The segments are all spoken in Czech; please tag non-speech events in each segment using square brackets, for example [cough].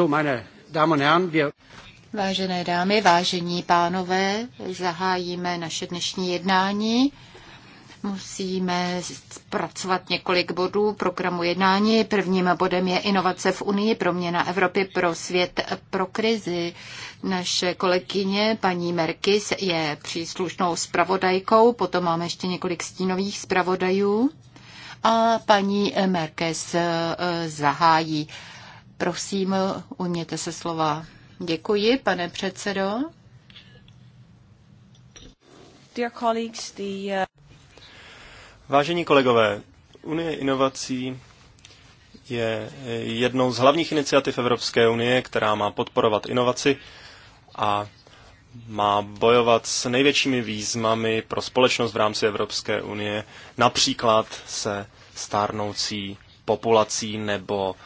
So, meine Damen und Herren, wir... Vážené dámy, vážení pánové, zahájíme naše dnešní jednání. Musíme zpracovat několik bodů programu jednání. Prvním bodem je inovace v Unii, proměna Evropy pro svět pro krizi. Naše kolegyně paní Merkis je příslušnou zpravodajkou, potom máme ještě několik stínových zpravodajů a paní Merkis eh, zahájí Prosím, ujměte se slova. Děkuji, pane předsedo. Dear colleagues, the... Uh, Vážení kolegové, Unie inovací je jednou z hlavních iniciativ Evropské unie, která má podporovat inovaci a má bojovat s největšími výzvami pro společnost v rámci Evropské unie, například se stárnoucí populací nebo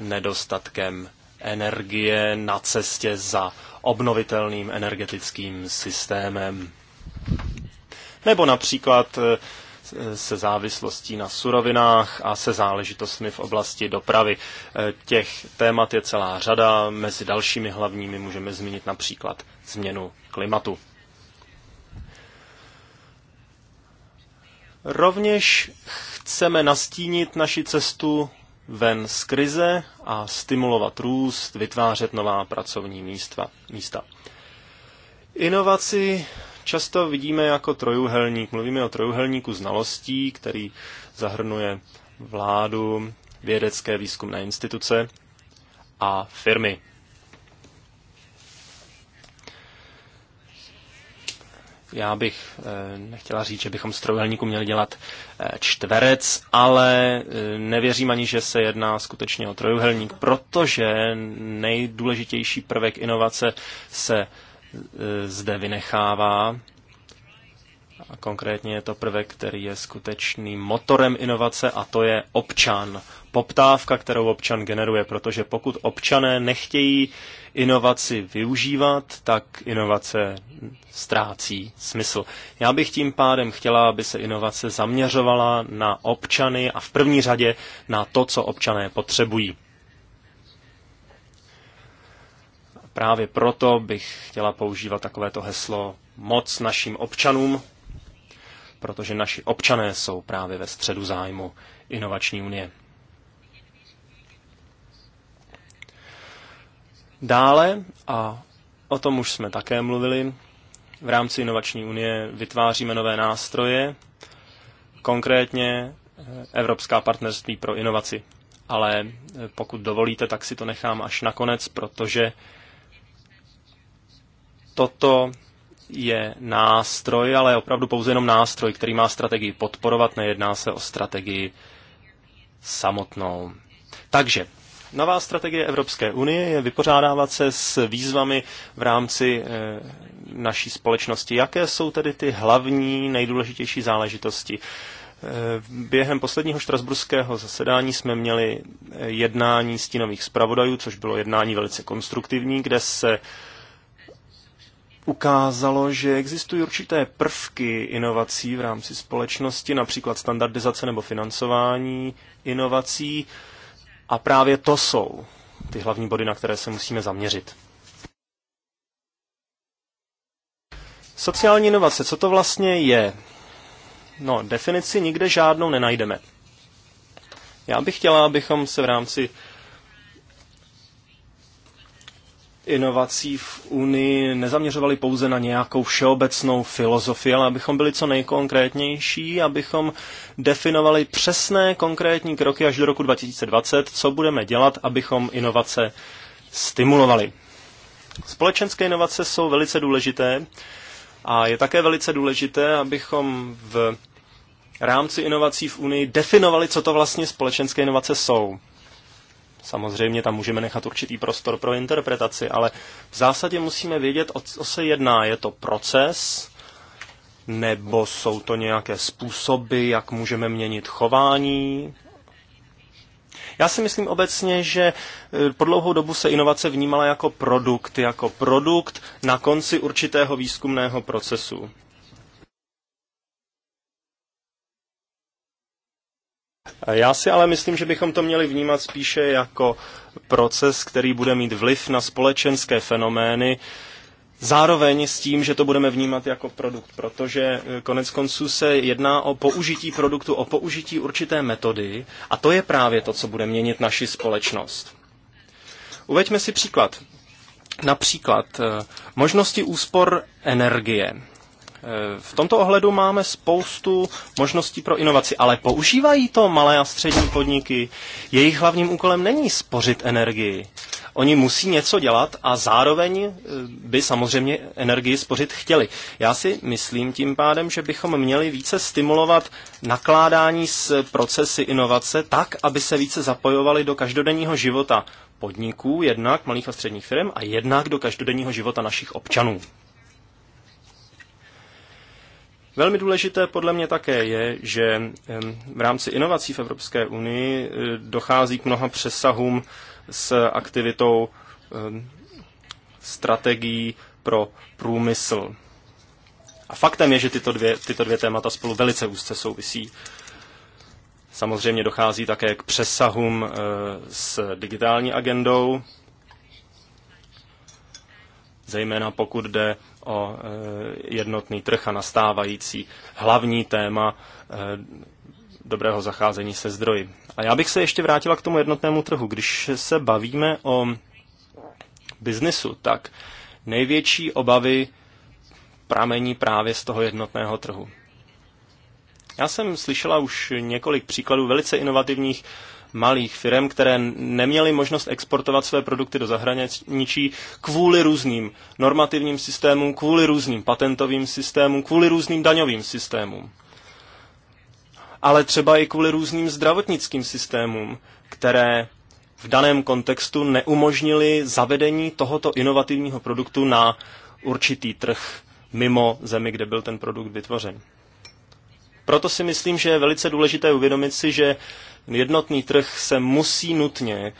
nedostatkem energie na cestě za obnovitelným energetickým systémem. Nebo například eh, se závislostí na surovinách a se záležitostmi v oblasti dopravy. Eh, těch témat je celá řada, mezi dalšími hlavními můžeme zmínit například změnu klimatu. Rovněž chceme nastínit naši cestu ven z krize a stimulovat růst, vytvářet nová pracovní místa. místa. Inovaci často vidíme jako trojuhelník. Mluvíme o trojuhelníku znalostí, který zahrnuje vládu, vědecké výzkumné instituce a firmy. Já bych eh, nechtěla říct, že bychom z trojuhelníku měli dělat eh, čtverec, ale eh, nevěřím ani, že se jedná skutečně o trojuhelník, protože nejdůležitější prvek inovace se zde vynechává. A konkrétně je to prvek, který je skutečným motorem inovace a to je občan. Poptávka, kterou občan generuje, protože pokud občané nechtějí inovaci využívat, tak inovace ztrácí smysl. Já bych tím pádem chtěla, aby se inovace zaměřovala na občany a v první řadě na to, co občané potřebují. Právě proto bych chtěla používat takovéto heslo moc našim občanům, protože naši občané jsou právě ve středu zájmu inovační unie. Dále, a o tom už jsme také mluvili, v rámci Inovační unie vytváříme nové nástroje, konkrétně eh, Evropská partnerství pro inovaci. Ale eh, pokud dovolíte, tak si to nechám až nakonec, protože toto je nástroj, ale opravdu pouze jenom nástroj, který má strategii podporovat, nejedná se o strategii samotnou. Takže Nová strategie Evropské unie je vypořádávat se s výzvami v rámci eh, naší společnosti. Jaké jsou tedy ty hlavní, nejdůležitější záležitosti? Eh, během posledního štrasburského zasedání jsme měli eh, jednání stínových zpravodajů, což bylo jednání velice konstruktivní, kde se ukázalo, že existují určité prvky inovací v rámci společnosti, například standardizace nebo financování inovací, a právě to jsou ty hlavní body, na které se musíme zaměřit. Sociální inovace, co to vlastně je? No, definici nikde žádnou nenajdeme. Já bych chtěla, abychom se v rámci inovací v Unii nezaměřovali pouze na nějakou všeobecnou filozofii, ale abychom byli co nejkonkrétnější, abychom definovali přesné konkrétní kroky až do roku 2020, co budeme dělat, abychom inovace stimulovali. Společenské inovace jsou velice důležité a je také velice důležité, abychom v rámci inovací v Unii definovali, co to vlastně společenské inovace jsou. Samozřejmě tam můžeme nechat určitý prostor pro interpretaci, ale v zásadě musíme vědět, o co se jedná. Je to proces, nebo jsou to nějaké způsoby, jak můžeme měnit chování, já si myslím obecně, že e, po dlouhou dobu se inovace vnímala jako produkt, jako produkt na konci určitého výzkumného procesu. Já si ale myslím, že bychom to měli vnímat spíše jako proces, který bude mít vliv na společenské fenomény, Zároveň s tím, že to budeme vnímat jako produkt, protože eh, konec konců se jedná o použití produktu, o použití určité metody a to je právě to, co bude měnit naši společnost. Uveďme si příklad. Například eh, možnosti úspor energie. Eh, v tomto ohledu máme spoustu možností pro inovaci, ale používají to malé a střední podniky. Jejich hlavním úkolem není spořit energii. Oni musí něco dělat a zároveň eh, by samozřejmě energii spořit chtěli. Já si myslím tím pádem, že bychom měli více stimulovat nakládání s procesy inovace tak, aby se více zapojovali do každodenního života podniků, jednak malých a středních firm a jednak do každodenního života našich občanů. Velmi důležité podle mě také je, že v rámci inovací v Evropské unii eh, dochází k mnoha přesahům s aktivitou strategií pro průmysl. A faktem je, že tyto dvě, tyto dvě témata spolu velice úzce souvisí. Samozřejmě dochází také k přesahům eh, s digitální agendou, zejména pokud jde o e, jednotný trh a nastávající hlavní téma e, dobrého zacházení se zdroji. A já bych se ještě vrátila k tomu jednotnému trhu. Když se bavíme o biznisu, tak největší obavy pramení právě z toho jednotného trhu. Já jsem slyšela už několik příkladů velice inovativních malých firm, které neměly možnost exportovat své produkty do zahraničí kvůli různým normativním systémům, kvůli různým patentovým systémům, kvůli různým daňovým systémům. Ale třeba i kvůli různým zdravotnickým systémům, které v daném kontextu neumožnili zavedení tohoto inovativního produktu na určitý trh mimo zemi, kde byl ten produkt vytvořen. Proto si myslím, že je velice důležité uvědomit si, že jednotný trh se musí nutně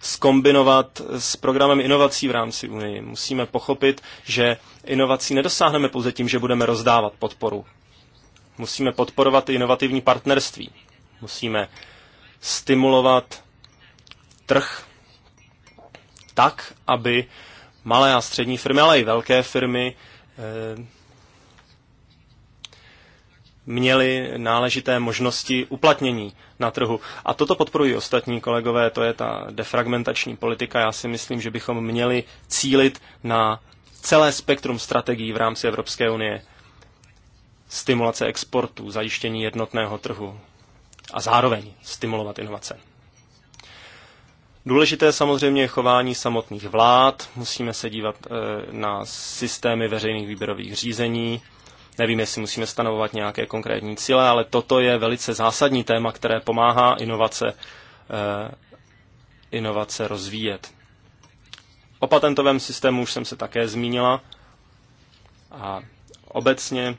skombinovat s programem inovací v rámci Unie. Musíme pochopit, že inovací nedosáhneme pouze tím, že budeme rozdávat podporu. Musíme podporovat inovativní partnerství. Musíme stimulovat trh tak, aby malé a střední firmy, ale i velké firmy eh, měli náležité možnosti uplatnění na trhu. A toto podporují ostatní kolegové, to je ta defragmentační politika. Já si myslím, že bychom měli cílit na celé spektrum strategií v rámci Evropské unie. Stimulace exportu, zajištění jednotného trhu a zároveň stimulovat inovace. Důležité samozřejmě je chování samotných vlád. Musíme se dívat eh, na systémy veřejných výběrových řízení, Nevím, jestli musíme stanovovat nějaké konkrétní cíle, ale toto je velice zásadní téma, které pomáhá inovace, eh, inovace rozvíjet. O patentovém systému už jsem se také zmínila a obecně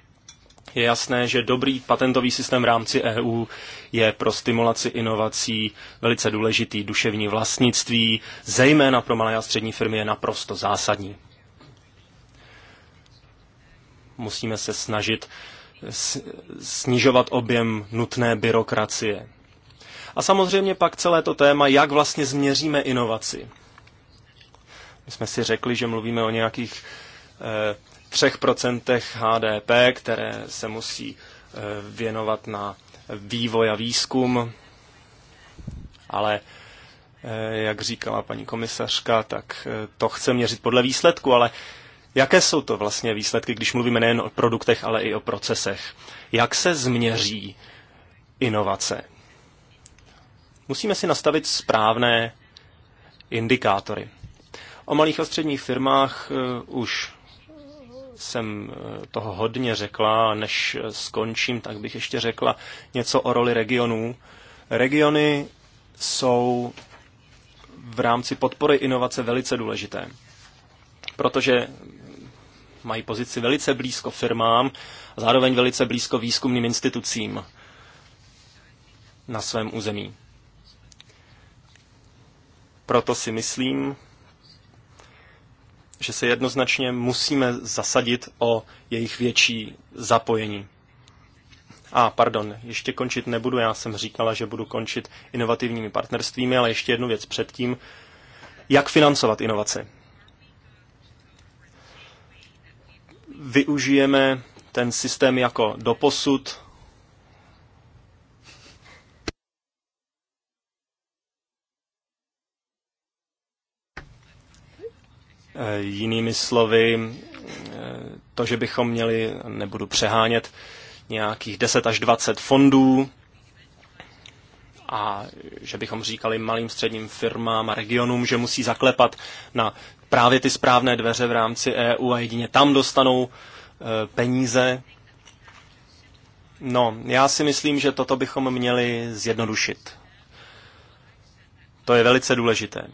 je jasné, že dobrý patentový systém v rámci EU je pro stimulaci inovací velice důležitý. Duševní vlastnictví, zejména pro malé a střední firmy, je naprosto zásadní musíme se snažit snižovat objem nutné byrokracie. A samozřejmě pak celé to téma, jak vlastně změříme inovaci. My jsme si řekli, že mluvíme o nějakých eh, třech procentech HDP, které se musí eh, věnovat na vývoj a výzkum, ale eh, jak říkala paní komisařka, tak to chce měřit podle výsledku, ale Jaké jsou to vlastně výsledky, když mluvíme nejen o produktech, ale i o procesech? Jak se změří inovace? Musíme si nastavit správné indikátory. O malých a středních firmách eh, už jsem eh, toho hodně řekla, než eh, skončím, tak bych ještě řekla něco o roli regionů. Regiony jsou v rámci podpory inovace velice důležité, protože mají pozici velice blízko firmám a zároveň velice blízko výzkumným institucím na svém území. Proto si myslím, že se jednoznačně musíme zasadit o jejich větší zapojení. A, ah, pardon, ještě končit nebudu, já jsem říkala, že budu končit inovativními partnerstvími, ale ještě jednu věc předtím. Jak financovat inovace? využijeme ten systém jako doposud. Eh, jinými slovy, eh, to, že bychom měli, nebudu přehánět, nějakých 10 až 20 fondů a že bychom říkali malým středním firmám a regionům, že musí zaklepat na právě ty správné dveře v rámci EU a jedině tam dostanou e, peníze. No, já si myslím, že toto bychom měli zjednodušit. To je velice důležité.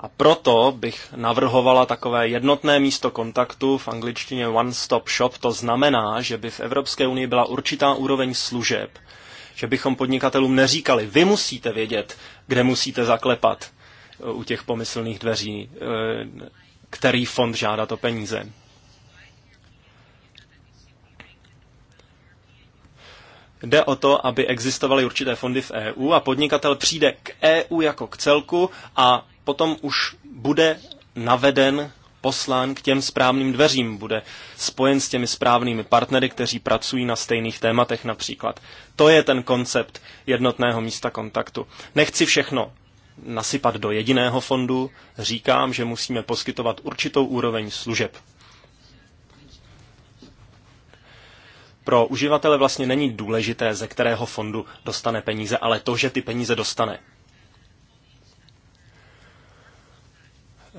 A proto bych navrhovala takové jednotné místo kontaktu v angličtině One Stop Shop. To znamená, že by v Evropské unii byla určitá úroveň služeb, že bychom podnikatelům neříkali, vy musíte vědět, kde musíte zaklepat u těch pomyslných dveří, eh, který fond žádá to peníze. Jde o to, aby existovaly určité fondy v EU a podnikatel přijde k EU jako k celku a potom už bude naveden, poslán k těm správným dveřím, bude spojen s těmi správnými partnery, kteří pracují na stejných tématech například. To je ten koncept jednotného místa kontaktu. Nechci všechno nasypat do jediného fondu, říkám, že musíme poskytovat určitou úroveň služeb. Pro uživatele vlastně není důležité, ze kterého fondu dostane peníze, ale to, že ty peníze dostane.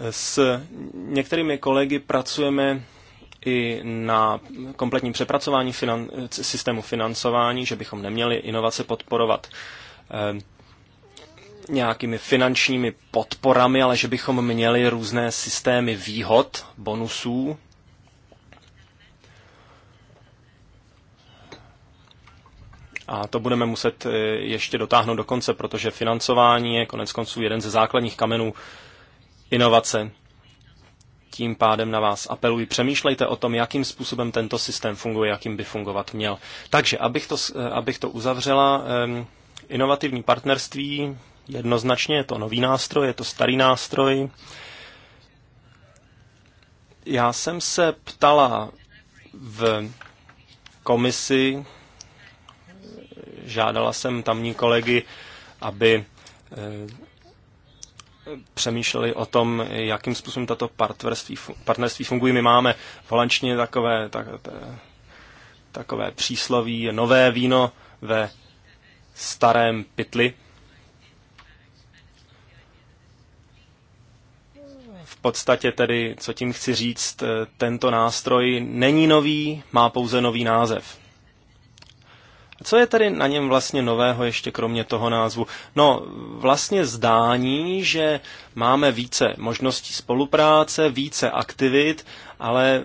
S některými kolegy pracujeme i na kompletním přepracování finan- systému financování, že bychom neměli inovace podporovat ehm, nějakými finančními podporami, ale že bychom měli různé systémy výhod, bonusů. A to budeme muset eh, ještě dotáhnout do konce, protože financování je konec konců jeden ze základních kamenů inovace. Tím pádem na vás apeluji, přemýšlejte o tom, jakým způsobem tento systém funguje, jakým by fungovat měl. Takže, abych to, eh, abych to uzavřela, ehm, inovativní partnerství jednoznačně, je to nový nástroj, je to starý nástroj. Já jsem se ptala v komisi, žádala jsem tamní kolegy, aby eh, přemýšleli o tom, jakým způsobem tato partnerství, partnerství fungují. My máme v holandštině takové, tak, takové přísloví, nové víno ve starém pytli. podstatě tedy, co tím chci říct, eh, tento nástroj není nový, má pouze nový název. Co je tedy na něm vlastně nového ještě kromě toho názvu? No, vlastně zdání, že máme více možností spolupráce, více aktivit, ale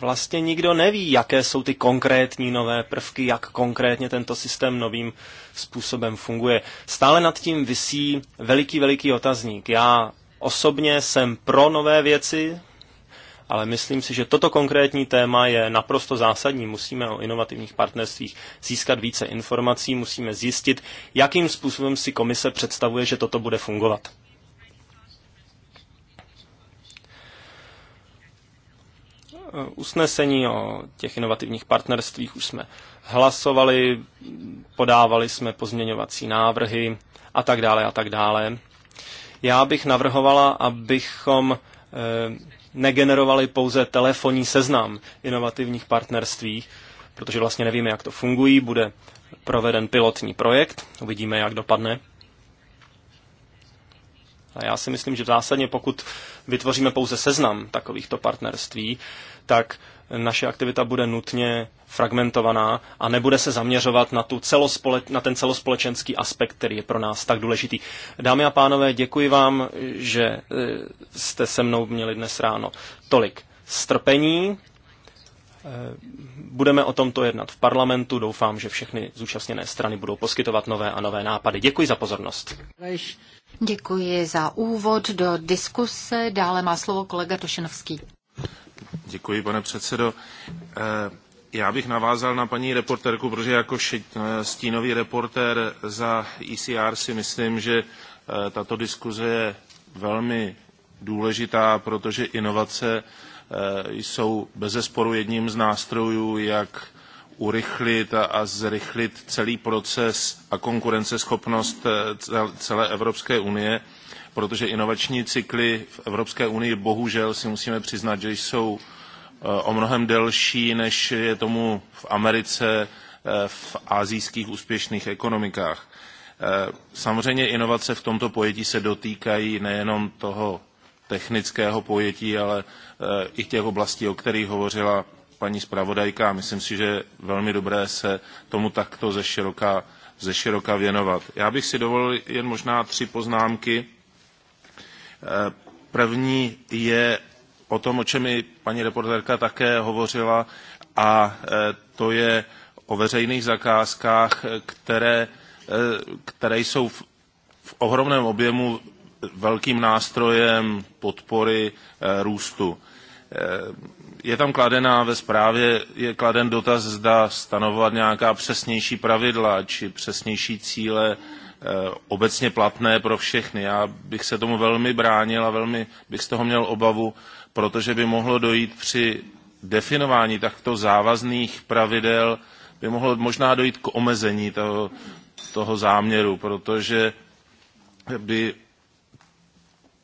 vlastně nikdo neví, jaké jsou ty konkrétní nové prvky, jak konkrétně tento systém novým způsobem funguje. Stále nad tím visí veliký, veliký otazník. Já Osobně jsem pro nové věci, ale myslím si, že toto konkrétní téma je naprosto zásadní. Musíme o inovativních partnerstvích získat více informací, musíme zjistit, jakým způsobem si komise představuje, že toto bude fungovat. Usnesení o těch inovativních partnerstvích už jsme hlasovali, podávali jsme pozměňovací návrhy a tak dále a tak dále. Já bych navrhovala, abychom eh, negenerovali pouze telefonní seznam inovativních partnerství, protože vlastně nevíme, jak to fungují. Bude proveden pilotní projekt, uvidíme, jak dopadne. A já si myslím, že v zásadě, pokud vytvoříme pouze seznam takovýchto partnerství, tak naše aktivita bude nutně fragmentovaná a nebude se zaměřovat na, tu celospole, na ten celospolečenský aspekt, který je pro nás tak důležitý. Dámy a pánové, děkuji vám, že eh, jste se mnou měli dnes ráno tolik strpení. Eh, budeme o tomto jednat v parlamentu. Doufám, že všechny zúčastněné strany budou poskytovat nové a nové nápady. Děkuji za pozornost. Děkuji za úvod do diskuse. Dále má slovo kolega Tošenovský. Děkuji, pane předsedo. Eh, já bych navázal na paní reportérku, protože jako eh, stínový reportér za ECR si myslím, že eh, tato diskuze je velmi důležitá, protože inovace jsou bezesporu jedním z nástrojů, jak urychlit a zrychlit celý proces a konkurenceschopnost celé Evropské unie protože inovační cykly v Evropské unii bohužel si musíme přiznat, že jsou eh, o mnohem delší, než je tomu v Americe, eh, v azijských úspěšných ekonomikách. Eh, samozřejmě inovace v tomto pojetí se dotýkají nejenom toho technického pojetí, ale i těch oblastí, o kterých hovořila paní zpravodajka. Myslím si, že je velmi dobré se tomu takto ze široka, ze široka věnovat. Já bych si dovolil jen možná tři poznámky První je o tom, o čem i paní reportérka také hovořila, a e, to je o veřejných zakázkách, které, e, které jsou v, v ohromném objemu velkým nástrojem podpory e, růstu. Je tam kladená ve zprávě, je kladen dotaz, zda stanovovat nějaká přesnější pravidla či přesnější cíle Eh, obecně platné pro všechny. Já bych se tomu velmi bránil a velmi bych z toho měl obavu, protože by mohlo dojít při definování takto závazných pravidel, by mohlo možná dojít k omezení toho, toho záměru, protože by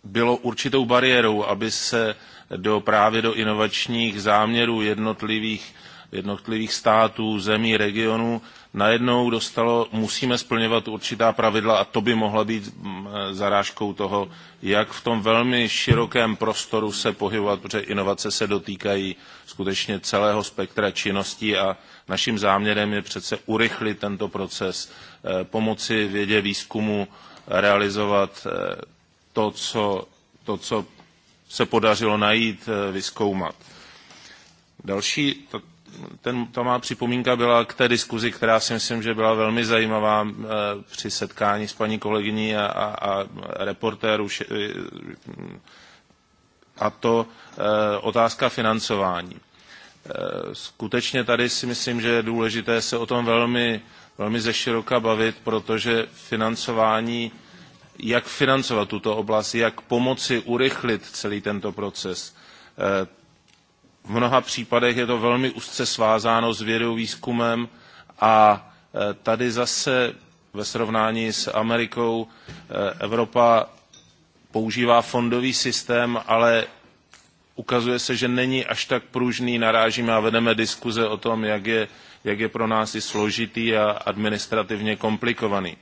bylo určitou bariérou, aby se do, právě do inovačních záměrů jednotlivých, jednotlivých států, zemí, regionů najednou dostalo, musíme splňovat určitá pravidla a to by mohla být mm, zarážkou toho, jak v tom velmi širokém prostoru se pohybovat, protože inovace se dotýkají skutečně celého spektra činností a naším záměrem je přece urychlit tento proces, eh, pomoci vědě výzkumu realizovat eh, to, co, to, co se podařilo najít, eh, vyskoumat. Další, ten, ta má připomínka byla k té diskuzi, která si myslím, že byla velmi zajímavá eh, při setkání s paní kolegyní a, a, a reportéru. Eh, a to eh, otázka financování. Skutečně tady si myslím, že je důležité se o tom velmi, velmi zeširoka bavit, protože financování, jak financovat tuto oblast, jak pomoci urychlit celý tento proces, v mnoha případech je to velmi úzce svázáno s vědou, výzkumem a e, tady zase ve srovnání s Amerikou e, Evropa používá fondový systém, ale ukazuje se, že není až tak pružný, narážíme a vedeme diskuze o tom, jak je, jak je pro nás i složitý a administrativně komplikovaný.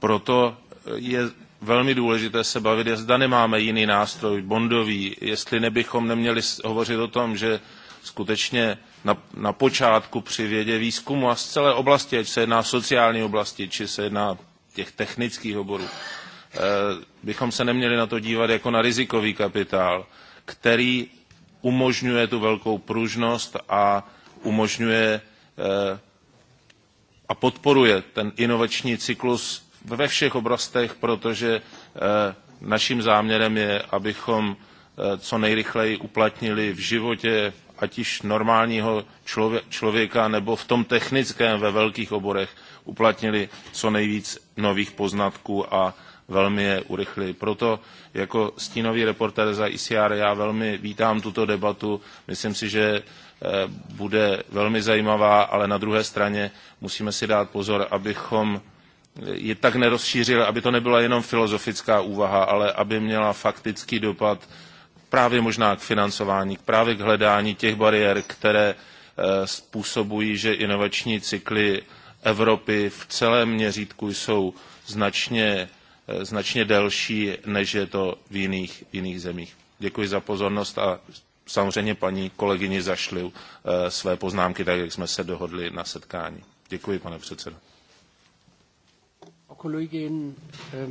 Proto je velmi důležité se bavit, zda nemáme jiný nástroj, bondový, jestli nebychom neměli hovořit o tom, že skutečně na, na počátku při vědě výzkumu a z celé oblasti, ať se jedná sociální oblasti, či se jedná těch technických oborů, eh, bychom se neměli na to dívat jako na rizikový kapitál, který umožňuje tu velkou pružnost a umožňuje eh, a podporuje ten inovační cyklus ve všech oblastech, protože eh, naším záměrem je, abychom eh, co nejrychleji uplatnili v životě ať již normálního člověka nebo v tom technickém ve velkých oborech uplatnili co nejvíc nových poznatků a velmi je urychlili. Proto jako stínový reportér za ICR já velmi vítám tuto debatu. Myslím si, že eh, bude velmi zajímavá, ale na druhé straně musíme si dát pozor, abychom je tak nerozšířila, aby to nebyla jenom filozofická úvaha, ale aby měla faktický dopad právě možná k financování, právě k hledání těch bariér, které eh, způsobují, že inovační cykly Evropy v celém měřítku jsou značně, eh, značně delší, než je to v jiných, v jiných zemích. Děkuji za pozornost a samozřejmě paní kolegyni zašli eh, své poznámky, tak jak jsme se dohodli na setkání. Děkuji, pane předsedo. Eh,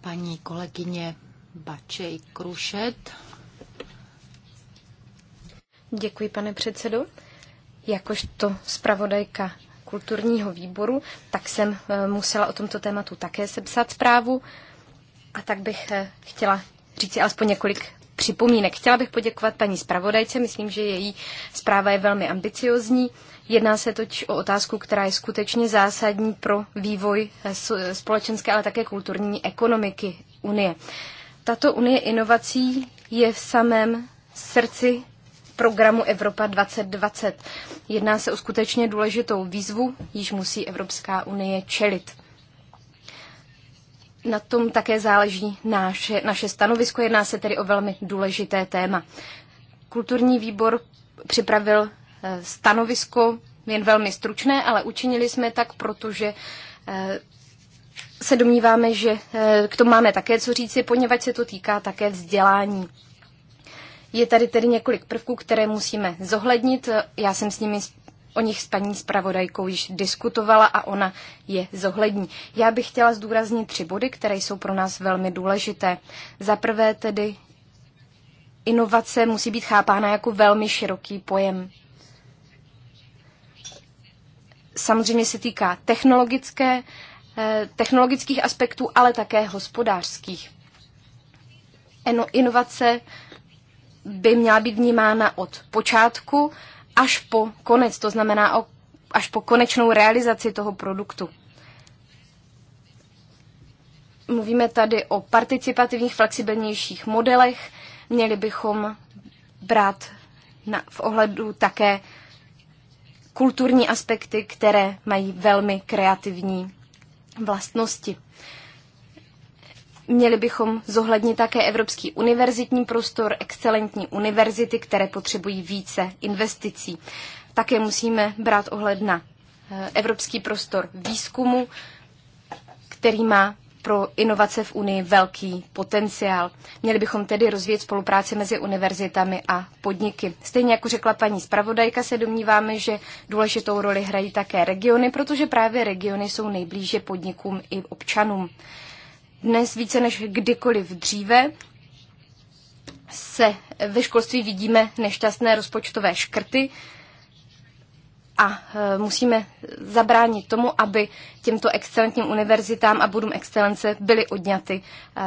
Paní kolegyně Bačej Krušet. Děkuji, pane předsedo. Jakožto zpravodajka kulturního výboru, tak jsem eh, musela o tomto tématu také sepsat zprávu. A tak bych eh, chtěla říci alespoň několik připomínek. Chtěla bych poděkovat paní zpravodajce, myslím, že její zpráva je velmi ambiciozní. Jedná se totiž o otázku, která je skutečně zásadní pro vývoj eh, eh, společenské, ale také kulturní ekonomiky Unie. Tato Unie inovací je v samém srdci programu Evropa 2020. Jedná se o skutečně důležitou výzvu, již musí Evropská unie čelit na tom také záleží naše, naše stanovisko. Jedná se tedy o velmi důležité téma. Kulturní výbor připravil eh, stanovisko jen velmi stručné, ale učinili jsme tak, protože eh, se domníváme, že eh, k tomu máme také co říci, poněvadž se to týká také vzdělání. Je tady tedy několik prvků, které musíme zohlednit. Já jsem s nimi o nich s paní zpravodajkou již diskutovala a ona je zohlední. Já bych chtěla zdůraznit tři body, které jsou pro nás velmi důležité. Za prvé tedy inovace musí být chápána jako velmi široký pojem. Samozřejmě se týká technologické, eh, technologických aspektů, ale také hospodářských. Inovace by měla být vnímána od počátku až po konec, to znamená o, až po konečnou realizaci toho produktu. Mluvíme tady o participativních, flexibilnějších modelech. Měli bychom brát na, v ohledu také kulturní aspekty, které mají velmi kreativní vlastnosti. Měli bychom zohlednit také Evropský univerzitní prostor, excelentní univerzity, které potřebují více investicí. Také musíme brát ohled na eh, Evropský prostor výzkumu, který má pro inovace v Unii velký potenciál. Měli bychom tedy rozvíjet spolupráci mezi univerzitami a podniky. Stejně jako řekla paní zpravodajka, se domníváme, že důležitou roli hrají také regiony, protože právě regiony jsou nejblíže podnikům i občanům. Dnes více než kdykoliv dříve se ve školství vidíme nešťastné rozpočtové škrty a e, musíme zabránit tomu, aby těmto excelentním univerzitám a budům excelence byly odňaty e,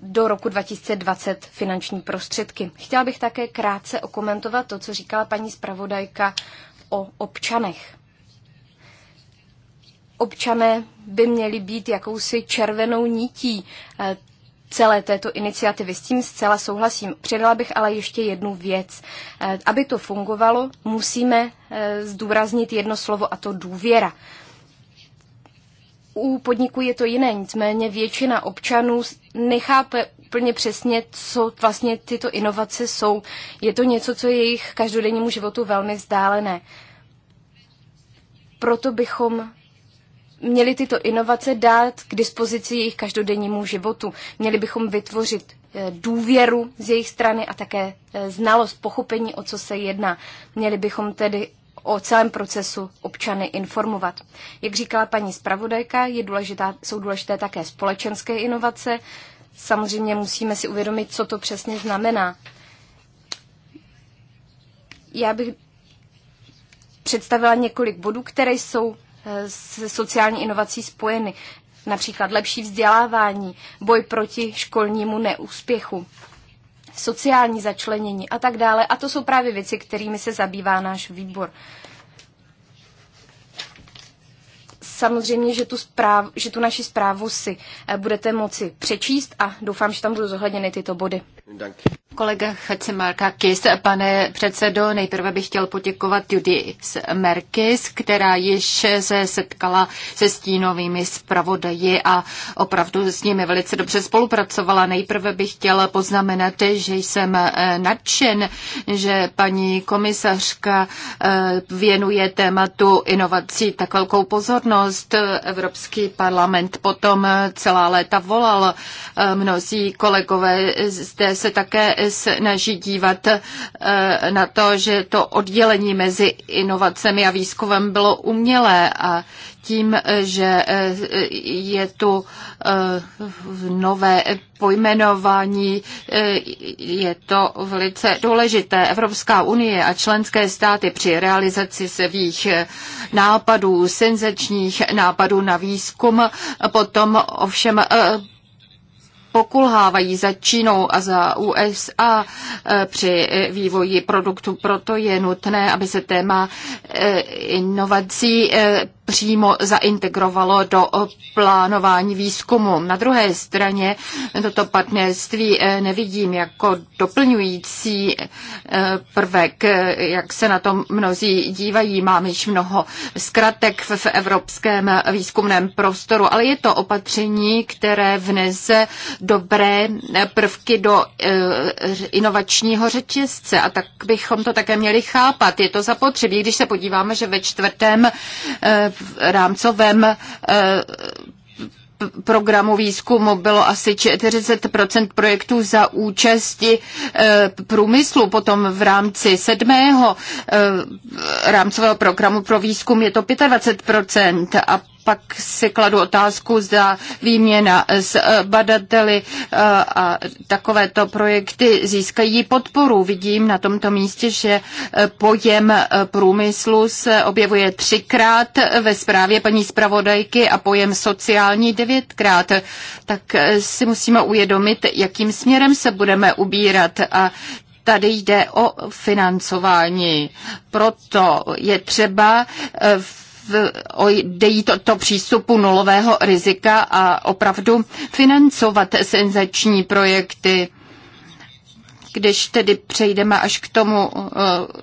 do roku 2020 finanční prostředky. Chtěla bych také krátce okomentovat to, co říkala paní zpravodajka o občanech občané by měli být jakousi červenou nití eh, celé této iniciativy. S tím zcela souhlasím. Předala bych ale ještě jednu věc. Eh, aby to fungovalo, musíme eh, zdůraznit jedno slovo a to důvěra. U podniků je to jiné, nicméně většina občanů nechápe úplně přesně, co vlastně tyto inovace jsou. Je to něco, co je jejich každodennímu životu velmi vzdálené. Proto bychom měli tyto inovace dát k dispozici jejich každodennímu životu. Měli bychom vytvořit eh, důvěru z jejich strany a také eh, znalost, pochopení, o co se jedná. Měli bychom tedy o celém procesu občany informovat. Jak říkala paní zpravodajka, je důležitá, jsou důležité také společenské inovace. Samozřejmě musíme si uvědomit, co to přesně znamená. Já bych představila několik bodů, které jsou s sociální inovací spojeny. Například lepší vzdělávání, boj proti školnímu neúspěchu, sociální začlenění a tak dále. A to jsou právě věci, kterými se zabývá náš výbor. Samozřejmě, že tu, správ, že tu naši zprávu si eh, budete moci přečíst a doufám, že tam budou zohledněny tyto body. Děkuji. Kolega Kis, pane předsedo, nejprve bych chtěl poděkovat Judy Merkis, která již se setkala se stínovými zpravodaji a opravdu s nimi velice dobře spolupracovala. Nejprve bych chtěl poznamenat, že jsem nadšen, že paní komisařka eh, věnuje tématu inovací tak velkou pozornost. Evropský parlament potom celá léta volal. Eh, mnozí kolegové zde se také snaží dívat eh, na to, že to oddělení mezi inovacemi a výzkumem bylo umělé a tím, že eh, je tu eh, nové pojmenování, je to velice důležité. Evropská unie a členské státy při realizaci svých nápadů, senzačních nápadů na výzkum potom ovšem pokulhávají za Čínou a za USA e, při vývoji produktu. Proto je nutné, aby se téma e, inovací e, přímo zaintegrovalo do plánování výzkumu. Na druhé straně toto partnerství eh, nevidím jako doplňující eh, prvek, eh, jak se na to mnozí dívají. Máme již mnoho zkratek v evropském výzkumném prostoru, ale je to opatření, které vnese dobré prvky do inovačního řetězce a tak bychom to také měli chápat. Je to zapotřebí, když se podíváme, že ve čtvrtém v rámcovém eh, programu výzkumu bylo asi 40 projektů za účasti eh, průmyslu. Potom v rámci sedmého eh, rámcového programu pro výzkum je to 25 a pak si kladu otázku, zda výměna s eh, badateli eh, a takovéto projekty získají podporu. Vidím na tomto místě, že eh, pojem průmyslu se objevuje třikrát ve zprávě paní zpravodajky a pojem sociální devětkrát. Tak si musíme uvědomit, jakým směrem se budeme ubírat a tady jde o financování. Proto je třeba v dejí od toho přístupu nulového rizika a opravdu financovat senzační projekty. Když tedy přejdeme až k tomu e,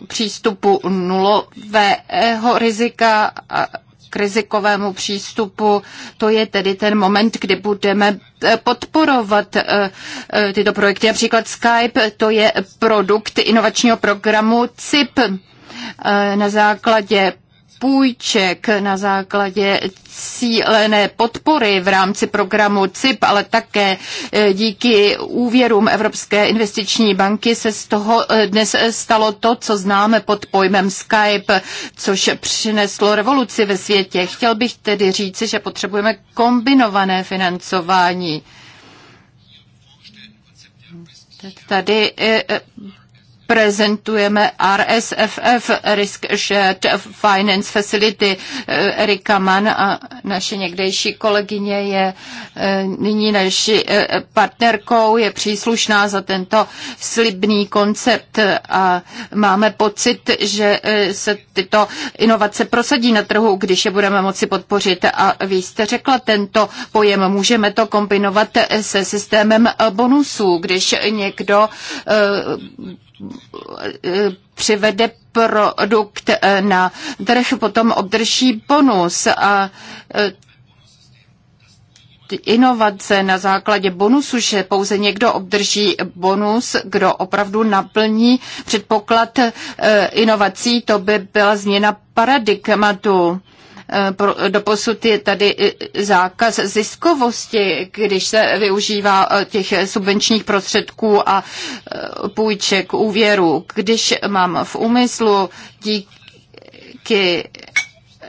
přístupu nulového rizika a k rizikovému přístupu. To je tedy ten moment, kdy budeme e, podporovat e, tyto projekty. Například Skype, to je produkt inovačního programu CIP. Na základě půjček na základě cílené podpory v rámci programu CIP, ale také e, díky úvěrům Evropské investiční banky se z toho e, dnes stalo to, co známe pod pojmem Skype, což přineslo revoluci ve světě. Chtěl bych tedy říci, že potřebujeme kombinované financování. Tady e, prezentujeme RSFF, Risk Shared Finance Facility. Erika Mann a naše někdejší kolegyně je eh, nyní naši eh, partnerkou, je příslušná za tento slibný koncept a máme pocit, že eh, se tyto inovace prosadí na trhu, když je budeme moci podpořit. A vy jste řekla tento pojem, můžeme to kombinovat se systémem bonusů, když někdo přivede produkt eh, na trh, potom obdrží bonus a eh, inovace na základě bonusu, že pouze někdo obdrží bonus, kdo opravdu naplní předpoklad eh, inovací, to by byla změna paradigmatu. Eh, doposud je tady eh, zákaz ziskovosti, když se využívá eh, těch subvenčních prostředků a půjček, úvěru. Když mám v úmyslu díky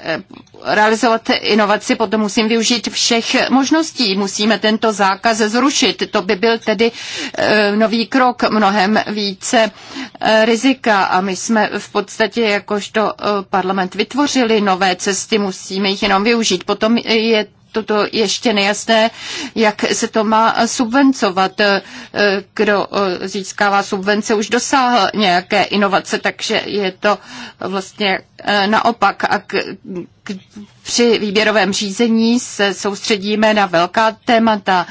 Eh, realizovat inovaci, potom musím využít všech možností. Musíme tento zákaz zrušit. To by byl tedy eh, nový krok, mnohem více eh, rizika. A my jsme v podstatě jakožto parlament vytvořili nové cesty, musíme jich jenom využít. Potom je toto ještě nejasné, jak se to má subvencovat. Eh, kdo eh, získává subvence, už dosáhl nějaké inovace, takže je to vlastně eh, naopak. A k, k, při výběrovém řízení se soustředíme na velká témata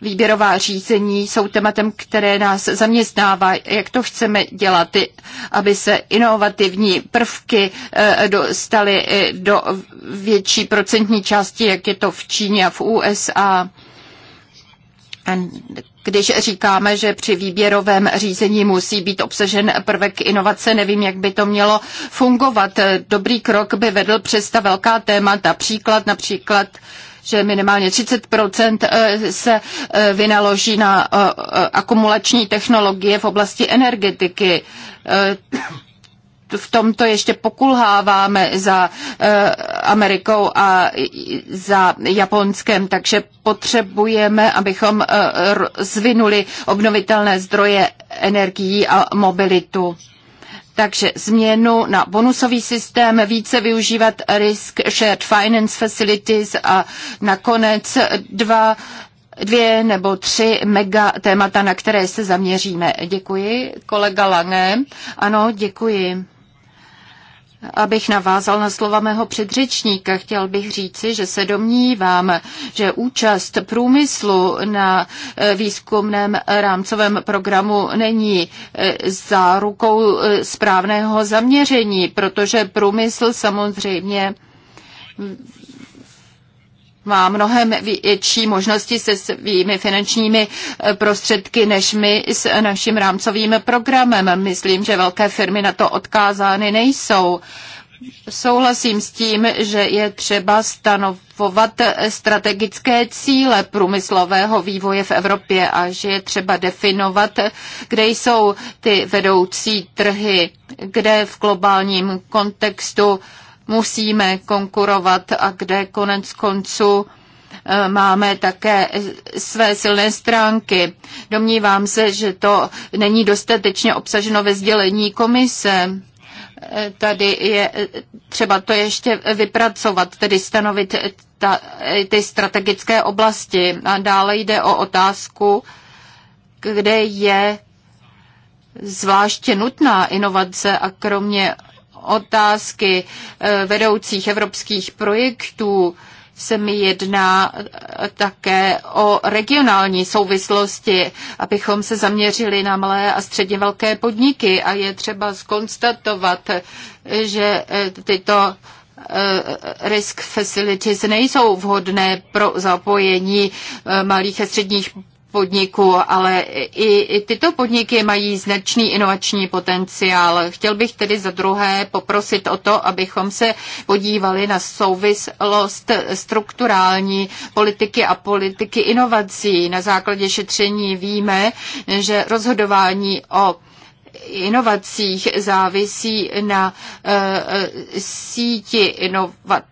výběrová řízení jsou tématem, které nás zaměstnává, jak to chceme dělat, aby se inovativní prvky eh, dostaly eh, do větší procentní části, jak je to v Číně a v USA. Když říkáme, že při výběrovém řízení musí být obsažen prvek inovace, nevím, jak by to mělo fungovat. Dobrý krok by vedl přes ta velká témata, příklad například že minimálně 30 eh, se eh, vynaloží na eh, akumulační technologie v oblasti energetiky. V tomto ještě pokulháváme za Amerikou a za Japonskem, takže potřebujeme, abychom zvinuli obnovitelné zdroje energií a mobilitu. Takže změnu na bonusový systém, více využívat risk shared finance facilities a nakonec dva dvě nebo tři mega témata, na které se zaměříme. Děkuji, kolega Lange. Ano, děkuji. Abych navázal na slova mého předřečníka, chtěl bych říci, že se domnívám, že účast průmyslu na e, výzkumném rámcovém programu není e, zárukou e, správného zaměření, protože průmysl samozřejmě má mnohem větší možnosti se svými finančními eh, prostředky než my s naším rámcovým programem. Myslím, že velké firmy na to odkázány nejsou. Souhlasím s tím, že je třeba stanovovat eh, strategické cíle průmyslového vývoje v Evropě a že je třeba definovat, kde jsou ty vedoucí trhy, kde v globálním kontextu musíme konkurovat a kde konec konců eh, máme také své silné stránky. Domnívám se, že to není dostatečně obsaženo ve sdělení komise. Eh, tady je eh, třeba to ještě vypracovat, tedy stanovit ta, ty strategické oblasti. A dále jde o otázku, kde je zvláště nutná inovace a kromě otázky eh, vedoucích evropských projektů se mi jedná eh, také o regionální souvislosti, abychom se zaměřili na malé a středně velké podniky a je třeba skonstatovat, že eh, tyto risk facilities nejsou vhodné pro zapojení malých a středních podniků, ale i, i tyto podniky mají značný inovační potenciál. Chtěl bych tedy za druhé poprosit o to, abychom se podívali na souvislost strukturální politiky a politiky inovací. Na základě šetření víme, že rozhodování o inovacích závisí na e, síti inovací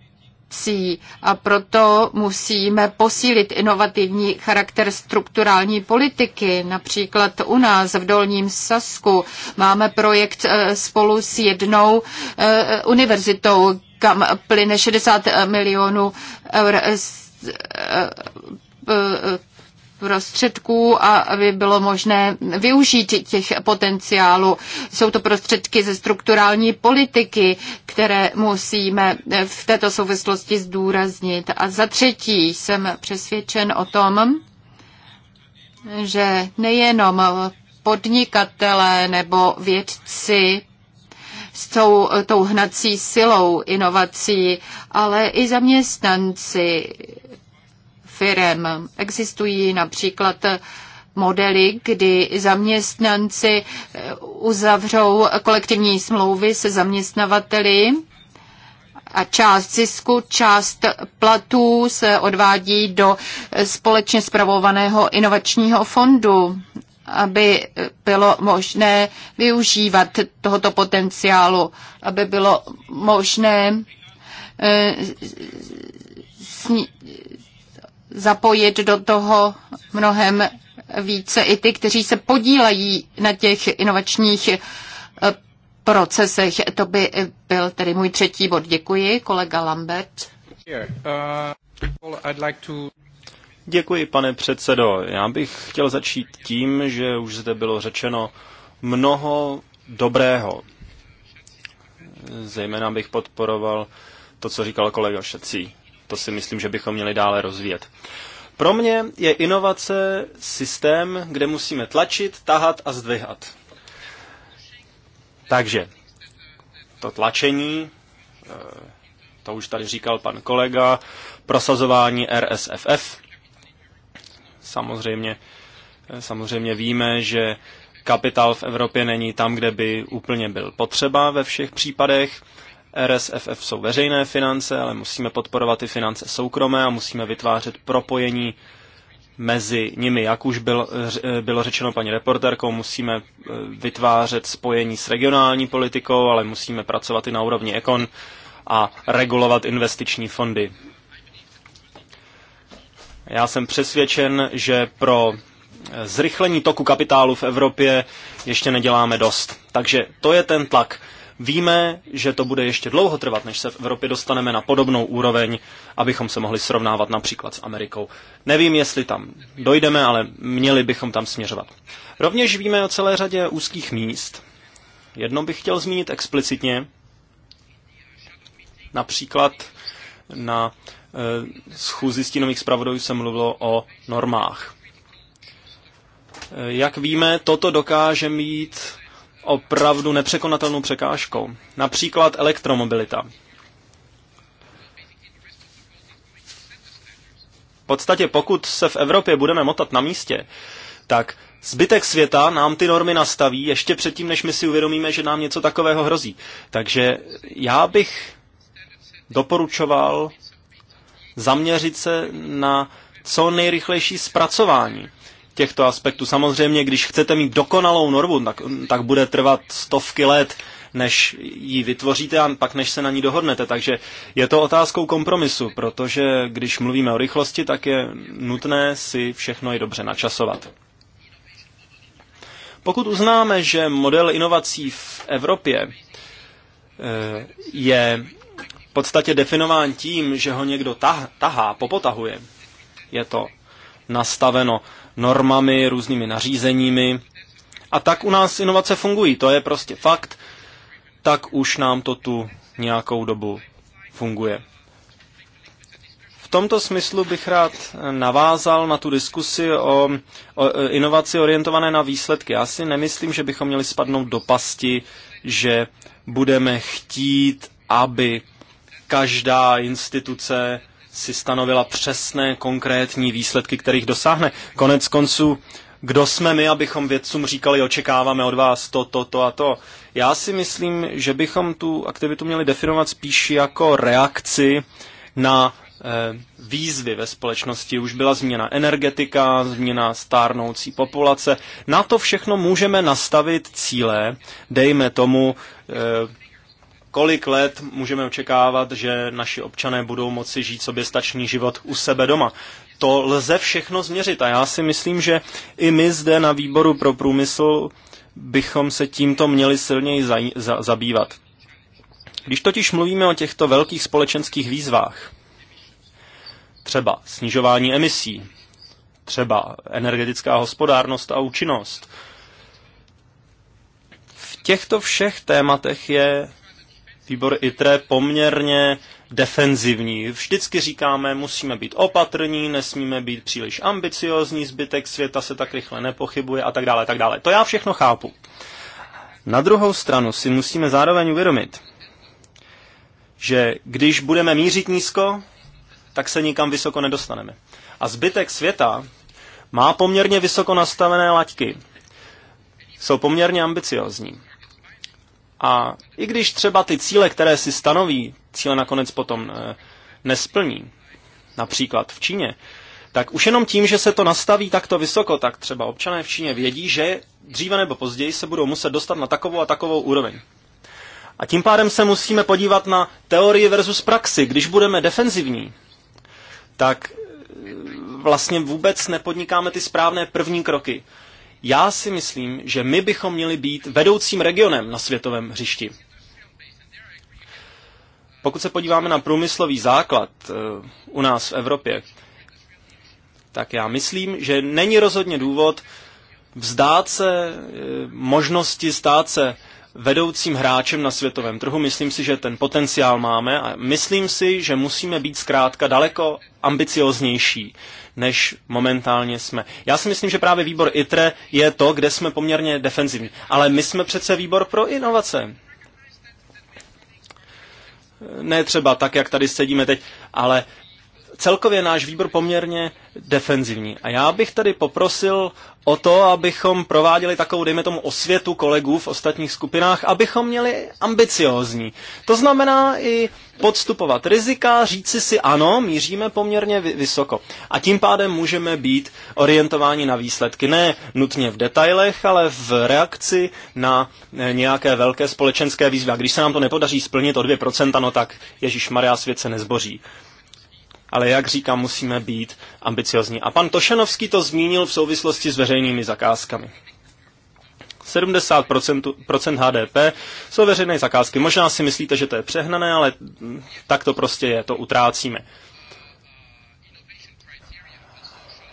inovací a proto musíme posílit inovativní charakter strukturální politiky. Například u nás v Dolním Sasku máme projekt eh, spolu s jednou eh, univerzitou, kam plyne 60 milionů eur eh, prostředků a aby bylo možné využít těch potenciálu. Jsou to prostředky ze strukturální politiky, které musíme v této souvislosti zdůraznit. A za třetí jsem přesvědčen o tom, že nejenom podnikatelé nebo vědci tou, tou hnací silou inovací, ale i zaměstnanci firem. Existují například modely, kdy zaměstnanci eh, uzavřou kolektivní smlouvy se zaměstnavateli a část zisku, část platů se odvádí do společně spravovaného inovačního fondu, aby bylo možné využívat tohoto potenciálu, aby bylo možné eh, zapojit do toho mnohem více i ty, kteří se podílejí na těch inovačních eh, procesech. To by eh, byl tedy můj třetí bod. Děkuji, kolega Lambert. Uh, Děkuji, pane předsedo. Já bych chtěl začít tím, že už zde bylo řečeno mnoho dobrého. Zejména bych podporoval to, co říkal kolega Šecí. To si myslím, že bychom měli dále rozvíjet. Pro mě je inovace systém, kde musíme tlačit, tahat a zdvihat. Takže to tlačení, eh, to už tady říkal pan kolega, prosazování RSFF. Samozřejmě, eh, samozřejmě víme, že kapitál v Evropě není tam, kde by úplně byl potřeba ve všech případech. RSFF jsou veřejné finance, ale musíme podporovat i finance soukromé a musíme vytvářet propojení mezi nimi, jak už byl, eh, bylo řečeno paní reportérkou, musíme eh, vytvářet spojení s regionální politikou, ale musíme pracovat i na úrovni ekon a regulovat investiční fondy. Já jsem přesvědčen, že pro eh, zrychlení toku kapitálu v Evropě ještě neděláme dost. Takže to je ten tlak. Víme, že to bude ještě dlouho trvat, než se v Evropě dostaneme na podobnou úroveň, abychom se mohli srovnávat například s Amerikou. Nevím, jestli tam dojdeme, ale měli bychom tam směřovat. Rovněž víme o celé řadě úzkých míst. Jedno bych chtěl zmínit explicitně, například na e, schůzi stínových zpravodajů se mluvilo o normách. E, jak víme, toto dokáže mít opravdu nepřekonatelnou překážkou. Například elektromobilita. V podstatě pokud se v Evropě budeme motat na místě, tak zbytek světa nám ty normy nastaví ještě předtím, než my si uvědomíme, že nám něco takového hrozí. Takže já bych doporučoval zaměřit se na co nejrychlejší zpracování těchto aspektů. Samozřejmě, když chcete mít dokonalou normu, tak, tak bude trvat stovky let, než ji vytvoříte a pak než se na ní dohodnete. Takže je to otázkou kompromisu, protože když mluvíme o rychlosti, tak je nutné si všechno i dobře načasovat. Pokud uznáme, že model inovací v Evropě eh, je v podstatě definován tím, že ho někdo tahá, popotahuje, je to nastaveno normami, různými nařízeními. A tak u nás inovace fungují, to je prostě fakt. Tak už nám to tu nějakou dobu funguje. V tomto smyslu bych rád navázal na tu diskusi o, o e, inovaci orientované na výsledky. Já si nemyslím, že bychom měli spadnout do pasti, že budeme chtít, aby každá instituce si stanovila přesné, konkrétní výsledky, kterých dosáhne. Konec konců, kdo jsme my, abychom vědcům říkali, očekáváme od vás to, to, to a to. Já si myslím, že bychom tu aktivitu měli definovat spíš jako reakci na eh, výzvy ve společnosti. Už byla změna energetika, změna stárnoucí populace. Na to všechno můžeme nastavit cíle, dejme tomu eh, kolik let můžeme očekávat, že naši občané budou moci žít soběstačný život u sebe doma. To lze všechno změřit a já si myslím, že i my zde na výboru pro průmysl bychom se tímto měli silněji za, za, zabývat. Když totiž mluvíme o těchto velkých společenských výzvách, třeba snižování emisí, třeba energetická hospodárnost a účinnost, v těchto všech tématech je výbor ITRE poměrně defenzivní. Vždycky říkáme, musíme být opatrní, nesmíme být příliš ambiciozní, zbytek světa se tak rychle nepochybuje a tak dále, tak dále. To já všechno chápu. Na druhou stranu si musíme zároveň uvědomit, že když budeme mířit nízko, tak se nikam vysoko nedostaneme. A zbytek světa má poměrně vysoko nastavené laťky. Jsou poměrně ambiciozní. A i když třeba ty cíle, které si stanoví, cíle nakonec potom eh, nesplní, například v Číně, tak už jenom tím, že se to nastaví takto vysoko, tak třeba občané v Číně vědí, že dříve nebo později se budou muset dostat na takovou a takovou úroveň. A tím pádem se musíme podívat na teorii versus praxi. Když budeme defenzivní, tak eh, vlastně vůbec nepodnikáme ty správné první kroky. Já si myslím, že my bychom měli být vedoucím regionem na světovém hřišti. Pokud se podíváme na průmyslový základ eh, u nás v Evropě, tak já myslím, že není rozhodně důvod vzdát se eh, možnosti stát se vedoucím hráčem na světovém trhu. Myslím si, že ten potenciál máme a myslím si, že musíme být zkrátka daleko ambicioznější než momentálně jsme. Já si myslím, že právě výbor ITRE je to, kde jsme poměrně defenzivní. Ale my jsme přece výbor pro inovace. Ne třeba tak, jak tady sedíme teď, ale celkově náš výbor poměrně defenzivní. A já bych tady poprosil o to, abychom prováděli takovou, dejme tomu, osvětu kolegů v ostatních skupinách, abychom měli ambiciózní. To znamená i podstupovat rizika, říci si ano, míříme poměrně vysoko. A tím pádem můžeme být orientováni na výsledky. Ne nutně v detailech, ale v reakci na e, nějaké velké společenské výzvy. A když se nám to nepodaří splnit o 2%, no tak Ježíš Maria svět se nezboří ale jak říkám, musíme být ambiciozní. A pan Tošenovský to zmínil v souvislosti s veřejnými zakázkami. 70% procent HDP jsou veřejné zakázky. Možná si myslíte, že to je přehnané, ale tak to prostě je, to utrácíme.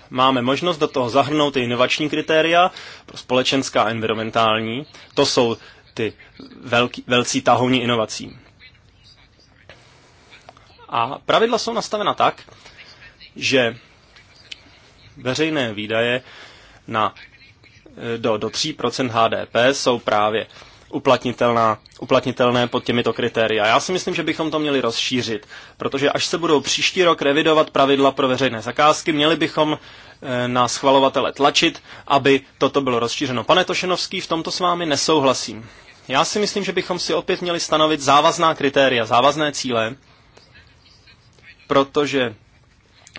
Máme možnost do toho zahrnout i inovační kritéria, pro společenská a environmentální. To jsou ty velký, velcí tahovní inovací. A pravidla jsou nastavena tak, že veřejné výdaje na, e, do, do 3% HDP jsou právě uplatnitelná, uplatnitelné pod těmito kritéria. Já si myslím, že bychom to měli rozšířit, protože až se budou příští rok revidovat pravidla pro veřejné zakázky, měli bychom e, na schvalovatele tlačit, aby toto bylo rozšířeno. Pane Tošenovský, v tomto s vámi nesouhlasím. Já si myslím, že bychom si opět měli stanovit závazná kritéria, závazné cíle, protože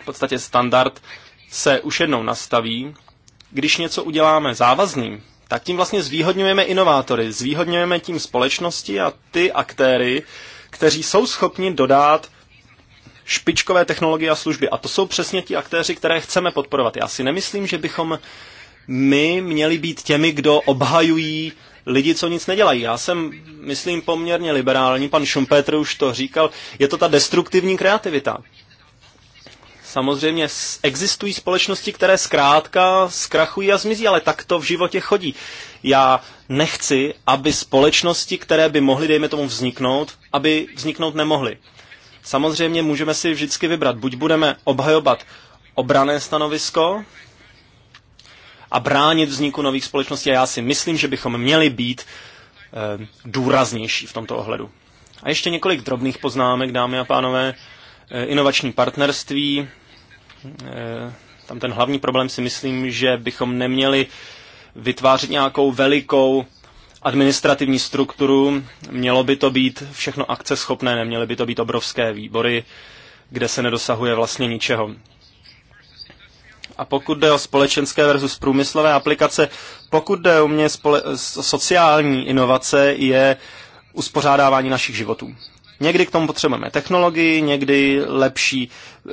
v podstatě standard se už jednou nastaví. Když něco uděláme závazným, tak tím vlastně zvýhodňujeme inovátory, zvýhodňujeme tím společnosti a ty aktéry, kteří jsou schopni dodat špičkové technologie a služby. A to jsou přesně ti aktéři, které chceme podporovat. Já si nemyslím, že bychom my měli být těmi, kdo obhajují lidi, co nic nedělají. Já jsem, myslím, poměrně liberální, pan Schumpeter už to říkal, je to ta destruktivní kreativita. Samozřejmě existují společnosti, které zkrátka zkrachují a zmizí, ale tak to v životě chodí. Já nechci, aby společnosti, které by mohly, dejme tomu, vzniknout, aby vzniknout nemohly. Samozřejmě můžeme si vždycky vybrat. Buď budeme obhajovat obrané stanovisko, a bránit vzniku nových společností. A já si myslím, že bychom měli být e, důraznější v tomto ohledu. A ještě několik drobných poznámek, dámy a pánové. E, inovační partnerství. E, tam ten hlavní problém si myslím, že bychom neměli vytvářet nějakou velikou administrativní strukturu. Mělo by to být všechno akceschopné, neměly by to být obrovské výbory, kde se nedosahuje vlastně ničeho. A pokud jde o společenské versus průmyslové aplikace, pokud jde o mě spole- sociální inovace, je uspořádávání našich životů. Někdy k tomu potřebujeme technologii, někdy lepší e,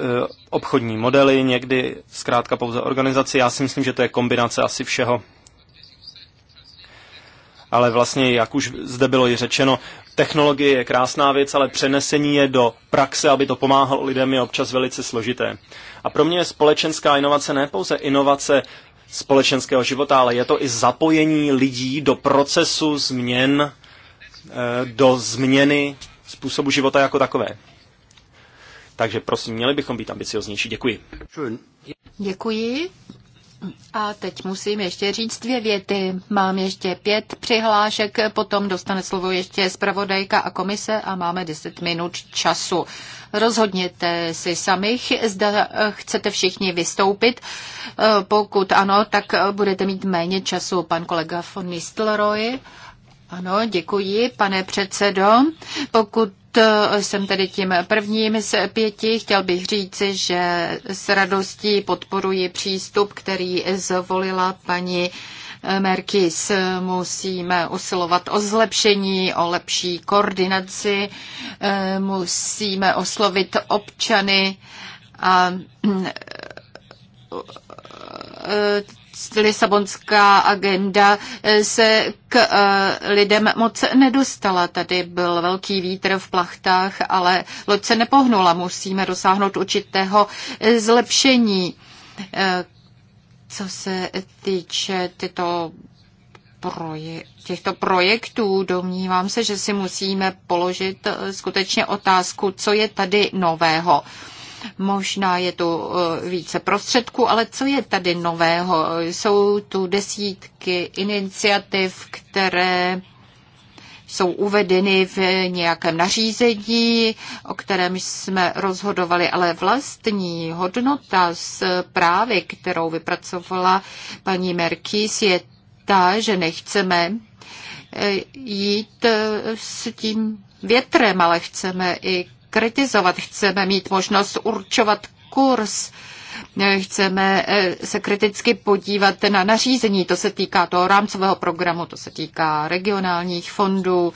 obchodní modely, někdy zkrátka pouze organizaci. Já si myslím, že to je kombinace asi všeho. Ale vlastně, jak už zde bylo i řečeno, Technologie je krásná věc, ale přenesení je do praxe, aby to pomáhalo lidem, je občas velice složité. A pro mě je společenská inovace ne pouze inovace společenského života, ale je to i zapojení lidí do procesu změn, eh, do změny způsobu života jako takové. Takže prosím, měli bychom být ambicioznější. Děkuji. Děkuji. A teď musím ještě říct dvě věty. Mám ještě pět přihlášek, potom dostane slovo ještě zpravodajka a komise a máme deset minut času. Rozhodněte si sami, zda chcete všichni vystoupit. E, pokud ano, tak budete mít méně času. Pan kolega von Nistelrooy. Ano, děkuji, pane předsedo. Pokud jsem tedy tím prvním z pěti. Chtěl bych říci, že s radostí podporuji přístup, který zvolila paní Merkis. Musíme usilovat o zlepšení, o lepší koordinaci, musíme oslovit občany a Lisabonská agenda eh, se k eh, lidem moc nedostala. Tady byl velký vítr v plachtách, ale loď se nepohnula. Musíme dosáhnout určitého eh, zlepšení. Co se týče tyto proje- těchto projektů, domnívám se, že si musíme položit skutečně otázku, co je tady nového. Možná je tu eh, více prostředků, ale co je tady nového? Jsou tu desítky iniciativ, které jsou uvedeny v nějakém nařízení, o kterém jsme rozhodovali, ale vlastní hodnota z právy, kterou vypracovala paní Merkis, je ta, že nechceme eh, jít eh, s tím větrem, ale chceme i kritizovat, chceme mít možnost určovat kurz, chceme eh, se kriticky podívat na nařízení, to se týká toho rámcového programu, to se týká regionálních fondů,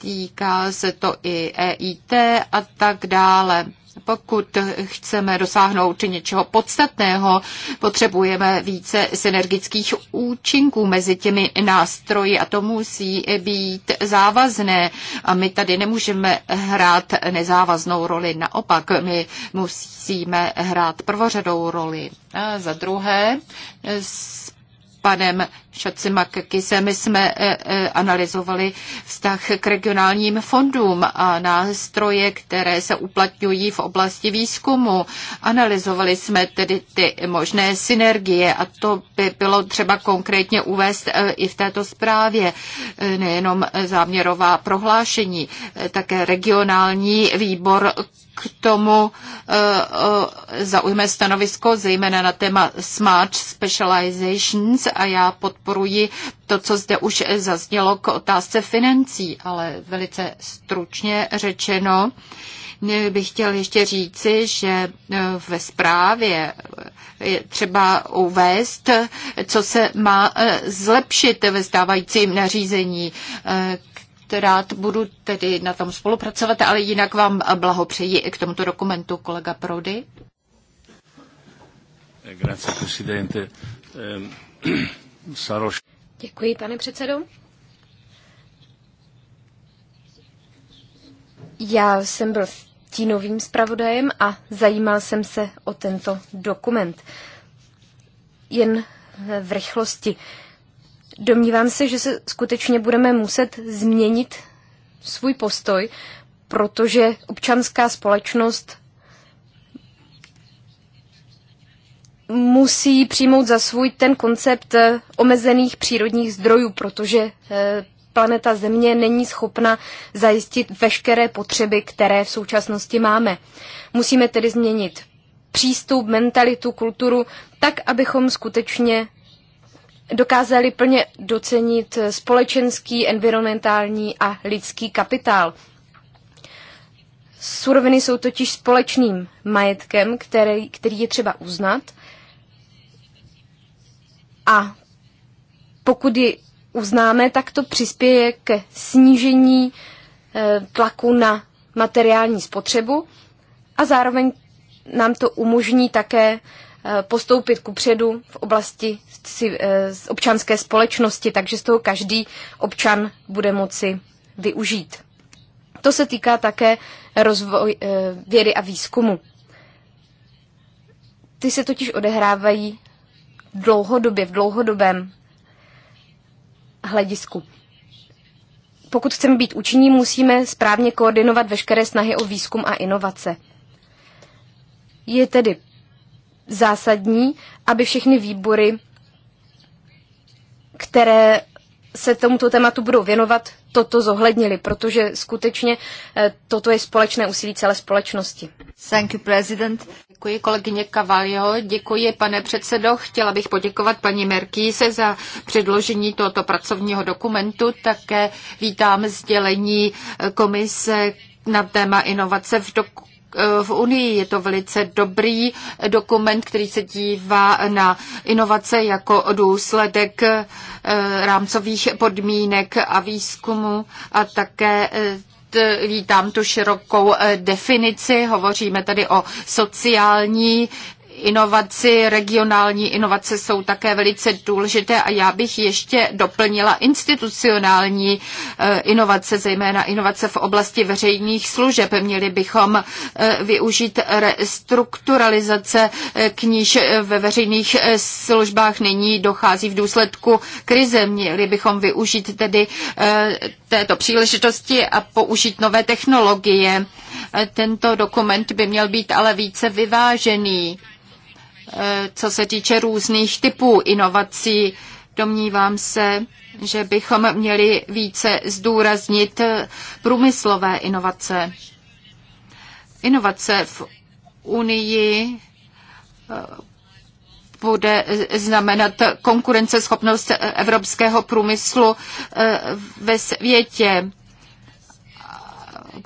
týká se to i EIT a tak dále. Pokud chceme dosáhnout něčeho podstatného, potřebujeme více synergických účinků mezi těmi nástroji a to musí být závazné. A my tady nemůžeme hrát nezávaznou roli, naopak my musíme hrát prvořadou roli. A za druhé, s panem Šacimakakise, my jsme eh, eh, analyzovali vztah k regionálním fondům a nástroje, které se uplatňují v oblasti výzkumu. Analyzovali jsme tedy ty možné synergie a to by bylo třeba konkrétně uvést eh, i v této zprávě, nejenom záměrová prohlášení, také regionální výbor k tomu zaujme stanovisko, zejména na téma Smart Specializations a já podporuji podporuji to, co zde už zaznělo k otázce financí, ale velice stručně řečeno bych chtěl ještě říci, že e, ve zprávě e, je třeba uvést, co se má e, zlepšit ve stávajícím nařízení, rád budu tedy na tom spolupracovat, ale jinak vám blahopřeji k tomuto dokumentu, kolega Prody. Eh, grazie, presidente. Ehm, [clears throat] Saroš. Děkuji, pane předsedo. Já jsem byl stínovým zpravodajem a zajímal jsem se o tento dokument. Jen v rychlosti. Domnívám se, že se skutečně budeme muset změnit svůj postoj, protože občanská společnost musí přijmout za svůj ten koncept eh, omezených přírodních zdrojů, protože eh, planeta Země není schopna zajistit veškeré potřeby, které v současnosti máme. Musíme tedy změnit přístup, mentalitu, kulturu, tak, abychom skutečně dokázali plně docenit eh, společenský, environmentální a lidský kapitál. Suroviny jsou totiž společným majetkem, který, který je třeba uznat – a pokud ji uznáme, tak to přispěje ke snížení e, tlaku na materiální spotřebu a zároveň nám to umožní také e, postoupit kupředu v oblasti e, občanské společnosti, takže z toho každý občan bude moci využít. To se týká také rozvoj, vědy a výzkumu. Ty se totiž odehrávají dlouhodobě, v dlouhodobém hledisku. Pokud chceme být účinní, musíme správně koordinovat veškeré snahy o výzkum a inovace. Je tedy zásadní, aby všechny výbory, které se tomuto tématu budou věnovat, toto zohlednili, protože skutečně eh, toto je společné úsilí celé společnosti. Thank you, President. Děkuji kolegyně Cavalio, děkuji pane předsedo. Chtěla bych poděkovat paní Merkýse za předložení tohoto pracovního dokumentu. Také vítám sdělení eh, komise na téma inovace v dokumentu Eh, v Unii. Je to velice dobrý dokument, který se dívá na inovace jako důsledek eh, rámcových podmínek a výzkumu a také eh, vítám tu širokou definici. Hovoříme tady o sociální inovaci, regionální inovace jsou také velice důležité a já bych ještě doplnila institucionální eh, inovace, zejména inovace v oblasti veřejných služeb. Měli bychom eh, využít restrukturalizace, eh, kníž ve veřejných službách nyní dochází v důsledku krize. Měli bychom využít tedy této příležitosti a použít nové technologie. Tento dokument by měl být ale více vyvážený Eh, co se týče různých typů inovací. Domnívám se, že bychom měli více zdůraznit eh, průmyslové inovace. Inovace v Unii eh, bude znamenat konkurenceschopnost evropského průmyslu ve světě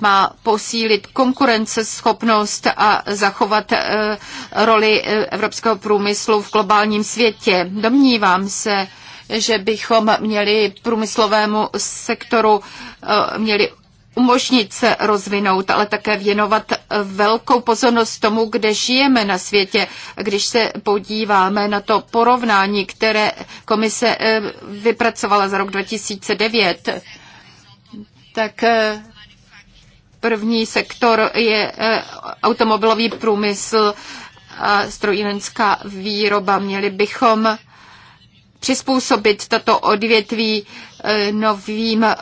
má posílit konkurenceschopnost a zachovat eh, roli eh, evropského průmyslu v globálním světě. Domnívám se, že bychom měli průmyslovému sektoru eh, měli umožnit se rozvinout, ale také věnovat velkou pozornost tomu, kde žijeme na světě. Když se podíváme na to porovnání, které komise vypracovala za rok 2009, tak První sektor je eh, automobilový průmysl a strojírenská výroba. Měli bychom přizpůsobit tato odvětví eh, novým eh,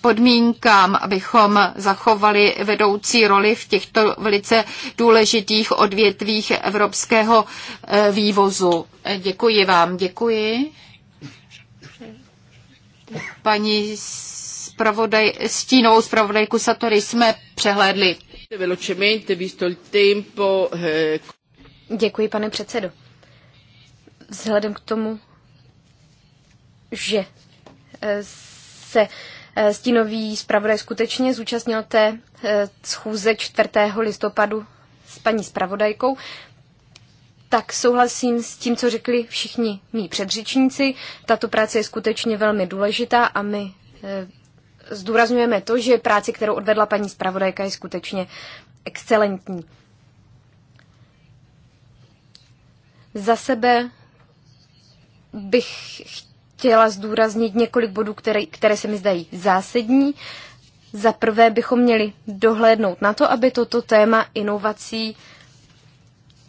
podmínkám, abychom zachovali vedoucí roli v těchto velice důležitých odvětvích evropského vývozu. Děkuji vám, děkuji. Paní spravodaj, stínovou zpravodajku Satory jsme přehlédli. Eh, Děkuji, pane předsedo. Vzhledem k tomu, že eh, se eh, stínový zpravodaj skutečně zúčastnil té schůze 4. listopadu s paní zpravodajkou, tak souhlasím s tím, co řekli všichni mý předřečníci. Tato práce je skutečně velmi důležitá a my zdůrazňujeme to, že práci, kterou odvedla paní zpravodajka, je skutečně excelentní. Za sebe bych chtěla zdůraznit několik bodů, které, které se mi zdají zásadní. Za prvé bychom měli dohlédnout na to, aby toto téma inovací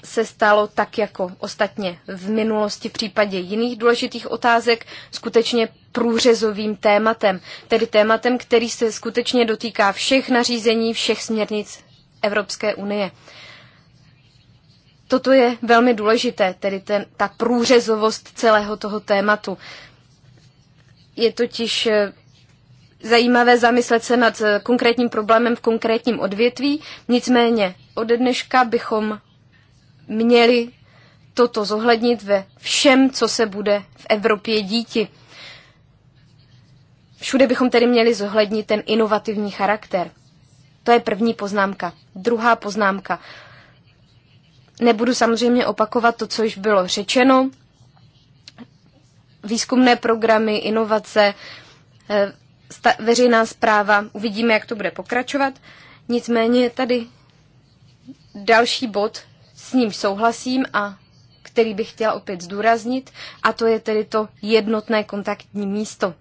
se stalo tak jako ostatně v minulosti v případě jiných důležitých otázek skutečně průřezovým tématem, tedy tématem, který se skutečně dotýká všech nařízení, všech směrnic Evropské unie. Toto je velmi důležité, tedy ten, ta průřezovost celého toho tématu. Je totiž eh, zajímavé zamyslet se nad eh, konkrétním problémem v konkrétním odvětví, nicméně ode dneška bychom měli toto zohlednit ve všem, co se bude v Evropě díti. Všude bychom tedy měli zohlednit ten inovativní charakter. To je první poznámka. Druhá poznámka. Nebudu samozřejmě opakovat to, co již bylo řečeno. Výzkumné programy, inovace, eh, veřejná zpráva, uvidíme, jak to bude pokračovat. Nicméně tady další bod, s ním souhlasím a který bych chtěla opět zdůraznit, a to je tedy to jednotné kontaktní místo.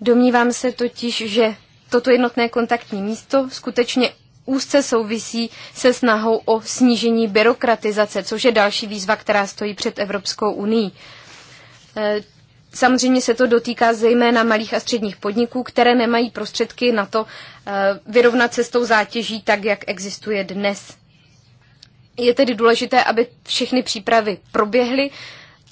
Domnívám se totiž, že toto jednotné kontaktní místo skutečně úzce souvisí se snahou o snížení byrokratizace, což je další výzva, která stojí před Evropskou unii. Samozřejmě se to dotýká zejména malých a středních podniků, které nemají prostředky na to eh, vyrovnat se s tou zátěží tak, jak existuje dnes. Je tedy důležité, aby všechny přípravy proběhly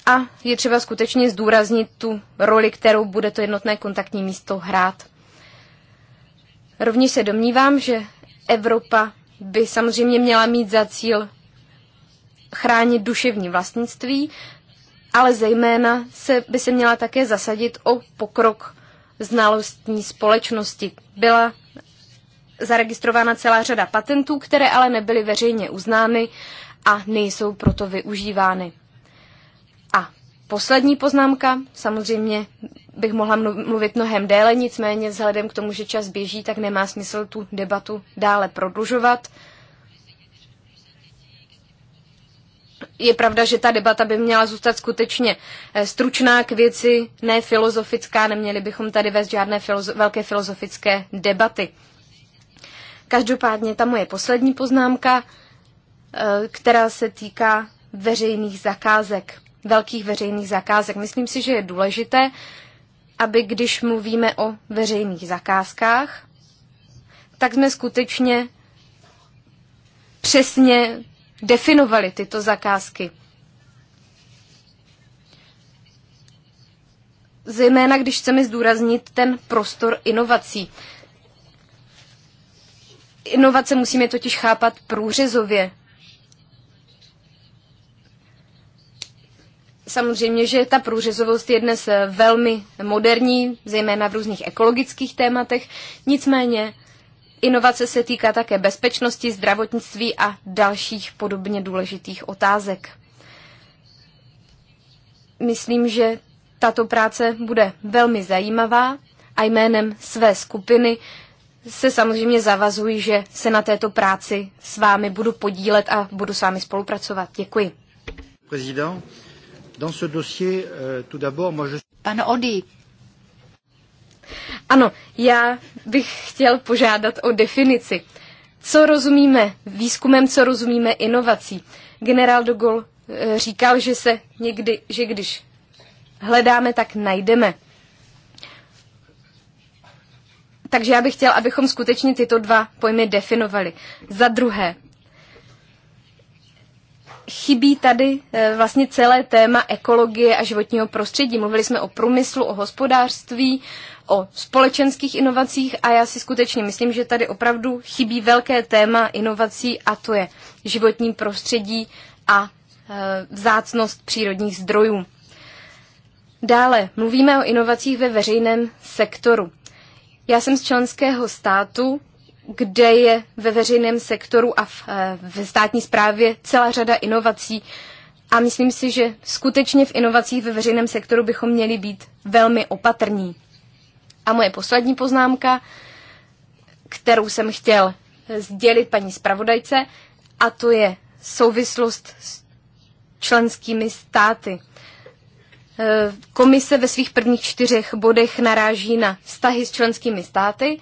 a je třeba skutečně zdůraznit tu roli, kterou bude to jednotné kontaktní místo hrát. Rovněž se domnívám, že Evropa by samozřejmě měla mít za cíl chránit duševní vlastnictví, ale zejména se, by se měla také zasadit o pokrok znalostní společnosti. Byla zaregistrována celá řada patentů, které ale nebyly veřejně uznány a nejsou proto využívány. A poslední poznámka, samozřejmě bych mohla mluvit mnohem déle, nicméně vzhledem k tomu, že čas běží, tak nemá smysl tu debatu dále prodlužovat. je pravda, že ta debata by měla zůstat skutečně eh, stručná k věci, ne filozofická, neměli bychom tady vést žádné filozo- velké filozofické debaty. Každopádně ta moje poslední poznámka, eh, která se týká veřejných zakázek, velkých veřejných zakázek. Myslím si, že je důležité, aby když mluvíme o veřejných zakázkách, tak jsme skutečně přesně definovali tyto zakázky. Zejména, když chceme zdůraznit ten prostor inovací. Inovace musíme totiž chápat průřezově. Samozřejmě, že ta průřezovost je dnes velmi moderní, zejména v různých ekologických tématech. Nicméně Inovace se týká také bezpečnosti, zdravotnictví a dalších podobně důležitých otázek. Myslím, že tato práce bude velmi zajímavá a jménem své skupiny se samozřejmě zavazuji, že se na této práci s vámi budu podílet a budu s vámi spolupracovat. Děkuji. Euh, Pane Odi, ano, já bych chtěl požádat o definici. Co rozumíme výzkumem, co rozumíme inovací? Generál de eh, Gaulle říkal, že se někdy, že když hledáme, tak najdeme. Takže já bych chtěl, abychom skutečně tyto dva pojmy definovali. Za druhé, chybí tady eh, vlastně celé téma ekologie a životního prostředí. Mluvili jsme o průmyslu, o hospodářství, o společenských inovacích a já si skutečně myslím, že tady opravdu chybí velké téma inovací a to je životní prostředí a e, vzácnost přírodních zdrojů. Dále mluvíme o inovacích ve veřejném sektoru. Já jsem z členského státu, kde je ve veřejném sektoru a e, ve státní správě celá řada inovací. A myslím si, že skutečně v inovacích ve veřejném sektoru bychom měli být velmi opatrní. A moje poslední poznámka, kterou jsem chtěl sdělit paní zpravodajce, a to je souvislost s členskými státy. E, komise ve svých prvních čtyřech bodech naráží na vztahy s členskými státy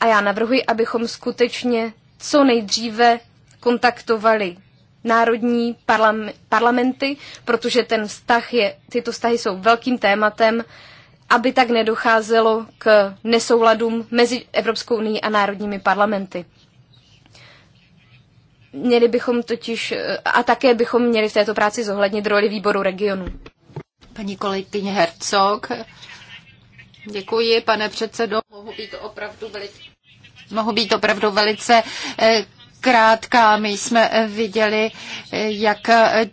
a já navrhuji, abychom skutečně co nejdříve kontaktovali národní parlamenty, protože ten vztah je, tyto vztahy jsou velkým tématem aby tak nedocházelo k nesouladům mezi Evropskou unii a národními parlamenty. Měli bychom totiž, eh, a také bychom měli v této práci zohlednit roli výboru regionu. Paní kolegyně Hercog, děkuji, pane předsedo, mohu být opravdu velice mohu být opravdu velice eh, krátká. My jsme viděli, jak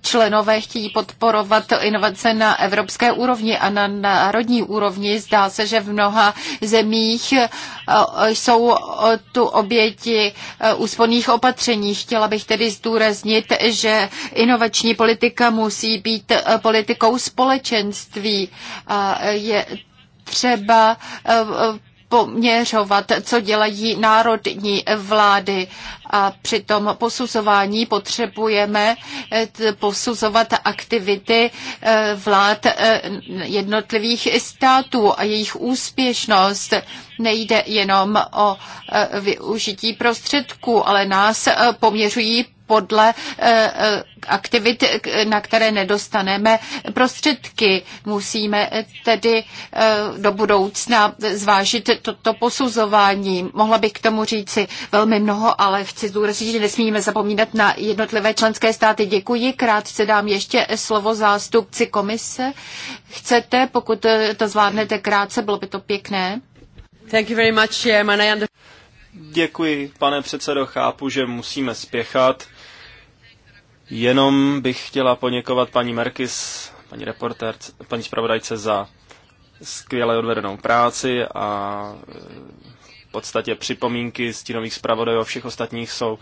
členové chtějí podporovat inovace na evropské úrovni a na národní úrovni. Zdá se, že v mnoha zemích e, jsou tu oběti e, úsporných opatření. Chtěla bych tedy zdůraznit, že inovační politika musí být e, politikou společenství. A je třeba poměřovat, co dělají národní vlády a při tom posuzování potřebujeme eh, posuzovat aktivity eh, vlád eh, jednotlivých států a jejich úspěšnost. Nejde jenom o využití prostředků, ale nás poměřují podle aktivit, na které nedostaneme prostředky. Musíme tedy do budoucna zvážit toto posuzování. Mohla bych k tomu říci velmi mnoho, ale chci chci zdůraznit, že nesmíme zapomínat na jednotlivé členské státy. Děkuji. Krátce dám ještě slovo zástupci komise. Chcete, pokud to zvládnete krátce, bylo by to pěkné. Thank you very much, Chairman. I Děkuji, pane předsedo. Chápu, že musíme spěchat. Jenom bych chtěla poděkovat paní Merkis, paní reportér, paní zpravodajce za skvěle odvedenou práci a podstatě připomínky stínových zpravodajů všech ostatních jsou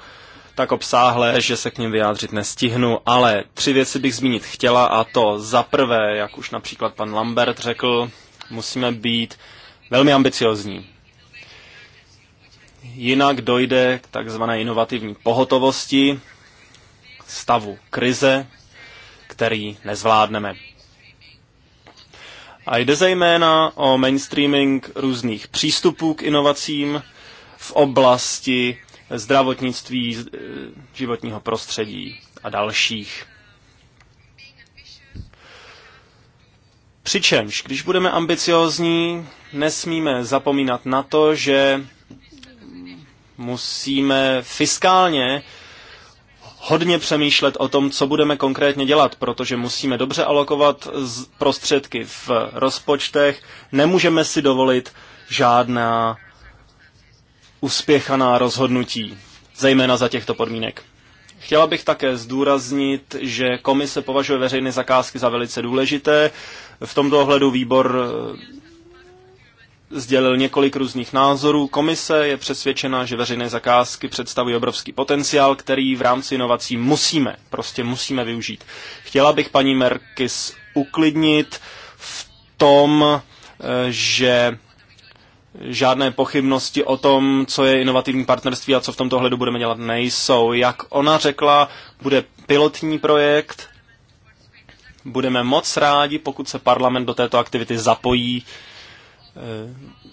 tak obsáhlé, že se k ním vyjádřit nestihnu, ale tři věci bych zmínit chtěla a to za prvé, jak už například pan Lambert řekl, musíme být velmi ambiciozní. Jinak dojde k takzvané inovativní pohotovosti, stavu krize, který nezvládneme. A jde zejména o mainstreaming různých přístupů k inovacím v oblasti zdravotnictví, eh, životního prostředí a dalších. Přičemž, když budeme ambiciozní, nesmíme zapomínat na to, že musíme fiskálně hodně přemýšlet o tom, co budeme konkrétně dělat, protože musíme dobře alokovat prostředky v rozpočtech, nemůžeme si dovolit žádná uspěchaná rozhodnutí, zejména za těchto podmínek. Chtěla bych také zdůraznit, že komise považuje veřejné zakázky za velice důležité. V tomto ohledu výbor sdělil několik různých názorů. Komise je přesvědčena, že veřejné zakázky představují obrovský potenciál, který v rámci inovací musíme, prostě musíme využít. Chtěla bych paní Merkis uklidnit v tom, eh, že žádné pochybnosti o tom, co je inovativní partnerství a co v tomto hledu budeme dělat, nejsou. Jak ona řekla, bude pilotní projekt, budeme moc rádi, pokud se parlament do této aktivity zapojí, Eh,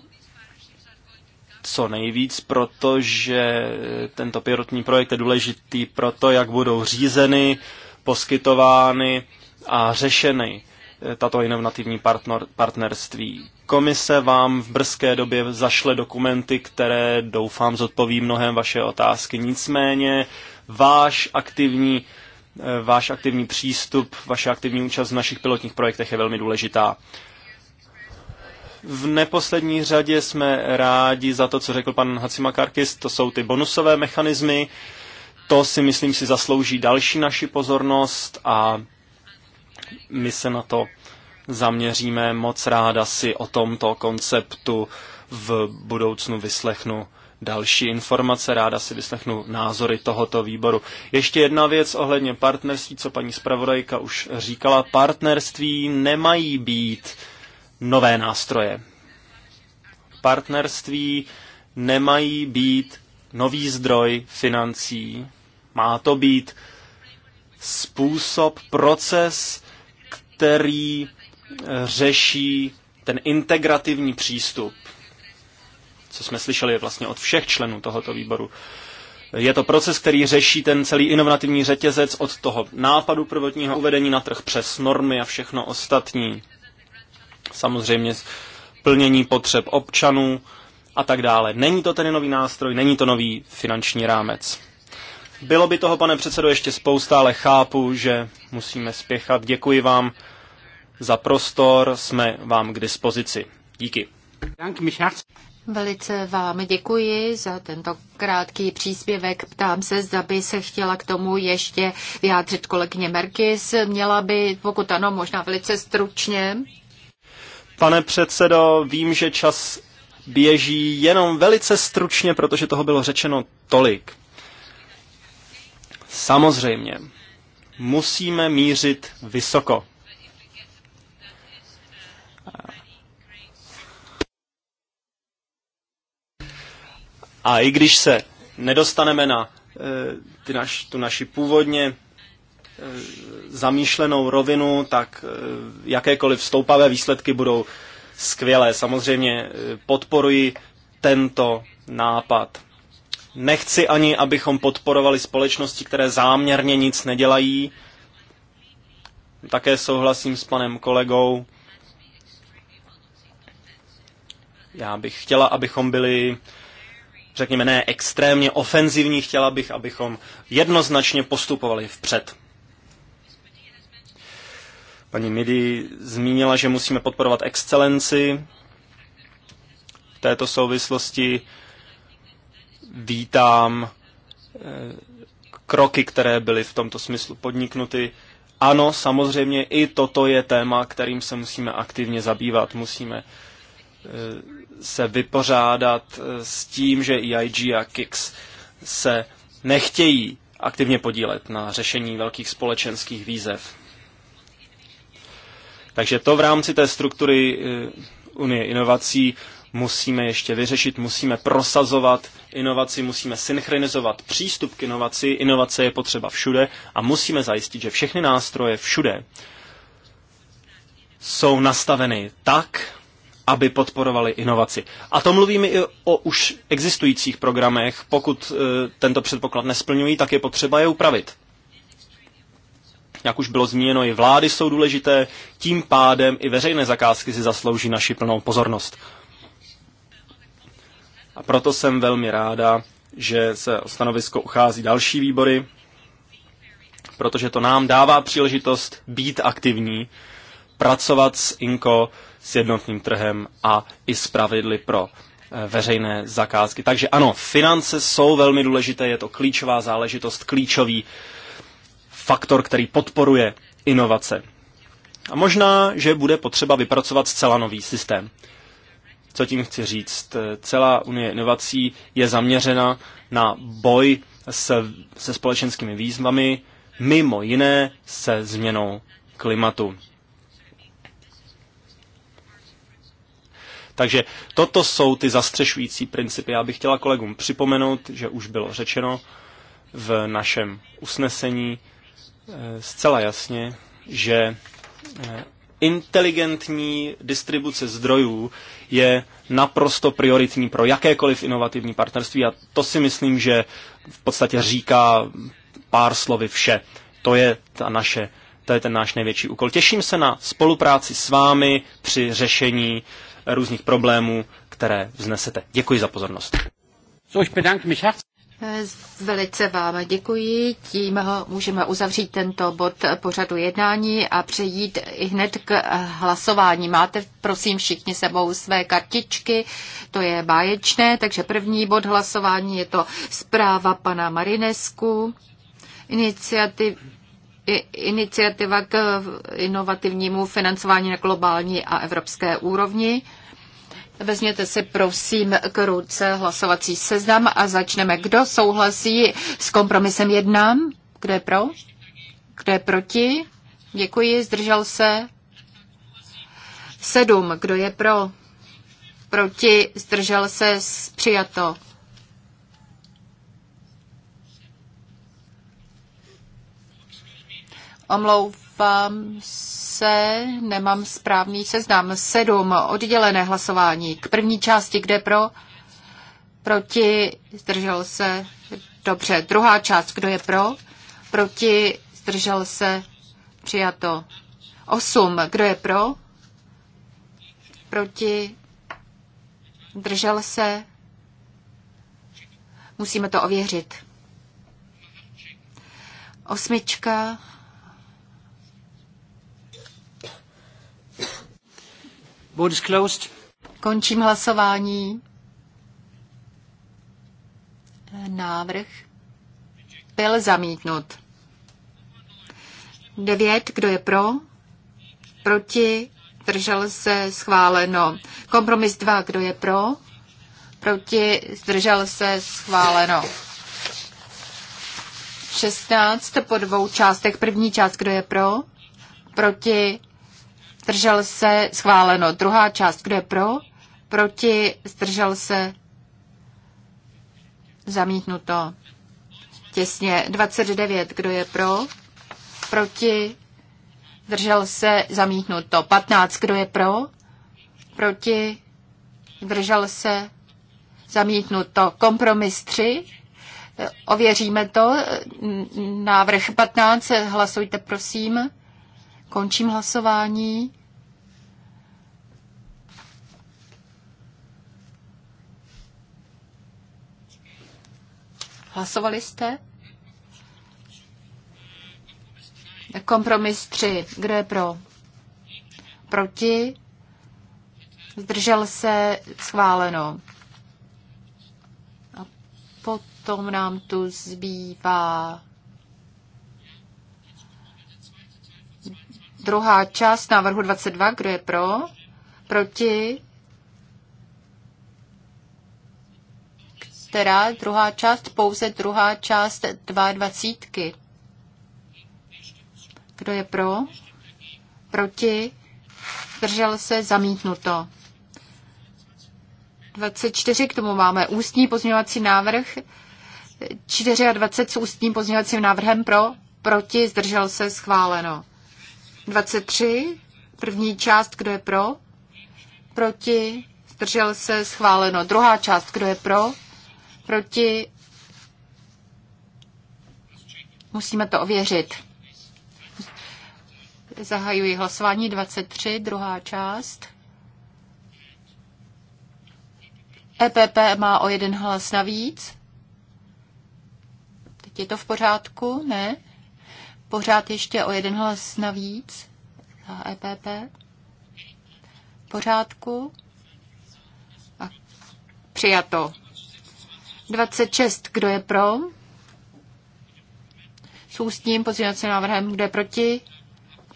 co nejvíc, protože tento pilotní projekt je důležitý pro to, jak budou řízeny, poskytovány a řešeny eh, tato inovativní partner, partnerství. Komise vám v brzké době zašle dokumenty, které doufám zodpoví mnohem vaše otázky. Nicméně váš aktivní, eh, váš aktivní přístup, vaše aktivní účast v našich pilotních projektech je velmi důležitá. V neposlední řadě jsme rádi za to, co řekl pan Hacimakarkis, to jsou ty bonusové mechanismy. To si myslím si zaslouží další naši pozornost a my se na to zaměříme. Moc ráda si o tomto konceptu v budoucnu vyslechnu další informace, ráda si vyslechnu názory tohoto výboru. Ještě jedna věc ohledně partnerství, co paní zpravodajka už říkala. Partnerství nemají být nové nástroje. Partnerství nemají být nový zdroj financí. Má to být způsob, proces, který eh, řeší ten integrativní přístup, co jsme slyšeli vlastně od všech členů tohoto výboru. Je to proces, který řeší ten celý inovativní řetězec od toho nápadu prvotního uvedení na trh přes normy a všechno ostatní samozřejmě plnění potřeb občanů a tak dále. Není to tedy nový nástroj, není to nový finanční rámec. Bylo by toho, pane předsedo, ještě spousta, ale chápu, že musíme spěchat. Děkuji vám za prostor, jsme vám k dispozici. Díky. Velice vám děkuji za tento krátký příspěvek. Ptám se, zda by se chtěla k tomu ještě vyjádřit kolegyně Merkis. Měla by, pokud ano, možná velice stručně. Pane předsedo, vím, že čas běží jenom velice stručně, protože toho bylo řečeno tolik. Samozřejmě, musíme mířit vysoko. A i když se nedostaneme na eh, ty naš, tu naši původně E, zamýšlenou rovinu, tak e, jakékoliv stoupavé výsledky budou skvělé. Samozřejmě e, podporuji tento nápad. Nechci ani, abychom podporovali společnosti, které záměrně nic nedělají. Také souhlasím s panem kolegou. Já bych chtěla, abychom byli, řekněme, ne extrémně ofenzivní, chtěla bych, abychom jednoznačně postupovali vpřed. Paní Midi zmínila, že musíme podporovat excelenci. V této souvislosti vítám eh, kroky, které byly v tomto smyslu podniknuty. Ano, samozřejmě i toto je téma, kterým se musíme aktivně zabývat. Musíme eh, se vypořádat eh, s tím, že EIG a KIX se nechtějí aktivně podílet na řešení velkých společenských výzev. Takže to v rámci té struktury eh, Unie inovací musíme ještě vyřešit, musíme prosazovat inovaci, musíme synchronizovat přístup k inovaci. Inovace je potřeba všude a musíme zajistit, že všechny nástroje všude jsou nastaveny tak, aby podporovali inovaci. A to mluvíme i o už existujících programech. Pokud eh, tento předpoklad nesplňují, tak je potřeba je upravit jak už bylo zmíněno, i vlády jsou důležité, tím pádem i veřejné zakázky si zaslouží naši plnou pozornost. A proto jsem velmi ráda, že se o stanovisko uchází další výbory, protože to nám dává příležitost být aktivní, pracovat s INKO, s jednotným trhem a i s pravidly pro eh, veřejné zakázky. Takže ano, finance jsou velmi důležité, je to klíčová záležitost, klíčový faktor, který podporuje inovace. A možná, že bude potřeba vypracovat zcela nový systém. Co tím chci říct? Celá Unie inovací je zaměřena na boj se, se společenskými výzvami, mimo jiné se změnou klimatu. Takže toto jsou ty zastřešující principy. Já bych chtěla kolegům připomenout, že už bylo řečeno v našem usnesení, Eh, zcela jasně, že eh, inteligentní distribuce zdrojů je naprosto prioritní pro jakékoliv inovativní partnerství a to si myslím, že v podstatě říká pár slovy vše. To je ta naše to je ten náš největší úkol. Těším se na spolupráci s vámi při řešení různých problémů, které vznesete. Děkuji za pozornost. So, ich bedanke mich Velice vám děkuji. Tím můžeme uzavřít tento bod pořadu jednání a přejít i hned k hlasování. Máte, prosím, všichni sebou své kartičky, to je báječné, takže první bod hlasování je to zpráva pana Marinesku, iniciativ, iniciativa k inovativnímu financování na globální a evropské úrovni. Vezměte si prosím k ruce hlasovací seznam a začneme. Kdo souhlasí s kompromisem jednám? Kdo je pro? Kdo je proti? Děkuji, zdržel se. Sedm. Kdo je pro? Proti, zdržel se, přijato. Omlouv Omlouvám se, nemám správný seznam. Sedm, oddělené hlasování. K první části, kde pro? Proti, zdržel se. Dobře, druhá část, kdo je pro? Proti, zdržel se. Přijato. Osm, kdo je pro? Proti, držel se. Musíme to ověřit. Osmička, Vote is closed. Končím hlasování. Návrh byl zamítnut. Devět, Kdo je pro? Proti? Zdržel se? Schváleno. Kompromis dva, Kdo je pro? Proti? Zdržel se? Schváleno. 16 po dvou částech. První část, kdo je pro? Proti? zdržel se, schváleno. Druhá část, kdo je pro, proti, zdržel se, zamítnuto. Těsně 29, kdo je pro, proti, zdržel se, zamítnuto. 15, kdo je pro, proti, zdržel se, zamítnuto. Kompromis 3, ověříme to. Návrh 15, hlasujte prosím. Končím hlasování. Hlasovali jste? Kompromis 3. Kdo je pro? Proti? Zdržel se? Schváleno. A potom nám tu zbývá Druhá část návrhu 22, kdo je pro? Proti? Která druhá část? Pouze druhá část dva Kdo je pro? Proti? Zdržel se zamítnuto. 24, k tomu máme ústní pozměňovací návrh. 24 s ústním pozměňovacím návrhem pro, proti, zdržel se, schváleno. 23, první část, kdo je pro, proti, zdržel se, schváleno. Druhá část, kdo je pro, proti, musíme to ověřit. Zahajuji hlasování 23, druhá část. EPP má o jeden hlas navíc. Teď je to v pořádku, ne? pořád ještě o jeden hlas navíc za EPP. Pořádku. A přijato. 26. Kdo je pro? S ústním pozměňovacím návrhem. Kdo je proti?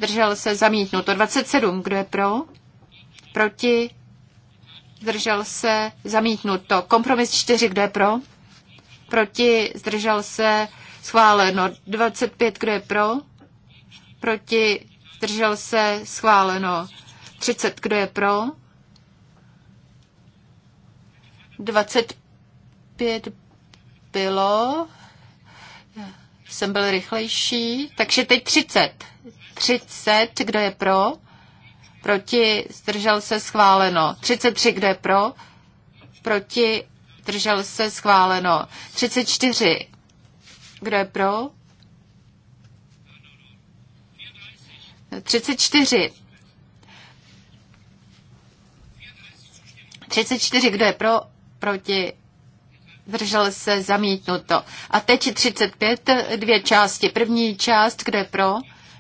Držel se zamítnuto. 27. Kdo je pro? Proti? Zdržel se zamítnuto. Kompromis 4. Kdo je pro? Proti? Zdržel se schváleno. 25, kdo je pro, proti, držel se, schváleno. 30, kdo je pro, 25 bylo, jsem byl rychlejší, takže teď 30. 30, kdo je pro? Proti, zdržel se schváleno. 33, kdo je pro? Proti, zdržel se schváleno. 34, kdo je pro? 34. 34. Kdo je pro? Proti? Držel se zamítnuto. A teď 35, dvě části. První část, kdo je pro?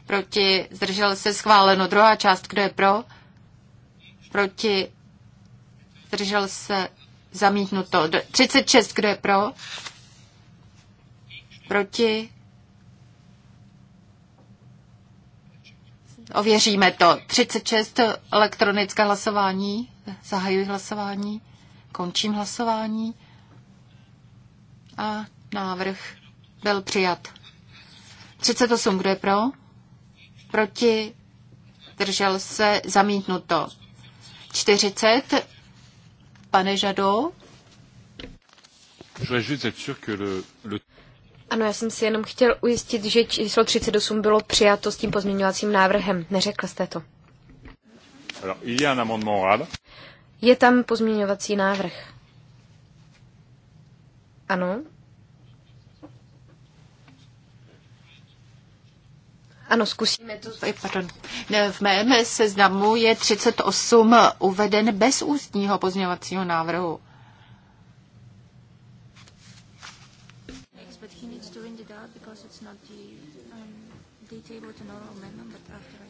Proti? Zdržel se schváleno. Druhá část, kdo je pro? Proti? Zdržel se zamítnuto. 36, kdo je pro? Proti? Ověříme to. 36 elektronické hlasování. Zahajuji hlasování. Končím hlasování. A návrh byl přijat. 38, kdo je pro? Proti? Držel se zamítnuto. 40. Pane Žado? Ano, já jsem si jenom chtěl ujistit, že číslo 38 bylo přijato s tím pozměňovacím návrhem. Neřekl jste to. Je tam pozměňovací návrh. Ano. Ano, zkusíme to. Pardon. V mém seznamu je 38 uveden bez ústního pozměňovacího návrhu.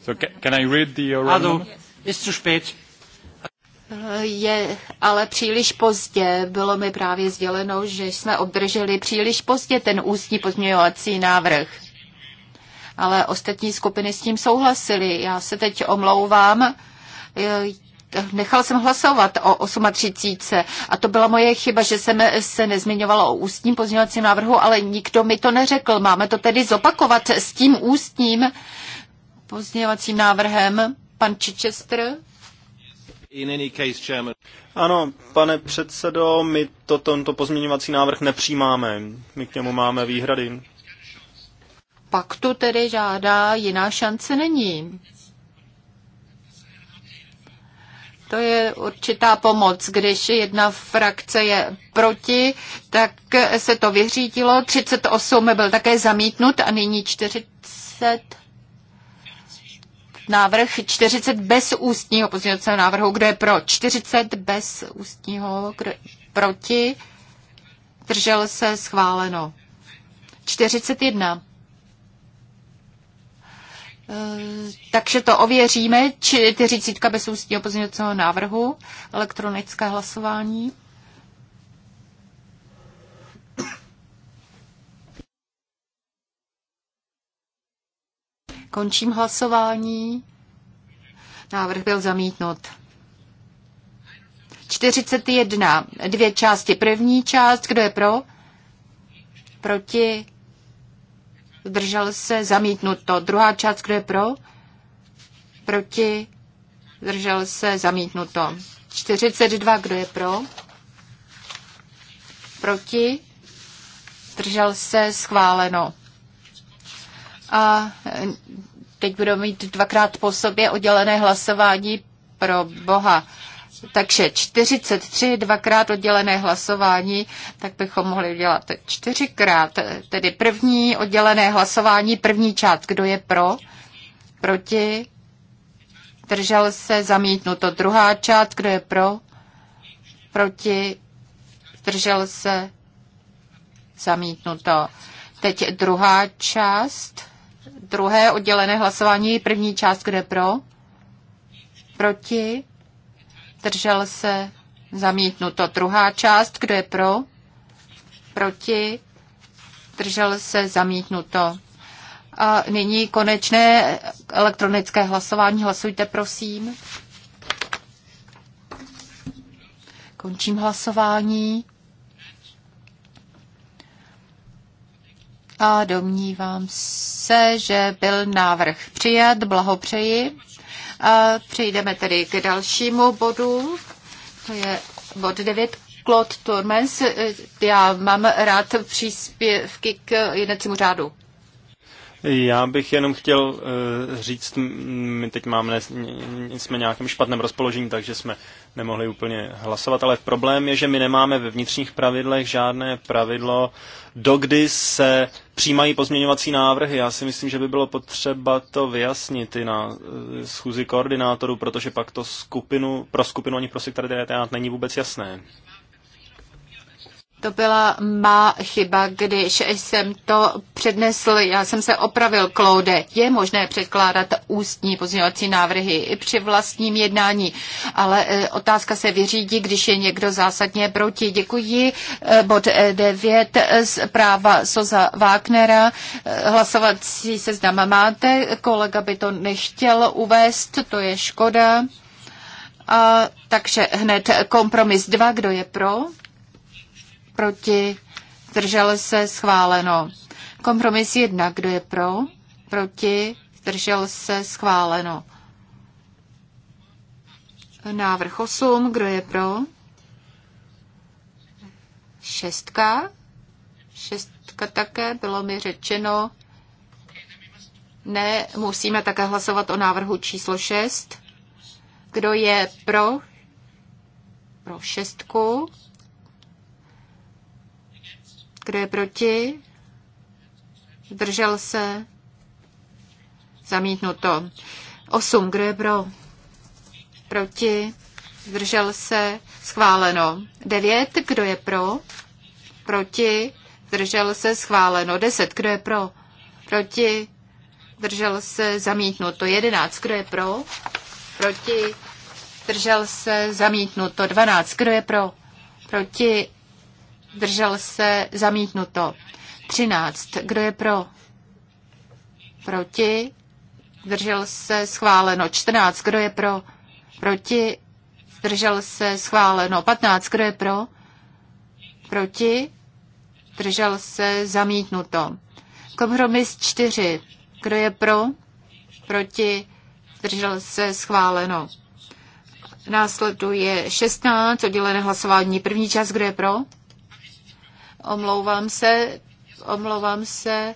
So can I read the oral Je ale příliš pozdě. Bylo mi právě sděleno, že jsme obdrželi příliš pozdě ten ústní pozměňovací návrh. Ale ostatní skupiny s tím souhlasily. Já se teď omlouvám. Nechal jsem hlasovat o 38. A to byla moje chyba, že jsem se nezmiňovala o ústním pozměňovacím návrhu, ale nikdo mi to neřekl. Máme to tedy zopakovat s tím ústním pozměňovacím návrhem. Pan Chichester? Ano, pane předsedo, my to, tento pozměňovací návrh nepřijímáme. My k němu máme výhrady. Pak tu tedy žádá jiná šance není. To je určitá pomoc. Když jedna frakce je proti, tak se to vyřídilo. 38 byl také zamítnut a nyní 40 návrh 40 bez ústního pozměňovacího návrhu. Kdo je pro? 40 bez ústního. Kdo je proti? Držel se schváleno. 41. Eh, takže to ověříme. Čtyřicítka bez ústního pozměňovacího návrhu. Elektronické hlasování. Končím hlasování. Návrh byl zamítnut. 41. Dvě části. První část, kdo je pro? Proti? zdržel se, zamítnuto. Druhá část, kdo je pro, proti, zdržel se, zamítnuto. 42, kdo je pro, proti, zdržel se, schváleno. A e, teď budou mít dvakrát po sobě oddělené hlasování pro Boha. Takže 43 dvakrát oddělené hlasování, tak bychom mohli dělat čtyřikrát. Tedy první oddělené hlasování, první část, kdo je pro, proti, držel se, zamítnuto. Druhá část, kdo je pro, proti, držel se, zamítnuto. Teď druhá část, druhé oddělené hlasování, první část, kdo je pro, proti, zdržel se, zamítnuto. Druhá část, kdo je pro, proti, zdržel se, zamítnuto. A nyní konečné elektronické hlasování. Hlasujte, prosím. Končím hlasování. A domnívám se, že byl návrh přijat. Blahopřeji přejdeme tedy k dalšímu bodu. To je bod 9. Claude Turmes. Já mám rád příspěvky k jednacímu řádu. Já bych jenom chtěl eh, říct, my teď máme, jsme nějakém špatném rozpoložení, takže jsme nemohli úplně hlasovat, ale problém je, že my nemáme ve vnitřních pravidlech žádné pravidlo, dokdy se přijímají pozměňovací návrhy. Já si myslím, že by bylo potřeba to vyjasnit i na eh, schůzi koordinátorů, protože pak to skupinu, pro skupinu ani pro sekretariát není vůbec jasné. To byla má chyba, když jsem to přednesl. Já jsem se opravil, Claude. Je možné předkládat ústní pozměňovací návrhy i při vlastním jednání, ale e, otázka se vyřídí, když je někdo zásadně proti. Děkuji. E, bod 9 e, práva Soza Wagnera. Hlasovací seznam máte. Kolega by to nechtěl uvést, to je škoda. A, takže hned kompromis 2, kdo je pro? proti, zdržel se, schváleno. Kompromis jedna, kdo je pro, proti, zdržel se, schváleno. Návrh 8, kdo je pro? Šestka. Šestka také, bylo mi řečeno. Ne, musíme také hlasovat o návrhu číslo 6. Kdo je pro? Pro šestku. Kdo je proti? Zdržel se? Zamítnuto. 8. Kdo je pro? Proti? Zdržel se? Schváleno. 9. Kdo je pro? Proti? Zdržel se? Schváleno. 10. Kdo je pro? Proti? Zdržel se? Zamítnuto. 11. Kdo je pro? Proti? Zdržel se? Zamítnuto. 12. Kdo je pro? Proti? Držel se zamítnuto. 13. Kdo je pro? Proti? Držel se schváleno. 14. Kdo je pro? Proti? Držel se schváleno. 15. Kdo je pro? Proti? Držel se zamítnuto. Kompromis 4. Kdo je pro? Proti? Držel se schváleno. Následuje 16, oddělené hlasování. První čas. kdo je pro? Omlouvám se, omlouvám se,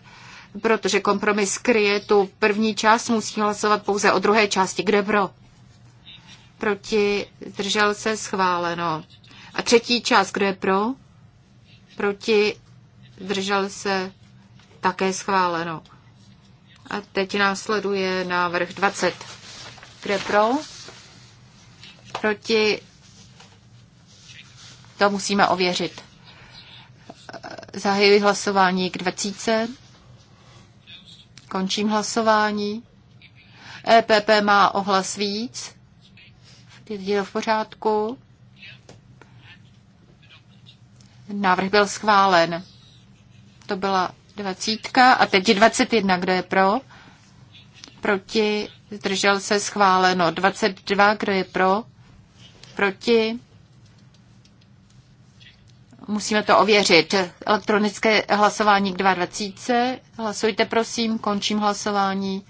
protože kompromis kryje tu první část, musí hlasovat pouze o druhé části. Kde pro? Proti, držel se, schváleno. A třetí část, kde je pro? Proti, držel se, také schváleno. A teď následuje návrh 20. Kde pro? Proti, to musíme ověřit. Zahajuji hlasování k 20. Končím hlasování. EPP má ohlas víc. Je to v pořádku. Návrh byl schválen. To byla dvacítka a teď je 21, kdo je pro. Proti, zdržel se schváleno. 22, kdo je pro. Proti, Musíme to ověřit. Elektronické hlasování k 22. Hlasujte prosím, končím hlasování.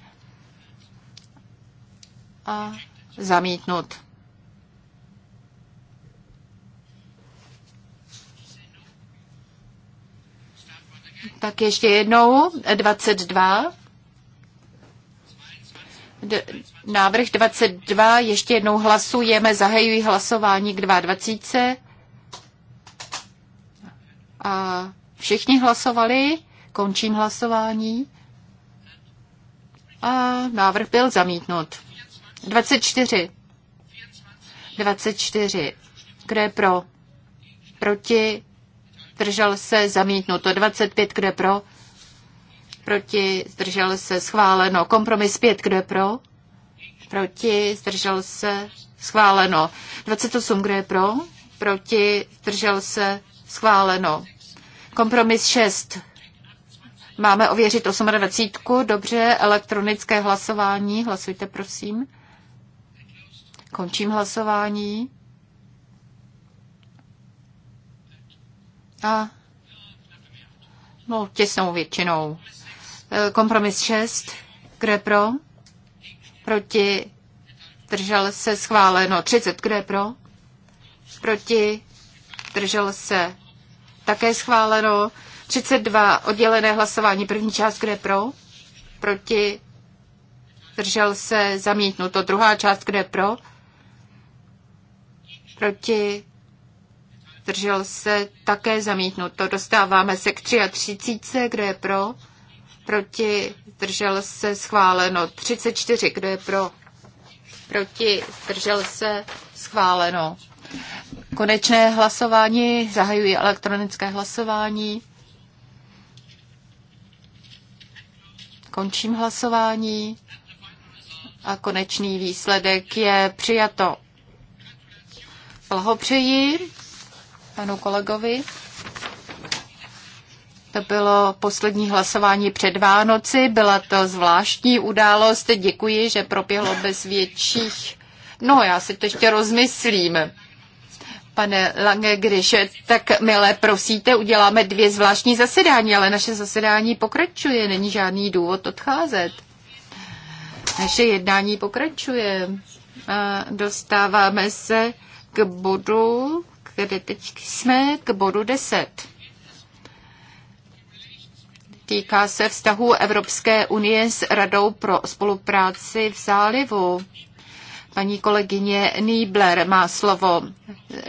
A zamítnut. Tak ještě jednou, 22. D- návrh 22, ještě jednou hlasujeme, zahajuji hlasování k 22. A všichni hlasovali, končím hlasování. A návrh byl zamítnut. 24. 24. Kdo je pro? Proti? Zdržel se zamítnuto. 25. Kdo je pro? Proti? Zdržel se schváleno. Kompromis 5. Kdo je pro? Proti? Zdržel se schváleno. 28. Kdo je pro? Proti? Zdržel se schváleno. Kompromis 6. Máme ověřit 28. Dobře, elektronické hlasování. Hlasujte, prosím. Končím hlasování. A no, těsnou většinou. E, kompromis 6. Kde pro? Proti. Držel se schváleno. 30. Kde pro? Proti. Držel se také schváleno 32 oddělené hlasování. První část, kde pro? Proti? Držel se zamítnuto. Druhá část, kde pro? Proti? Držel se také zamítnuto. Dostáváme se k 33, kde je pro? Proti? Držel se schváleno. 34, kde je pro? Proti? Držel se schváleno. Konečné hlasování, zahajuji elektronické hlasování. Končím hlasování a konečný výsledek je přijato. Blahopřeji panu kolegovi. To bylo poslední hlasování před Vánoci, byla to zvláštní událost. Děkuji, že proběhlo bez větších. No, já si to ještě rozmyslím. Pane Lange, když tak milé prosíte, uděláme dvě zvláštní zasedání, ale naše zasedání pokračuje, není žádný důvod odcházet. Naše jednání pokračuje. A dostáváme se k bodu, kde teď jsme, k bodu 10. Týká se vztahu Evropské unie s Radou pro spolupráci v zálivu. Paní kolegyně Niebler má slovo.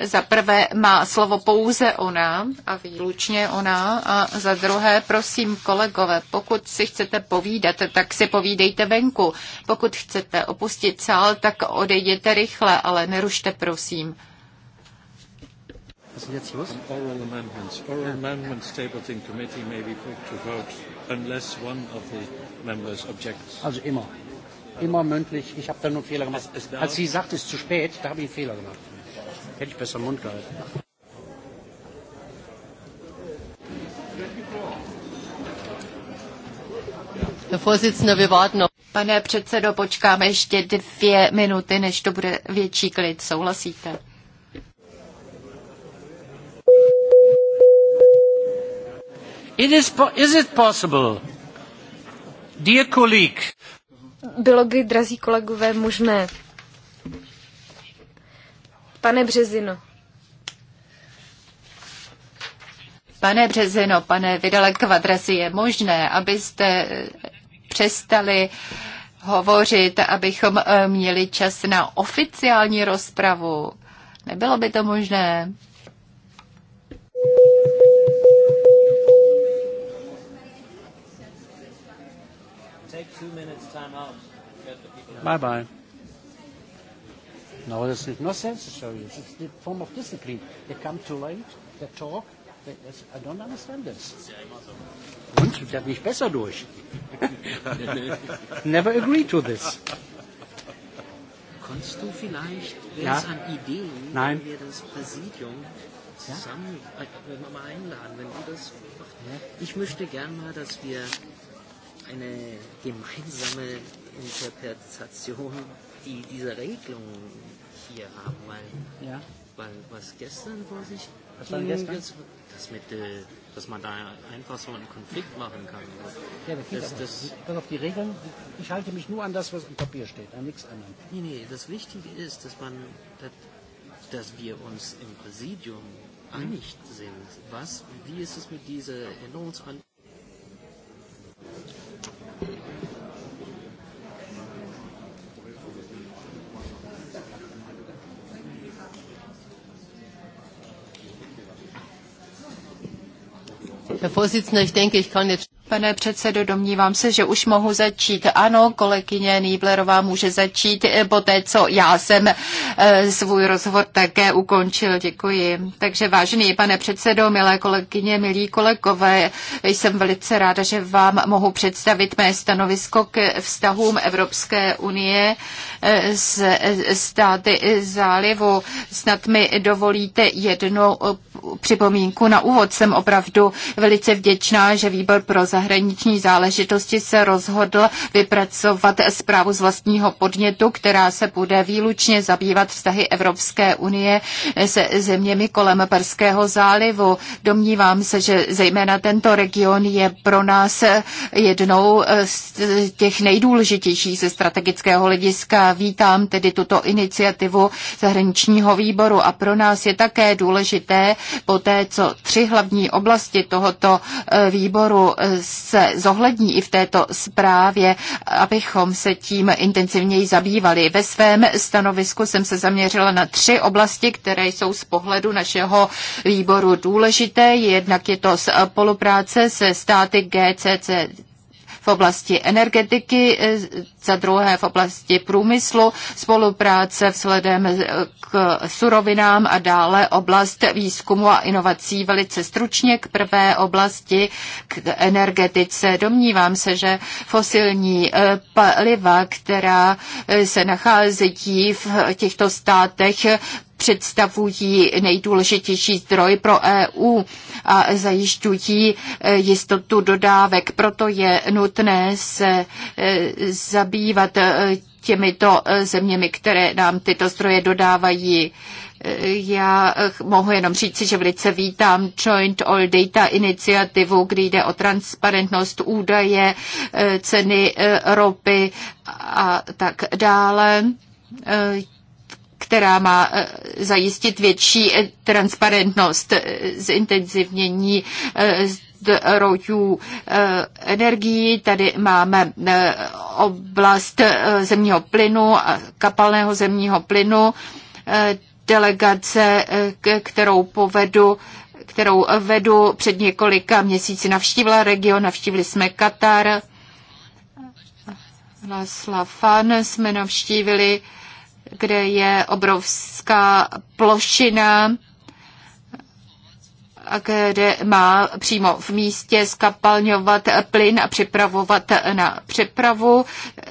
Za prvé má slovo pouze ona a výlučně ona. A za druhé, prosím kolegové, pokud si chcete povídat, tak si povídejte venku. Pokud chcete opustit sál, tak odejděte rychle, ale nerušte, prosím. Also immer immer mündlich. Ich habe da nur einen Fehler gemacht. Als sie sagt, es ist zu spät, da habe ich einen Fehler gemacht. Hätte ich besser im Mund gehalten. Herr wir warten Pane předsedo, počkáme ještě dvě minuty, než to bude větší klid. Souhlasíte? It is, is it possible, dear colleague, bylo by drazí kolegové, možné? Pane Březino. Pane Březino, pane Vydale Kvadrasi, je možné, abyste přestali hovořit, abychom eh, měli čas na oficiální rozpravu? Nebylo by to možné? Take two minutes time out. Bye bye. No, this is no sense to show you. It's the form of discipline. They come too late, they talk. They, I don't understand this. Und der mich besser durch. [laughs] Never agree to this. Kannst du vielleicht, wenn ja? es an Ideen, Nein. wenn wir das Präsidium zusammen ja? Äh, mal einladen, wenn du das Ja? Ich möchte gern mal, dass wir eine gemeinsame Interpretation, die diese Regelung hier haben, weil, ja. weil was gestern vor sich was ging, gestern? Das, das mit, äh, dass man da einfach so einen Konflikt machen kann. Ja, das, das, das Pass auf die Regeln, ich halte mich nur an das, was im Papier steht, an nichts anderem. Nee, nee, das Wichtige ist, dass man, dass, dass wir uns im Präsidium hm? einig sind. Was, wie ist es mit dieser Änderungsantrag? Herr Vorsitzender, ich denke, ich kann jetzt Pane předsedo, domnívám se, že už mohu začít. Ano, kolegyně Nýblerová může začít e, po té, co já jsem e, svůj rozhovor také ukončil. Děkuji. Takže vážený pane předsedo, milé kolegyně, milí kolegové, jsem velice ráda, že vám mohu představit mé stanovisko k vztahům Evropské unie e, s státy zálivu. Snad mi dovolíte jednu připomínku na úvod. Jsem opravdu velice vděčná, že výbor pro zahraniční záležitosti se rozhodl vypracovat zprávu z vlastního podnětu, která se bude výlučně zabývat vztahy Evropské unie se zeměmi kolem Perského zálivu. Domnívám se, že zejména tento region je pro nás jednou z těch nejdůležitějších ze strategického hlediska. Vítám tedy tuto iniciativu zahraničního výboru a pro nás je také důležité po té, co tři hlavní oblasti tohoto eh, výboru eh, se zohlední i v této zprávě, abychom se tím intenzivněji zabývali. Ve svém stanovisku jsem se zaměřila na tři oblasti, které jsou z pohledu našeho výboru důležité. Jednak je to spolupráce se státy GCC v oblasti energetiky, e, za druhé v oblasti průmyslu, spolupráce vzhledem k surovinám a dále oblast výzkumu a inovací. Velice stručně k prvé oblasti, k energetice. Domnívám se, že fosilní e, paliva, která e, se nachází v těchto státech, představují nejdůležitější zdroj pro EU a zajišťují e, jistotu dodávek. Proto je nutné se e, zabývat e, těmito zeměmi, které nám tyto zdroje dodávají. Já mohu jenom říci, že velice vítám Joint All Data iniciativu, kde jde o transparentnost údaje, ceny ropy a tak dále která má eh, zajistit větší eh, transparentnost, eh, zintenzivnění zdrojů energií. Tady máme oblast zemního plynu a kapalného zemního plynu. Delegace, kterou povedu, kterou vedu před několika měsíci navštívila region, navštívili jsme Katar, Laslafan jsme navštívili, kde je obrovská plošina a kde má přímo v místě skapalňovat plyn a připravovat na přepravu.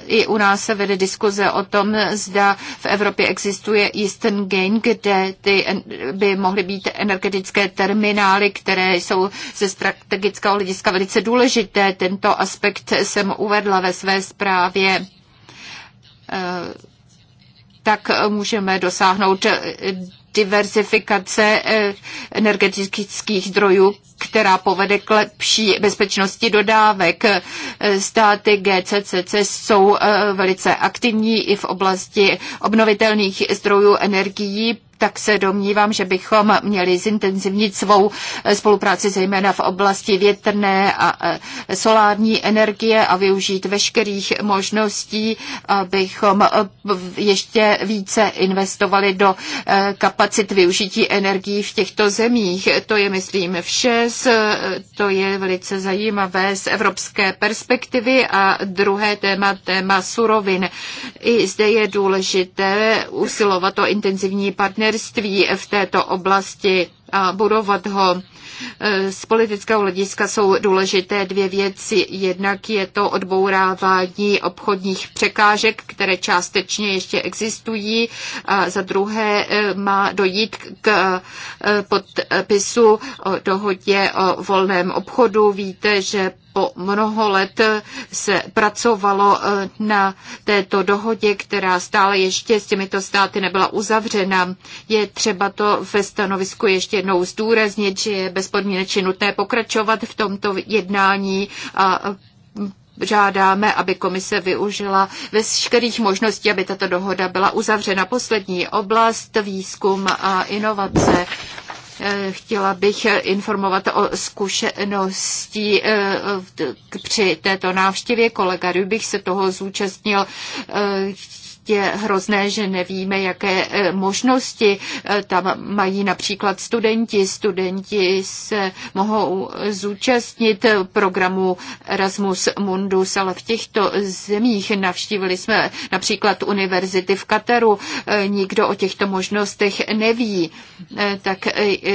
I u nás se vede diskuze o tom, zda v Evropě existuje Eastern Gain, kde ty by mohly být energetické terminály, které jsou ze strategického hlediska velice důležité. Tento aspekt jsem uvedla ve své zprávě tak můžeme dosáhnout diversifikace eh, energetických zdrojů, která povede k lepší bezpečnosti dodávek. Eh, státy GCCC jsou eh, velice aktivní i v oblasti obnovitelných zdrojů energií, tak se domnívám, že bychom měli zintenzivnit svou eh, spolupráci zejména v oblasti větrné a eh, solární energie a využít veškerých možností, abychom eh, ještě více investovali do kapacit využití energií v těchto zemích. To je, myslím, vše. To je velice zajímavé z evropské perspektivy a druhé téma, téma surovin. I zde je důležité usilovat o intenzivní partnerství partnerství v této oblasti a budovat ho. E, z politického hlediska jsou důležité dvě věci. Jednak je to odbourávání obchodních překážek, které částečně ještě existují. A za druhé e, má dojít k e, podpisu o dohodě o volném obchodu. Víte, že po mnoho let se pracovalo na této dohodě, která stále ještě s těmito státy nebyla uzavřena. Je třeba to ve stanovisku ještě jednou zdůraznit, že je bezpodmínečně nutné pokračovat v tomto jednání a Žádáme, aby komise využila veškerých možností, aby tato dohoda byla uzavřena. Poslední oblast, výzkum a inovace. E, chtěla bych informovat o zkušenosti e, při této návštěvě. Kolega Rybich se toho zúčastnil. E, je hrozné, že nevíme, jaké e, možnosti e, tam mají například studenti. Studenti se mohou zúčastnit programu Erasmus Mundus, ale v těchto zemích navštívili jsme například univerzity v Kateru. E, nikdo o těchto možnostech neví. Tak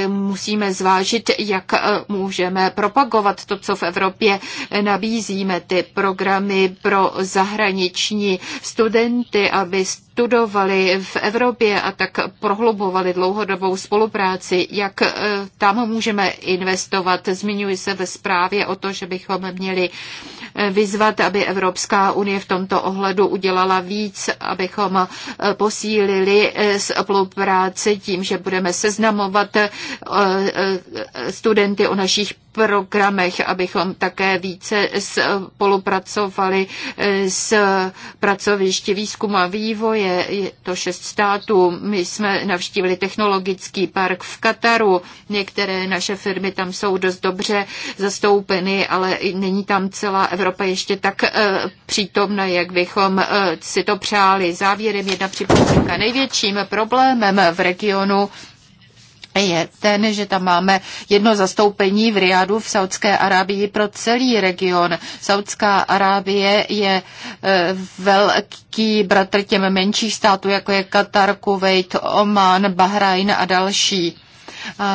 musíme zvážit, jak můžeme propagovat to, co v Evropě nabízíme, ty programy pro zahraniční studenty a aby studovali v Evropě a tak prohlubovali dlouhodobou spolupráci, jak e, tam můžeme investovat. Zmiňuji se ve zprávě o to, že bychom měli e, vyzvat, aby Evropská unie v tomto ohledu udělala víc, abychom e, posílili spolupráci tím, že budeme seznamovat studenty o našich programech, abychom také více spolupracovali s pracovišti výzkumu a vývoje. Je to šest států. My jsme navštívili technologický park v Kataru. Některé naše firmy tam jsou dost dobře zastoupeny, ale není tam celá Evropa ještě tak eh, přítomna, jak bychom eh, si to přáli. Závěrem jedna připomínka. Největším problémem v regionu je ten, že tam máme jedno zastoupení v Riadu v Saudské Arábii pro celý region. Saudská Arábie je e, velký bratr těm menších států, jako je Katar, Kuwait, Oman, Bahrajn a další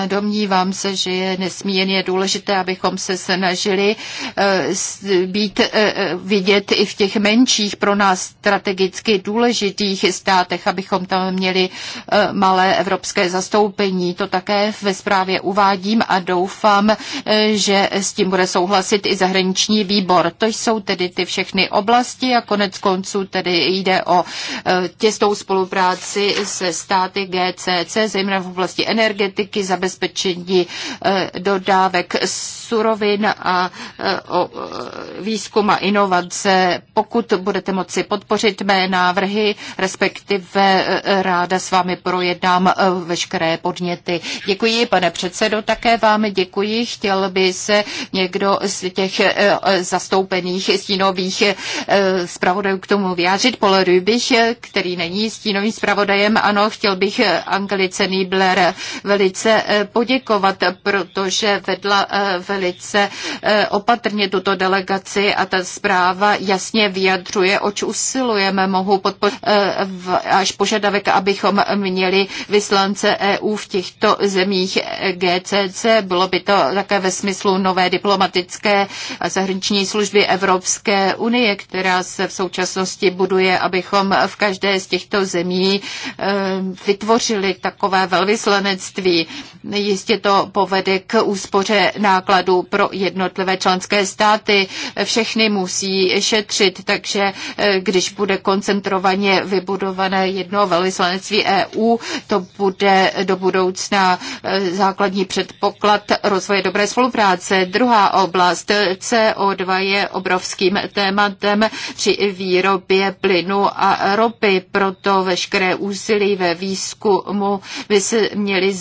domnívám se, že je nesmírně důležité, abychom se snažili e, být e, e, vidět i v těch menších pro nás strategicky důležitých státech, abychom tam měli malé evropské zastoupení. To také ve zprávě uvádím a doufám, že s tím bude souhlasit i zahraniční výbor. To jsou tedy ty všechny oblasti a konec konců tedy jde o těstou spolupráci se státy GCC, zejména v oblasti energetiky energetiky, zabezpečení eh, dodávek surovin a eh, eh, výzkum a inovace. Pokud budete moci podpořit mé návrhy, respektive ráda s vámi projednám veškeré podněty. Děkuji, pane předsedo, také vám děkuji. Chtěl by se někdo z těch zastoupených stínových zpravodajů k tomu vyjádřit. Paul Rübich, který není stínovým zpravodajem, ano, chtěl bych Angelice Niebler velice se eh, poděkovat, protože vedla eh, velice eh, opatrně tuto delegaci a ta zpráva jasně vyjadřuje, oč usilujeme. Mohu podpořit až požadavek, abychom měli vyslance EU v těchto zemích GCC. Bylo by to také ve smyslu nové diplomatické a zahraniční služby Evropské unie, která se v současnosti buduje, abychom v každé z těchto zemí vytvořili takové velvyslanectví. Jistě to povede k úspoře nákladů pro jednotlivé členské státy. Všechny musí šetřit, takže eh, když bude koncentrovaně vybudované jedno velvyslanectví EU, to bude do budoucna eh, základní předpoklad rozvoje dobré spolupráce. Druhá oblast CO2 je obrovským tématem při výrobě plynu a ropy, proto veškeré úsilí ve výzkumu by se měly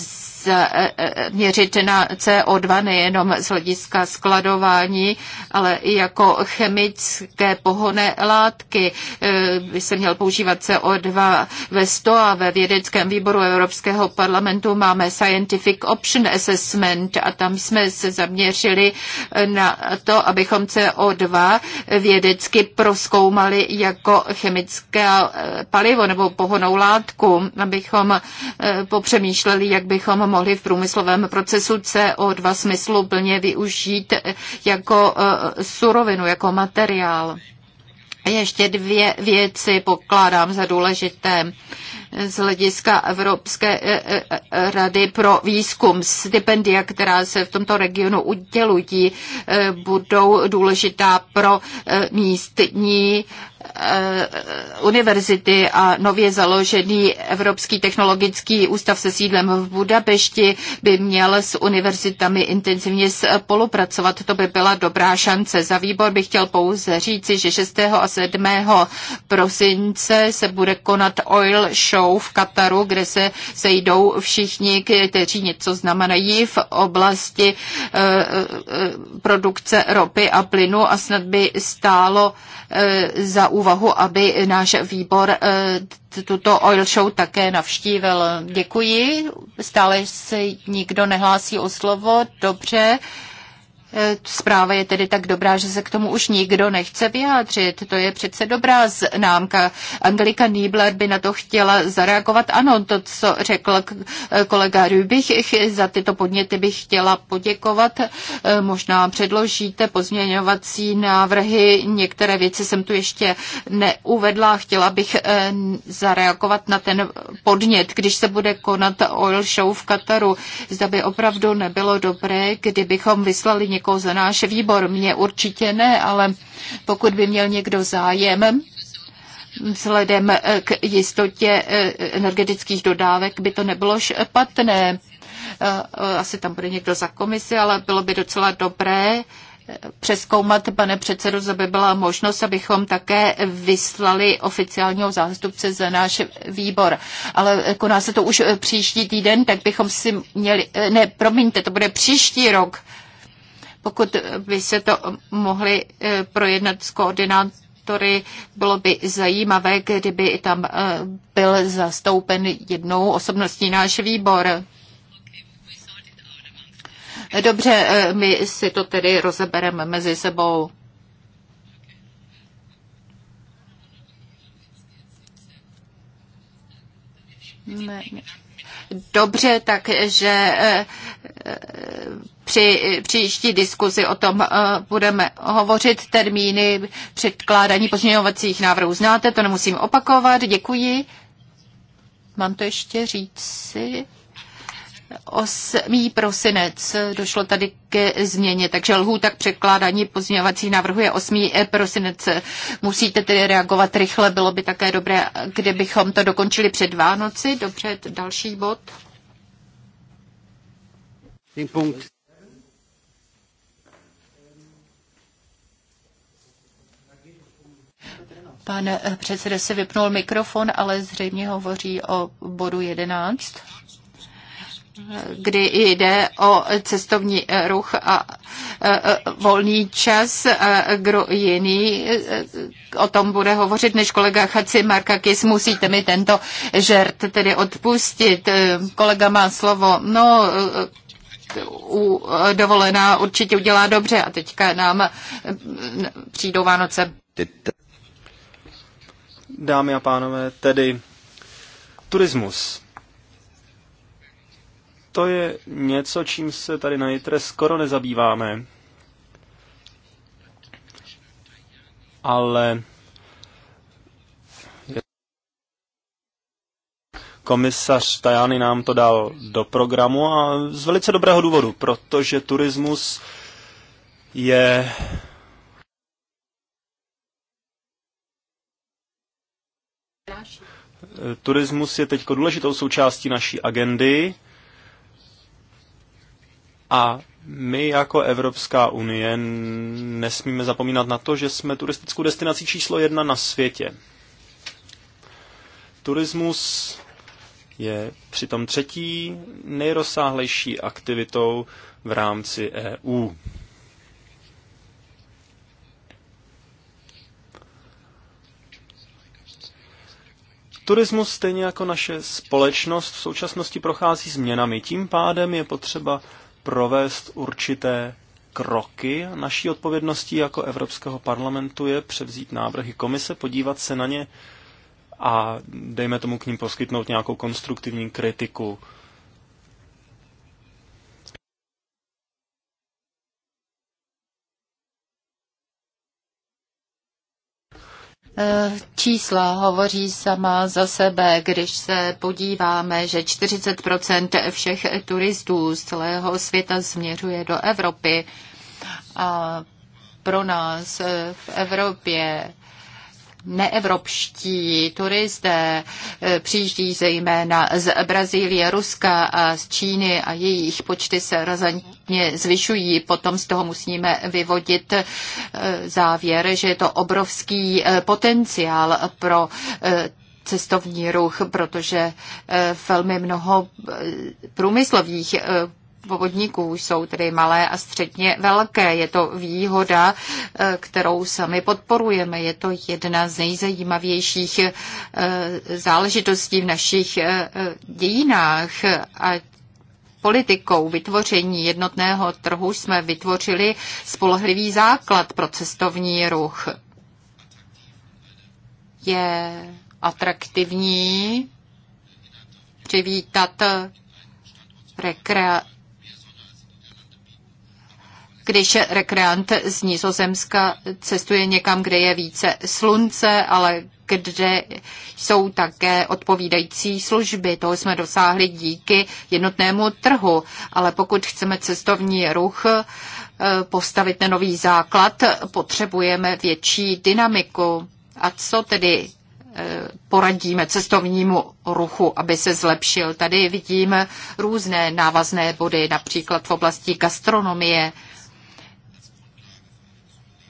měřit na CO2 nejenom z hlediska skladování, ale i jako chemické pohonné látky. Eh, by se měl používat CO2 ve 100 a ve vědeckém výboru Evropského parlamentu máme Scientific Option Assessment a tam jsme se zaměřili eh, na to, abychom CO2 vědecky proskoumali jako chemické eh, palivo nebo pohonou látku, abychom popřemýšleli, jak bychom mohli v průmyslovém procesu CO2 smyslu plně využít jako e, surovinu, jako materiál. Ještě dvě věci pokládám za důležité z hlediska Evropské e, e, rady pro výzkum. Stipendia, která se v tomto regionu udělují, budou důležitá pro místní Eh, univerzity a nově založený Evropský technologický ústav se sídlem v Budapešti by měl s univerzitami intenzivně spolupracovat. To by byla dobrá šance. Za výbor bych chtěl pouze říci, že 6. a 7. prosince se bude konat Oil Show v Kataru, kde se sejdou všichni, kteří něco znamenají v oblasti eh, eh, produkce ropy a plynu a snad by stálo za úvahu, aby náš výbor eh, tuto oil show také navštívil. Děkuji. Stále se nikdo nehlásí o slovo. Dobře. Zpráva je tedy tak dobrá, že se k tomu už nikdo nechce vyjádřit. To je přece dobrá známka. Angelika Niebler by na to chtěla zareagovat. Ano, to, co řekl kolega Rübich, za tyto podněty bych chtěla poděkovat. E, možná předložíte pozměňovací návrhy. Některé věci jsem tu ještě neuvedla. Chtěla bych e, zareagovat na ten podnět, když se bude konat oil show v Kataru. Zda by opravdu nebylo dobré, kdybychom vyslali několik někoho jako za náš výbor. Mě určitě ne, ale pokud by měl někdo zájem, vzhledem k jistotě eh, energetických dodávek by to nebylo špatné. Eh, asi tam bude někdo za komisi, ale bylo by docela dobré eh, přeskoumat, pane předsedo, by byla možnost, abychom také vyslali oficiálního zástupce za náš výbor. Ale koná se to už příští týden, tak bychom si měli, ne, promiňte, to bude příští rok, pokud by se to mohli eh, projednat s koordinátory, bylo by zajímavé, kdyby tam eh, byl zastoupen jednou osobností náš výbor. Dobře, eh, my si to tedy rozebereme mezi sebou. Dobře, takže při příští diskuzi o tom eh, budeme hovořit. Termíny předkládání pozměňovacích návrhů znáte, to nemusím opakovat. Děkuji. Mám to ještě říct si. 8. prosinec došlo tady ke změně, takže lhů tak překládání pozměňovací návrhu je 8. prosinec. Musíte tedy reagovat rychle, bylo by také dobré, kdybychom to dokončili před Vánoci. Dobře, další bod. Punkt Pan předseda se vypnul mikrofon, ale zřejmě hovoří o bodu 11, kdy jde o cestovní ruch a volný čas. Kdo jiný e, o tom bude hovořit než kolega Chaci Markakis. Musíte mi tento žert tedy odpustit. E, kolega má slovo. No, e, u, dovolená určitě udělá dobře a teďka nám přijdou Vánoce dámy a pánové, tedy turismus. To je něco, čím se tady na Jitre skoro nezabýváme. Ale komisař Tajany nám to dal do programu a z velice dobrého důvodu, protože turismus je Eh, turismus je teď důležitou součástí naší agendy a my jako Evropská unie nesmíme zapomínat na to, že jsme turistickou destinací číslo jedna na světě. Turismus je přitom třetí nejrozsáhlejší aktivitou v rámci EU. Turismus stejně jako naše společnost v současnosti prochází změnami. Tím pádem je potřeba provést určité kroky. Naší odpovědností jako Evropského parlamentu je převzít návrhy komise, podívat se na ně a dejme tomu k ním poskytnout nějakou konstruktivní kritiku Eh, čísla hovoří sama za sebe, když se podíváme, že 40 všech turistů z celého světa směřuje do Evropy. A pro nás eh, v Evropě neevropští turisté e, přijíždí zejména z Brazílie, Ruska a z Číny a jejich počty se razantně zvyšují. Potom z toho musíme vyvodit e, závěr, že je to obrovský e, potenciál pro cestovní ruch, protože velmi mnoho průmyslových podniků jsou tedy malé a středně velké. Je to výhoda, eh, kterou sami podporujeme. Je to jedna z nejzajímavějších eh, záležitostí v našich eh, dějinách a politikou vytvoření jednotného trhu jsme vytvořili spolehlivý základ pro cestovní ruch. Je atraktivní přivítat rekrea- když rekreant z Nizozemska cestuje někam, kde je více slunce, ale kde jsou také odpovídající služby. To jsme dosáhli díky jednotnému trhu. Ale pokud chceme cestovní ruch eh, postavit na nový základ, potřebujeme větší dynamiku. A co tedy eh, poradíme cestovnímu ruchu, aby se zlepšil. Tady vidím různé návazné body, například v oblasti gastronomie.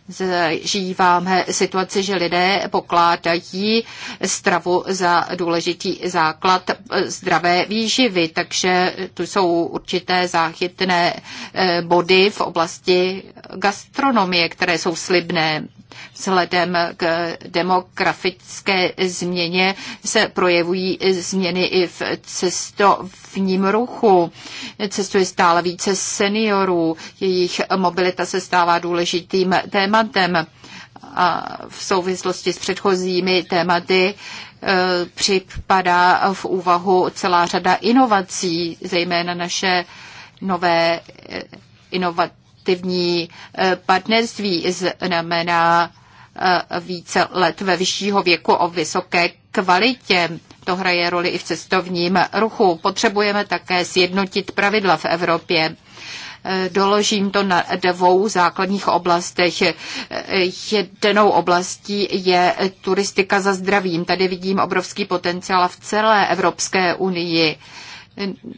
Zažíváme situaci, že lidé pokládají stravu za důležitý základ zdravé výživy, takže tu jsou určité záchytné eh, body v oblasti gastronomie, které jsou slibné. Vzhledem k demografické změně se projevují změny i v cestovním ruchu. Cestuje stále více seniorů, jejich mobilita se stává důležitým tématem tématem a v souvislosti s předchozími tématy e, připadá v úvahu celá řada inovací, zejména naše nové e, inovativní e, partnerství znamená více let ve vyššího věku o vysoké kvalitě. To hraje roli i v cestovním ruchu. Potřebujeme také sjednotit pravidla v Evropě. Doložím to na dvou základních oblastech. Jednou oblastí je turistika za zdravím. Tady vidím obrovský potenciál v celé Evropské unii.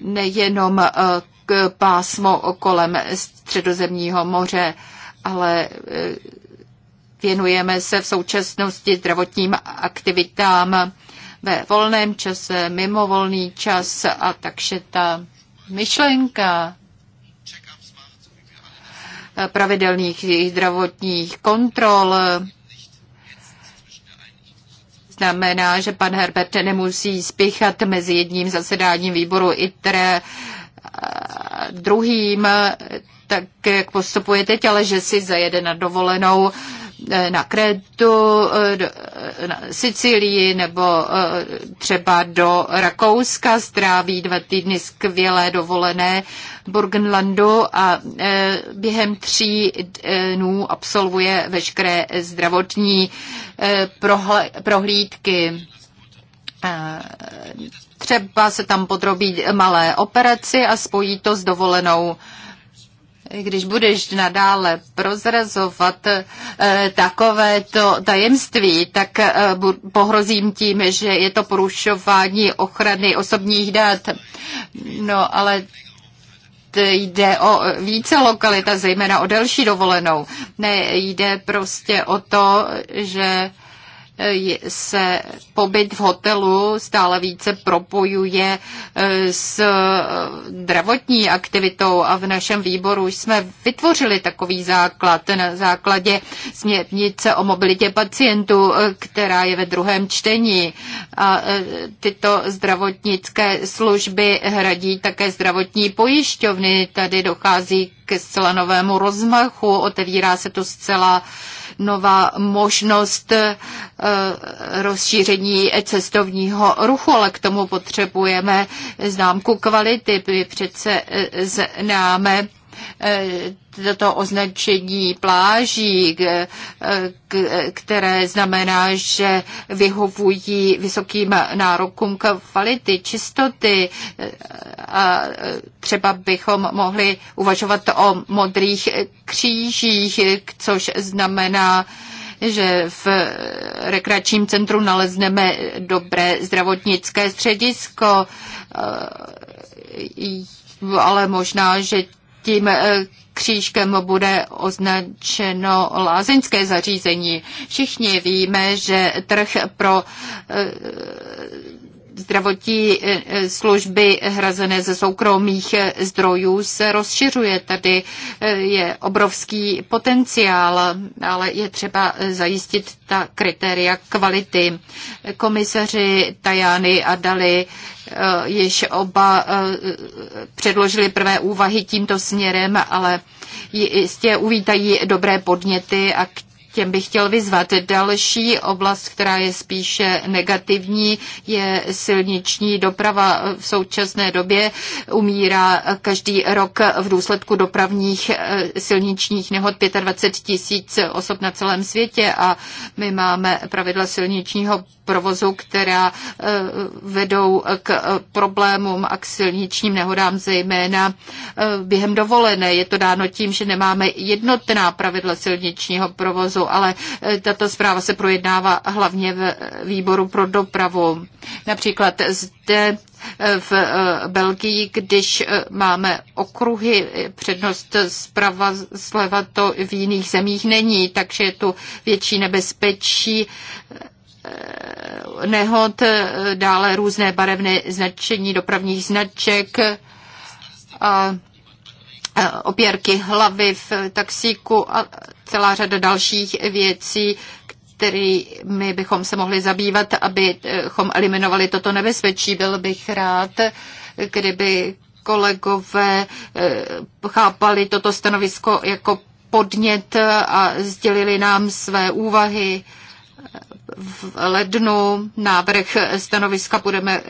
Nejenom eh, k pásmo kolem středozemního moře, ale eh, věnujeme se v současnosti zdravotním aktivitám ve volném čase, mimo volný čas a takže ta myšlenka pravidelných zdravotních kontrol. Znamená, že pan Herbert nemusí spěchat mezi jedním zasedáním výboru ITRE druhým, tak jak postupuje teď, ale že si zajede na dovolenou Eh, na Krétu, eh, eh, na Sicílii nebo třeba do Rakouska, stráví dva týdny skvělé dovolené Burgenlandu a během tří dnů absolvuje veškeré zdravotní prohlídky. Třeba se tam podrobí malé operaci a spojí to s dovolenou když budeš nadále prozrazovat eh, takovéto tajemství, tak eh, pohrozím tím, že je to porušování ochrany osobních dat. No ale jde o více lokalita, zejména o delší dovolenou. Ne, jde prostě o to, že se pobyt v hotelu stále více propojuje e, s e, zdravotní aktivitou a v našem výboru jsme vytvořili takový základ na základě směrnice o mobilitě pacientů, e, která je ve druhém čtení. A tyto zdravotnické služby hradí také zdravotní pojišťovny. Tady dochází k zcela novému rozmachu, otevírá se to zcela uh, nová možnost eh, rozšíření cestovního ruchu, ale k tomu potřebujeme známku kvality. My přece eh, známe Eh, toto označení pláží, eh, které znamená, že vyhovují vysokým nárokům kvality, čistoty. Eh, a třeba bychom mohli uvažovat o modrých křížích, což znamená, že v rekreačním centru nalezneme dobré zdravotnické středisko, ale možná, že tím eh, křížkem bude označeno lázeňské zařízení. Všichni víme, že trh pro eh, zdravotní eh, eh, služby hrazené ze soukromých eh, zdrojů se rozšiřuje. Tady je obrovský potenciál, ale je třeba zajistit ta kritéria kvality. Komisaři Tajány a Dali již oba předložili prvé úvahy tímto směrem, ale jistě uvítají dobré podněty a k těm bych chtěl vyzvat. Další oblast, která je spíše negativní, je silniční doprava. V současné době umírá každý rok v důsledku dopravních eh, silničních nehod 25 tisíc osob na celém světě a my máme pravidla silničního provozu, která eh, vedou k eh, problémům a k silničním nehodám, zejména během dovolené. Je to dáno tím, že nemáme jednotná pravidla silničního provozu ale eh, tato zpráva se projednává hlavně v výboru pro dopravu. Například zde eh, v eh, Belgii, když máme okruhy, přednost zprava, zleva to v jiných zemích není, takže je tu větší nebezpečí nehod, dále různé barevné značení dopravních značek a Eh, opěrky hlavy v taxíku a celá řada dalších věcí, kterými bychom se mohli zabývat, abychom eliminovali toto nebezpečí. Byl bych rád, kdyby kolegové eh, chápali toto stanovisko jako podnět a sdělili nám své úvahy. V lednu návrh stanoviska budeme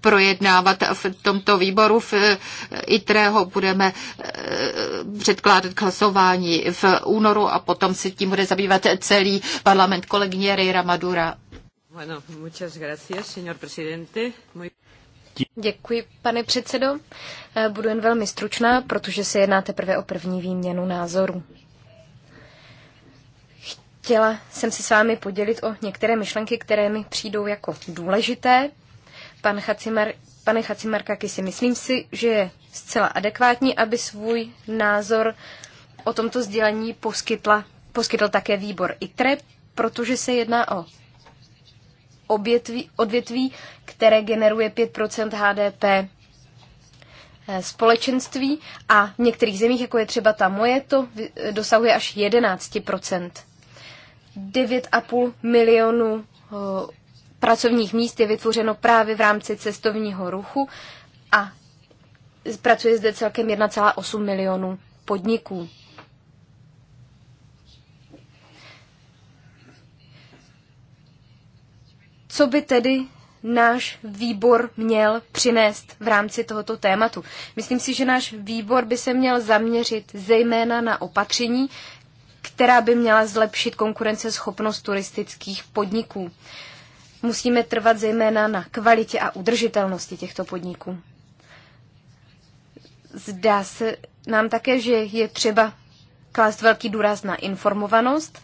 projednávat v tomto výboru. V eh, ITRE budeme eh, předkládat k hlasování v únoru a potom se tím bude zabývat celý parlament kolegyně Rejra Madura. Bueno, muchas gracias, señor presidente. Muy... Děkuji, pane předsedo. Eh, budu jen velmi stručná, protože se jedná teprve o první výměnu názorů. Chtěla jsem se s vámi podělit o některé myšlenky, které mi přijdou jako důležité pan Chacimar, pane myslím si, že je zcela adekvátní, aby svůj názor o tomto sdělení poskytla, poskytl také výbor ITRE, protože se jedná o obětví, odvětví, které generuje 5 HDP eh, společenství a v některých zemích, jako je třeba ta moje, to eh, dosahuje až 11 9,5 milionů pracovních míst je vytvořeno právě v rámci cestovního ruchu a pracuje zde celkem 1,8 milionů podniků. Co by tedy náš výbor měl přinést v rámci tohoto tématu? Myslím si, že náš výbor by se měl zaměřit zejména na opatření, která by měla zlepšit konkurenceschopnost turistických podniků musíme trvat zejména na kvalitě a udržitelnosti těchto podniků. Zdá se nám také, že je třeba klást velký důraz na informovanost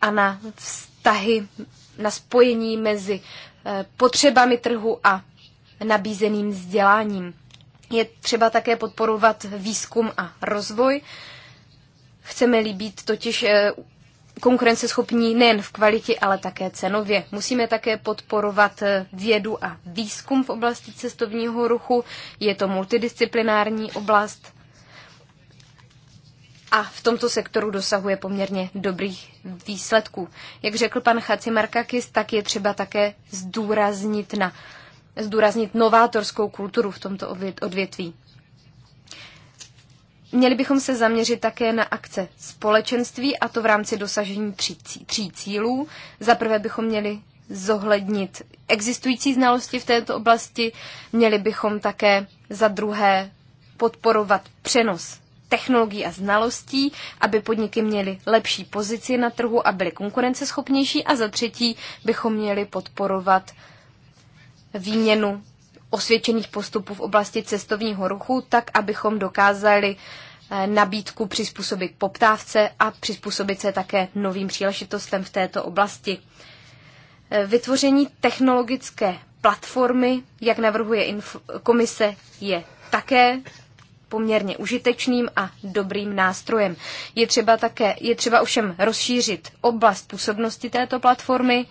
a na vztahy, na spojení mezi eh, potřebami trhu a nabízeným vzděláním. Je třeba také podporovat výzkum a rozvoj. Chceme-li být totiž eh, konkurenceschopní nejen v kvalitě, ale také cenově. Musíme také podporovat eh, vědu a výzkum v oblasti cestovního ruchu. Je to multidisciplinární oblast a v tomto sektoru dosahuje poměrně dobrých výsledků. Jak řekl pan Markakis, tak je třeba také zdůraznit na zdůraznit novátorskou kulturu v tomto odvětví. Měli bychom se zaměřit také na akce společenství, a to v rámci dosažení tří, tří cílů. Za prvé bychom měli zohlednit existující znalosti v této oblasti, měli bychom také za druhé podporovat přenos technologií a znalostí, aby podniky měly lepší pozici na trhu a byly konkurenceschopnější a za třetí bychom měli podporovat výměnu osvědčených postupů v oblasti cestovního ruchu, tak abychom dokázali eh, nabídku přizpůsobit poptávce a přizpůsobit se také novým příležitostem v této oblasti. Eh, vytvoření technologické platformy, jak navrhuje komise, je také poměrně užitečným a dobrým nástrojem. Je třeba, také, je třeba ovšem rozšířit oblast působnosti této platformy,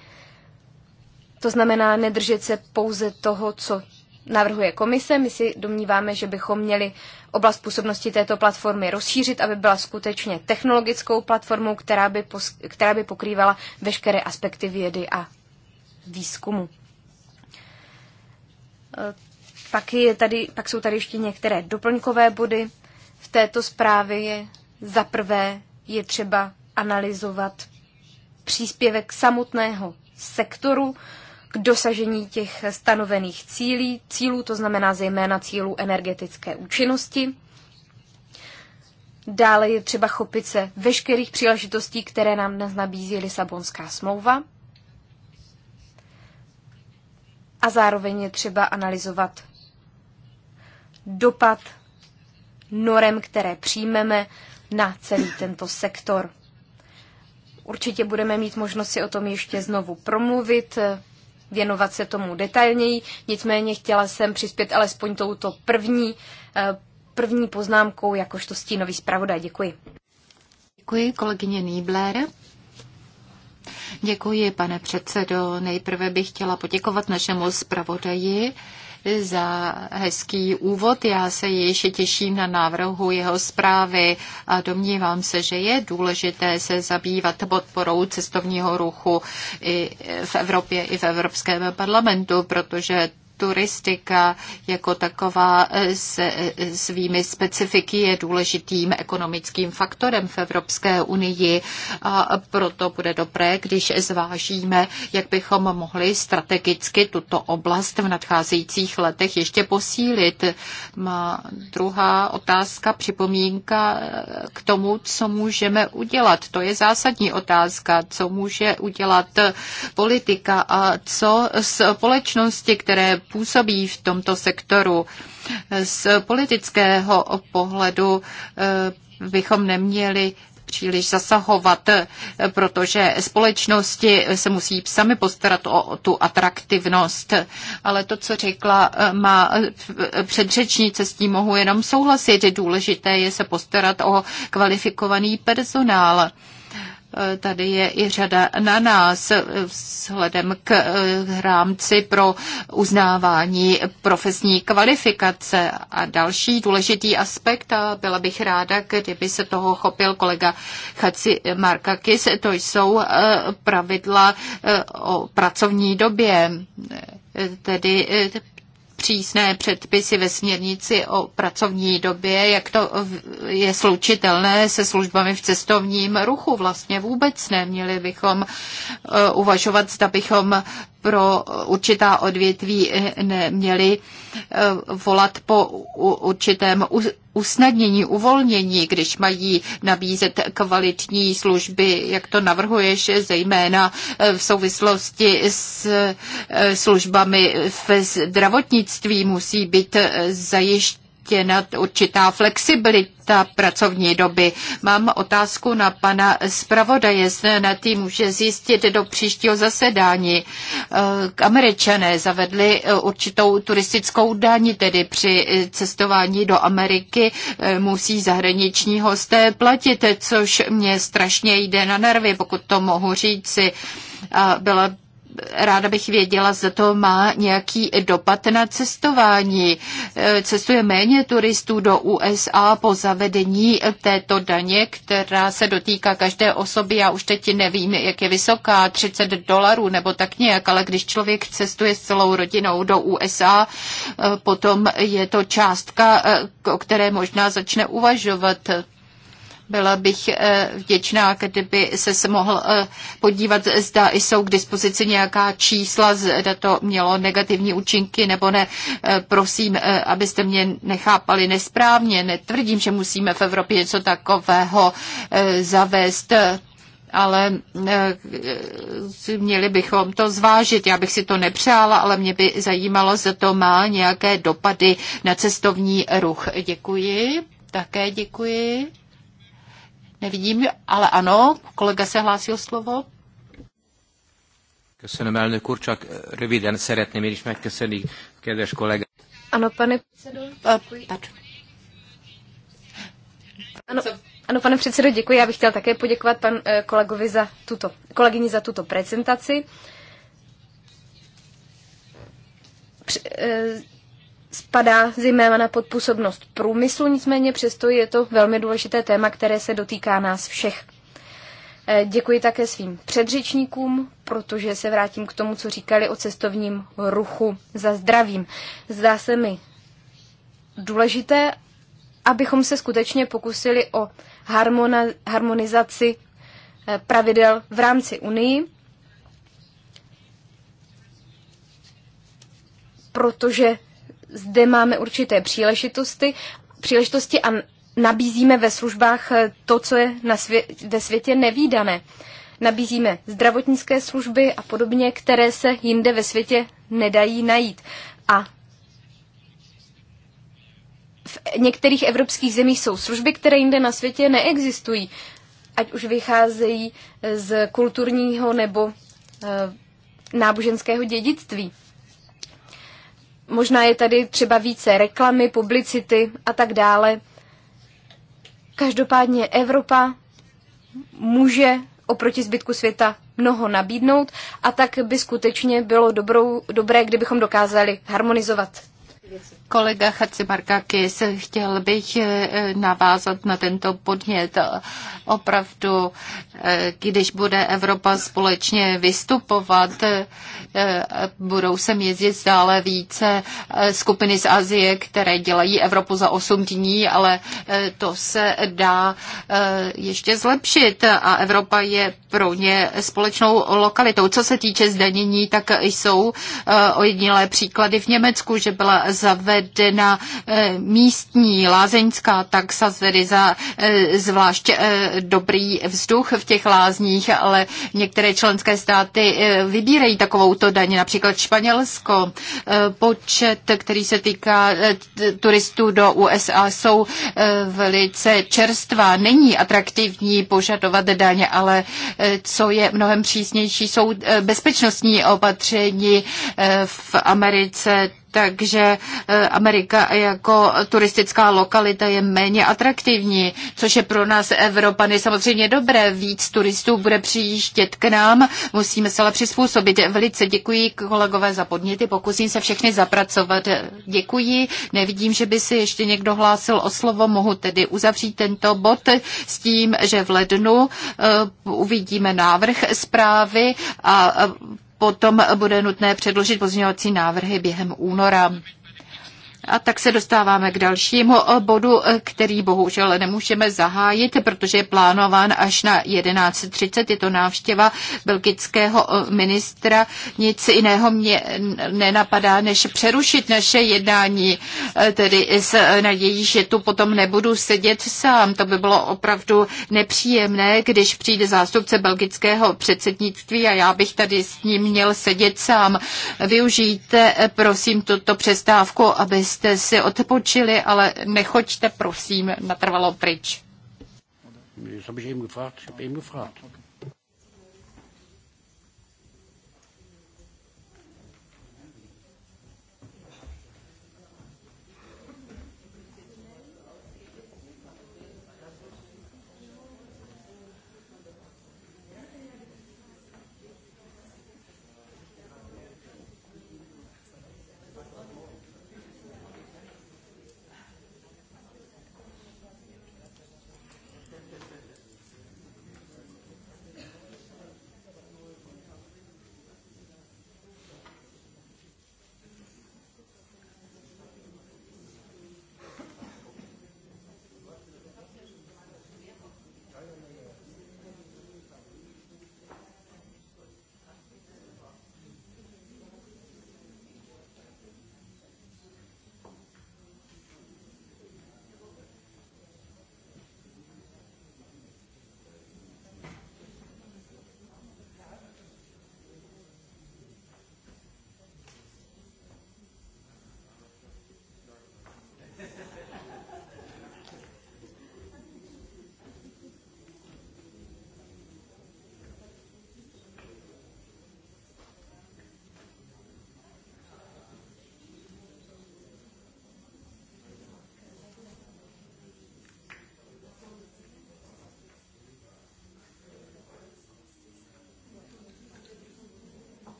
to znamená nedržet se pouze toho, co navrhuje komise. My si domníváme, že bychom měli oblast působnosti této platformy rozšířit, aby byla skutečně technologickou platformou, která by, pos- která by pokrývala veškeré aspekty vědy a výzkumu. E, pak, je tady, pak jsou tady ještě některé doplňkové body. V této zprávě je za prvé je třeba analyzovat příspěvek samotného sektoru, dosažení těch stanovených cílí, cílů, to znamená zejména cílů energetické účinnosti. Dále je třeba chopit se veškerých příležitostí, které nám dnes nabízí Lisabonská smlouva. A zároveň je třeba analyzovat dopad norem, které přijmeme na celý tento sektor. Určitě budeme mít možnost si o tom ještě znovu promluvit věnovat se tomu detailněji, nicméně chtěla jsem přispět alespoň touto první, eh, první poznámkou jakožto stínový zpravodaj. Děkuji. Děkuji kolegyně Nýbler. Děkuji, pane předsedo. Nejprve bych chtěla poděkovat našemu zpravodaji za hezký úvod. Já se ještě těším na návrhu jeho zprávy a domnívám se, že je důležité se zabývat podporou cestovního ruchu i v Evropě, i v Evropském parlamentu, protože turistika jako taková s svými specifiky je důležitým ekonomickým faktorem v Evropské unii a proto bude dobré, když zvážíme, jak bychom mohli strategicky tuto oblast v nadcházejících letech ještě posílit. Má druhá otázka, připomínka k tomu, co můžeme udělat. To je zásadní otázka, co může udělat politika a co společnosti, které působí v tomto sektoru. Z politického pohledu eh, bychom neměli příliš zasahovat, protože společnosti se musí sami postarat o tu atraktivnost. Ale to, co řekla eh, má eh, předřečnice, s tím mohu jenom souhlasit. Důležité je se postarat o kvalifikovaný personál tady je i řada na nás vzhledem k eh, rámci pro uznávání profesní kvalifikace. A další důležitý aspekt, a byla bych ráda, kdyby se toho chopil kolega Chaci Markakis, to jsou eh, pravidla eh, o pracovní době tedy přísné předpisy ve směrnici o pracovní době, jak to je slučitelné se službami v cestovním ruchu. Vlastně vůbec neměli bychom eh, uvažovat, zda bychom pro určitá odvětví neměli eh, volat po určitém usnadnění, uvolnění, když mají nabízet kvalitní služby, jak to navrhuješ, zejména eh, v souvislosti s eh, službami v zdravotnictví musí být zajištěny zajištěna určitá flexibilita pracovní doby. Mám otázku na pana zpravodaje, na tým může zjistit do příštího zasedání. Eh, Američané zavedli eh, určitou turistickou daň, tedy při eh, cestování do Ameriky musí zahraniční hosté platit, což mě strašně jde na nervy, pokud to mohu říci. A byla ráda bych věděla, zda to má nějaký dopad na cestování. E, cestuje méně turistů do USA po zavedení této daně, která se dotýká každé osoby. Já už teď nevím, jak je vysoká, 30 dolarů nebo tak nějak, ale když člověk cestuje s celou rodinou do USA, e, potom je to částka, e, o které možná začne uvažovat. Byla bych eh, vděčná, kdyby se mohl eh, podívat, zda jsou k dispozici nějaká čísla, zda to mělo negativní účinky nebo ne. Eh, prosím, abyste mě nechápali nesprávně. Netvrdím, že musíme v Evropě něco takového zavést ale měli bychom to zvážit. Já bych si to nepřála, ale mě by zajímalo, zda to má nějaké dopady na cestovní ruch. Děkuji. Také děkuji. Nevidím, ale ano, kolega se hlásil slovo. Köszönöm, elnök úr, csak eh, röviden szeretném én is megköszönni, kedves kollega. Ano, pane předsedo. Eh, ano, pane předsedo, děkuji. Já bych chtěl také poděkovat pan eh, kolegovi za tuto, kolegyni za tuto prezentaci spadá zejména pod působnost průmyslu, nicméně přesto je to velmi důležité téma, které se dotýká nás všech. Eh, děkuji také svým předřečníkům, protože se vrátím k tomu, co říkali o cestovním ruchu za zdravím. Zdá se mi důležité, abychom se skutečně pokusili o harmonizaci eh, pravidel v rámci Unii, protože zde máme určité příležitosti, příležitosti a nabízíme ve službách eh, to, co je na svě- ve světě nevýdané. Nabízíme zdravotnické služby a podobně, které se jinde ve světě nedají najít. A v některých evropských zemích jsou služby, které jinde na světě neexistují, ať už vycházejí eh, z kulturního nebo eh, náboženského dědictví. Možná je tady třeba více reklamy, publicity a tak dále. Každopádně Evropa může oproti zbytku světa mnoho nabídnout a tak by skutečně bylo dobrou, dobré, kdybychom dokázali harmonizovat věci. Kolega Chacimarkakis, chtěl bych eh, navázat na tento podnět. Opravdu, eh, když bude Evropa společně vystupovat, eh, budou sem jezdit stále více skupiny z Azie, které dělají Evropu za 8 dní, ale to se dá ještě zlepšit a Evropa je pro ně společnou lokalitou. Co se týče zdanění, tak jsou ojedinělé příklady v Německu, že byla zavedena na eh, místní lázeňská taxa, tedy za eh, zvlášť eh, dobrý vzduch v těch lázních, ale některé členské státy vybírají takovouto daň, například Španělsko. Počet, který se týká turistů do USA, jsou velice čerstvá. Není atraktivní požadovat daň, ale co je mnohem přísnější, jsou bezpečnostní opatření v Americe takže eh, Amerika jako turistická lokalita je méně atraktivní, což je pro nás Evropany samozřejmě dobré. Víc turistů bude přijíždět k nám, musíme se ale přizpůsobit. Velice děkuji kolegové za podněty, pokusím se všechny zapracovat. Děkuji, nevidím, že by si ještě někdo hlásil o slovo, mohu tedy uzavřít tento bod s tím, že v lednu eh, uvidíme návrh zprávy a eh, potom bude nutné předložit pozměňovací návrhy během února. A tak se dostáváme k dalšímu bodu, který bohužel nemůžeme zahájit, protože je plánován až na 11.30. Je to návštěva belgického eh, ministra. Nic jiného mě nenapadá, než přerušit naše jednání, eh, tedy s eh, nadějí, že tu potom nebudu sedět sám. To by bylo opravdu nepříjemné, když přijde zástupce belgického předsednictví a já bych tady s ním měl sedět sám. Využijte prosím tuto přestávku, abyste abyste si odpočili, ale nechoďte prosím natrvalo pryč. Das habe ich eben gefragt. Ich habe eben gefragt.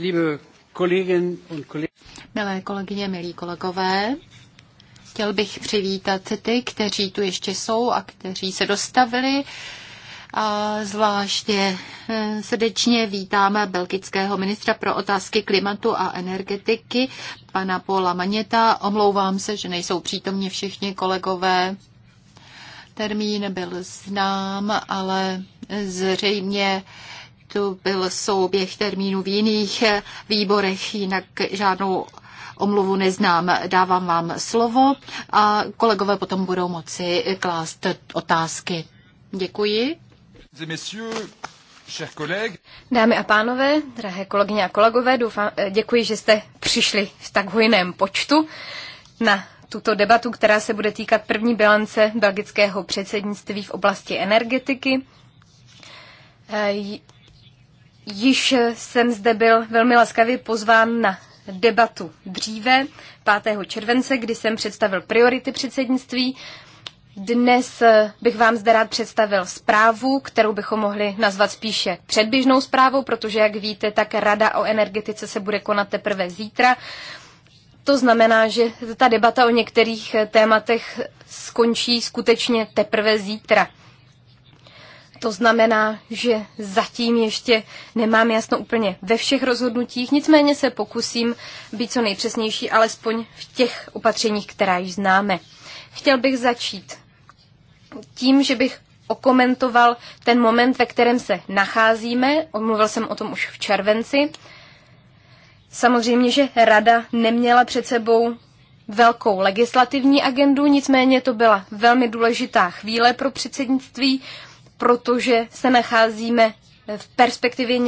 Milé kolegyně, milí kolegové, chtěl bych přivítat ty, kteří tu ještě jsou a kteří se dostavili. A zvláště eh, srdečně vítáme belgického ministra pro otázky klimatu a energetiky, pana Paula Maněta. Omlouvám se, že nejsou přítomni všichni kolegové. Termín byl znám, ale zřejmě to byl souběh termínů v jiných výborech, jinak žádnou omluvu neznám. Dávám vám slovo a kolegové potom budou moci klást otázky. Děkuji. Dámy a pánové, drahé kolegyně a kolegové, doufám, děkuji, že jste přišli v tak hojném počtu na tuto debatu, která se bude týkat první bilance belgického předsednictví v oblasti energetiky. Již jsem zde byl velmi laskavě pozván na debatu dříve, 5. července, kdy jsem představil priority předsednictví. Dnes bych vám zde rád představil zprávu, kterou bychom mohli nazvat spíše předběžnou zprávou, protože, jak víte, tak Rada o energetice se bude konat teprve zítra. To znamená, že ta debata o některých tématech skončí skutečně teprve zítra. To znamená, že zatím ještě nemám jasno úplně ve všech rozhodnutích, nicméně se pokusím být co nejpřesnější, alespoň v těch opatřeních, která již známe. Chtěl bych začít tím, že bych okomentoval ten moment, ve kterém se nacházíme. Omluvil jsem o tom už v červenci. Samozřejmě, že rada neměla před sebou velkou legislativní agendu, nicméně to byla velmi důležitá chvíle pro předsednictví, protože se nacházíme v perspektivě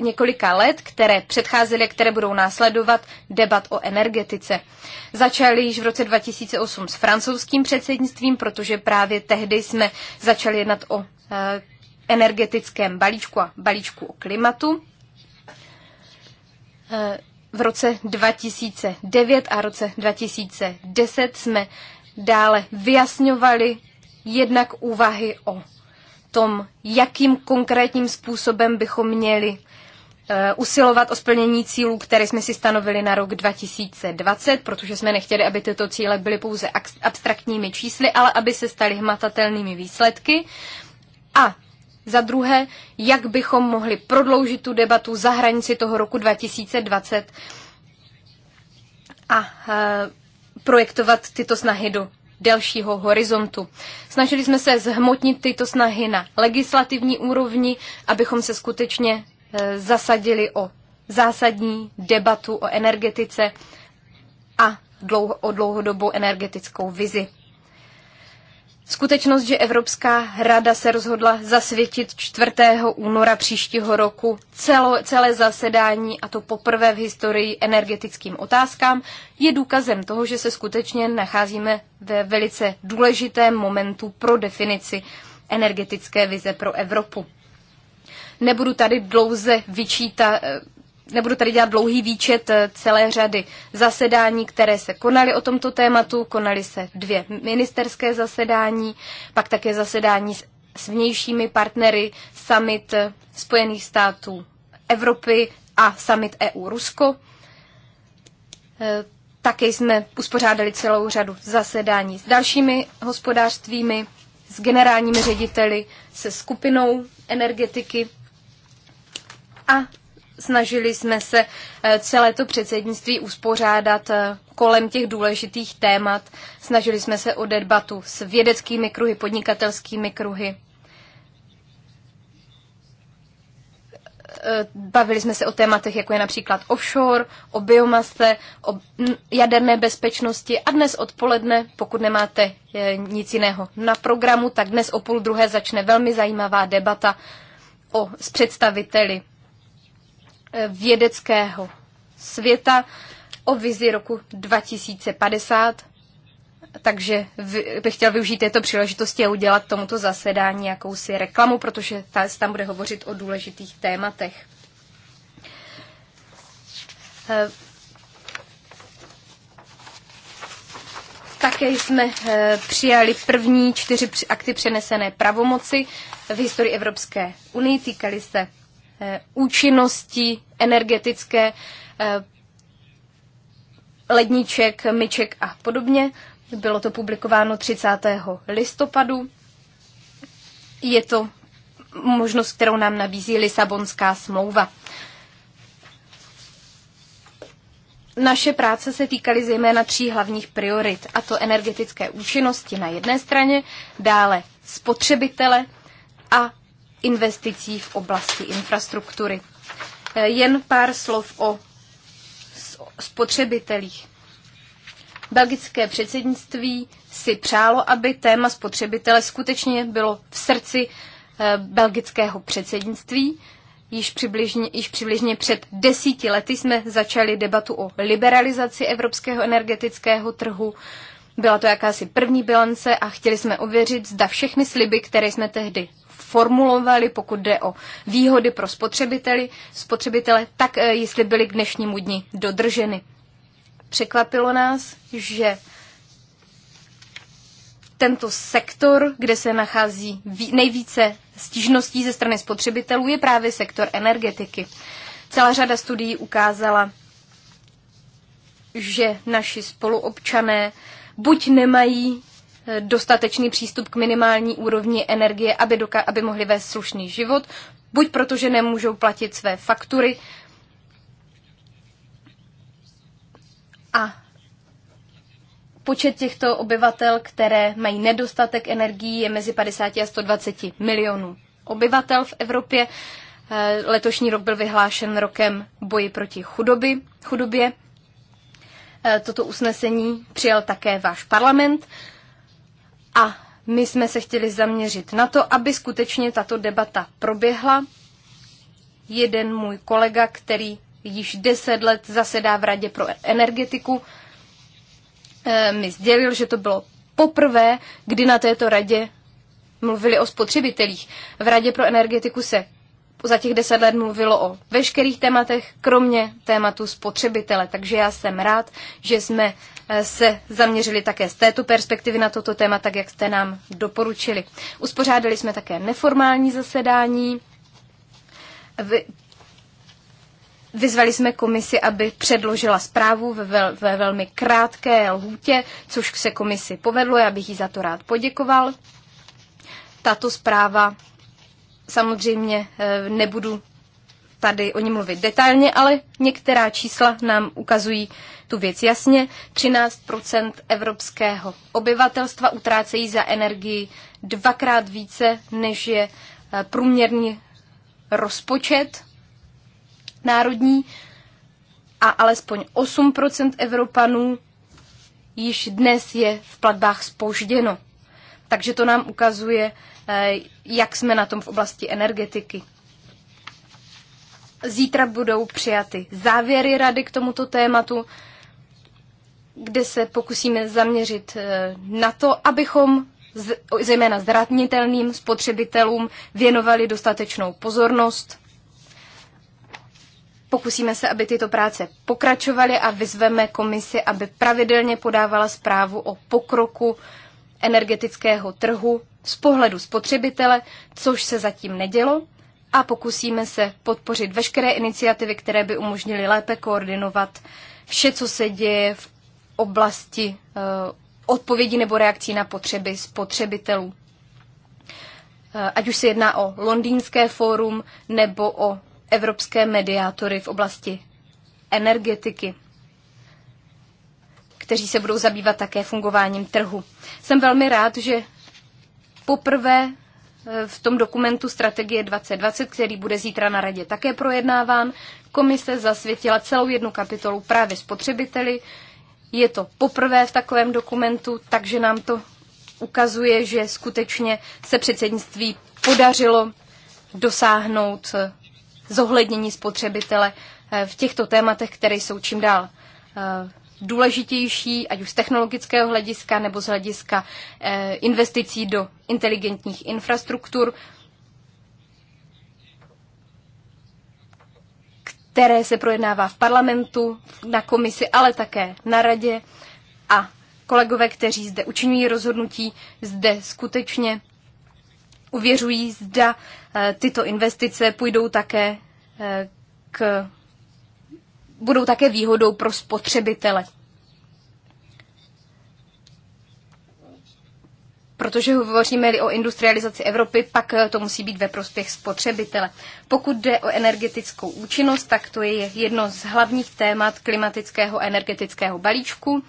několika let, které předcházely a které budou následovat debat o energetice. Začaly již v roce 2008 s francouzským předsednictvím, protože právě tehdy jsme začali jednat o eh, energetickém balíčku a balíčku o klimatu. Eh, v roce 2009 a roce 2010 jsme dále vyjasňovali jednak úvahy o tom, jakým konkrétním způsobem bychom měli eh, usilovat o splnění cílů, které jsme si stanovili na rok 2020, protože jsme nechtěli, aby tyto cíle byly pouze abstraktními čísly, ale aby se staly hmatatelnými výsledky. A za druhé, jak bychom mohli prodloužit tu debatu za hranici toho roku 2020 a eh, projektovat tyto snahy do delšího horizontu. Snažili jsme se zhmotnit tyto snahy na legislativní úrovni, abychom se skutečně e, zasadili o zásadní debatu o energetice a o dlouhodobou energetickou vizi. Skutečnost, že Evropská rada se rozhodla zasvětit 4. února příštího roku celo, celé zasedání, a to poprvé v historii energetickým otázkám, je důkazem toho, že se skutečně nacházíme ve velice důležitém momentu pro definici energetické vize pro Evropu. Nebudu tady dlouze vyčíta, eh, nebudu tady dělat dlouhý výčet eh, celé řady zasedání, které se konaly o tomto tématu. Konaly se dvě ministerské zasedání, pak také zasedání s, s vnějšími partnery, summit eh, Spojených států Evropy a summit EU-Rusko. Eh, také jsme uspořádali celou řadu zasedání s dalšími hospodářstvími, s generálními řediteli, se skupinou energetiky a snažili jsme se eh, celé to předsednictví uspořádat eh, kolem těch důležitých témat. Snažili jsme se o debatu s vědeckými kruhy, podnikatelskými kruhy. Eh, bavili jsme se o tématech, jako je například offshore, o biomase, o jaderné bezpečnosti a dnes odpoledne, pokud nemáte nic jiného na programu, tak dnes o půl druhé začne velmi zajímavá debata o, s představiteli vědeckého světa o vizi roku 2050. Takže bych chtěl využít této příležitosti a udělat tomuto zasedání jakousi reklamu, protože ta se tam bude hovořit o důležitých tématech. Eh, také jsme eh, přijali první čtyři akty přenesené pravomoci v historii Evropské unie. Týkaly se Eh, účinnosti energetické eh, ledníček, myček a podobně. Bylo to publikováno 30. listopadu. Je to možnost, kterou nám nabízí Lisabonská smlouva. Naše práce se týkaly zejména tří hlavních priorit, a to energetické účinnosti na jedné straně, dále spotřebitele a investicí v oblasti infrastruktury. Eh, jen pár slov o spotřebitelích. Belgické předsednictví si přálo, aby téma spotřebitele skutečně bylo v srdci eh, belgického předsednictví. Již přibližně, již přibližně před desíti lety jsme začali debatu o liberalizaci evropského energetického trhu. Byla to jakási první bilance a chtěli jsme ověřit, zda všechny sliby, které jsme tehdy formulovali, pokud jde o výhody pro spotřebiteli, spotřebitele, tak eh, jestli byly k dnešnímu dni dodrženy. Překvapilo nás, že tento sektor, kde se nachází nejvíce stížností ze strany spotřebitelů, je právě sektor energetiky. Celá řada studií ukázala, že naši spoluobčané buď nemají dostatečný přístup k minimální úrovni energie, aby, doka- aby mohli vést slušný život, buď protože nemůžou platit své faktury a Počet těchto obyvatel, které mají nedostatek energií, je mezi 50 a 120 milionů obyvatel v Evropě. Eh, letošní rok byl vyhlášen rokem boji proti chudoby, chudobě. Eh, toto usnesení přijal také váš parlament. A my jsme se chtěli zaměřit na to, aby skutečně tato debata proběhla. Jeden můj kolega, který již deset let zasedá v Radě pro energetiku, eh, mi sdělil, že to bylo poprvé, kdy na této radě mluvili o spotřebitelích. V Radě pro energetiku se za těch deset let mluvilo o veškerých tématech, kromě tématu spotřebitele. Takže já jsem rád, že jsme eh, se zaměřili také z této perspektivy na toto téma, tak jak jste nám doporučili. Uspořádali jsme také neformální zasedání. Vy... Vyzvali jsme komisi, aby předložila zprávu ve, vel, ve velmi krátké lhůtě, což se komisi povedlo, já bych jí za to rád poděkoval. Tato zpráva Samozřejmě eh, nebudu tady o ní mluvit detailně, ale některá čísla nám ukazují tu věc jasně. 13 evropského obyvatelstva utrácejí za energii dvakrát více, než je eh, průměrný rozpočet národní a alespoň 8 Evropanů již dnes je v platbách spožděno. Takže to nám ukazuje, Eh, jak jsme na tom v oblasti energetiky. Zítra budou přijaty závěry rady k tomuto tématu, kde se pokusíme zaměřit eh, na to, abychom zejména zranitelným spotřebitelům věnovali dostatečnou pozornost. Pokusíme se, aby tyto práce pokračovaly a vyzveme komisi, aby pravidelně podávala zprávu o pokroku energetického trhu z pohledu spotřebitele, což se zatím nedělo, a pokusíme se podpořit veškeré iniciativy, které by umožnily lépe koordinovat vše, co se děje v oblasti eh, odpovědi nebo reakcí na potřeby spotřebitelů. Eh, ať už se jedná o londýnské fórum nebo o evropské mediátory v oblasti energetiky kteří se budou zabývat také fungováním trhu. Jsem velmi rád, že poprvé e, v tom dokumentu Strategie 2020, který bude zítra na radě také projednáván, komise zasvětila celou jednu kapitolu právě spotřebiteli. Je to poprvé v takovém dokumentu, takže nám to ukazuje, že skutečně se předsednictví podařilo dosáhnout e, zohlednění spotřebitele e, v těchto tématech, které jsou čím dál důležitější, ať už z technologického hlediska nebo z hlediska eh, investicí do inteligentních infrastruktur, které se projednává v parlamentu, na komisi, ale také na radě. A kolegové, kteří zde učinují rozhodnutí, zde skutečně uvěřují, zda eh, tyto investice půjdou také eh, k budou také výhodou pro spotřebitele. protože hovoříme-li o industrializaci Evropy, pak eh, to musí být ve prospěch spotřebitele. Pokud jde o energetickou účinnost, tak to je jedno z hlavních témat klimatického energetického balíčku.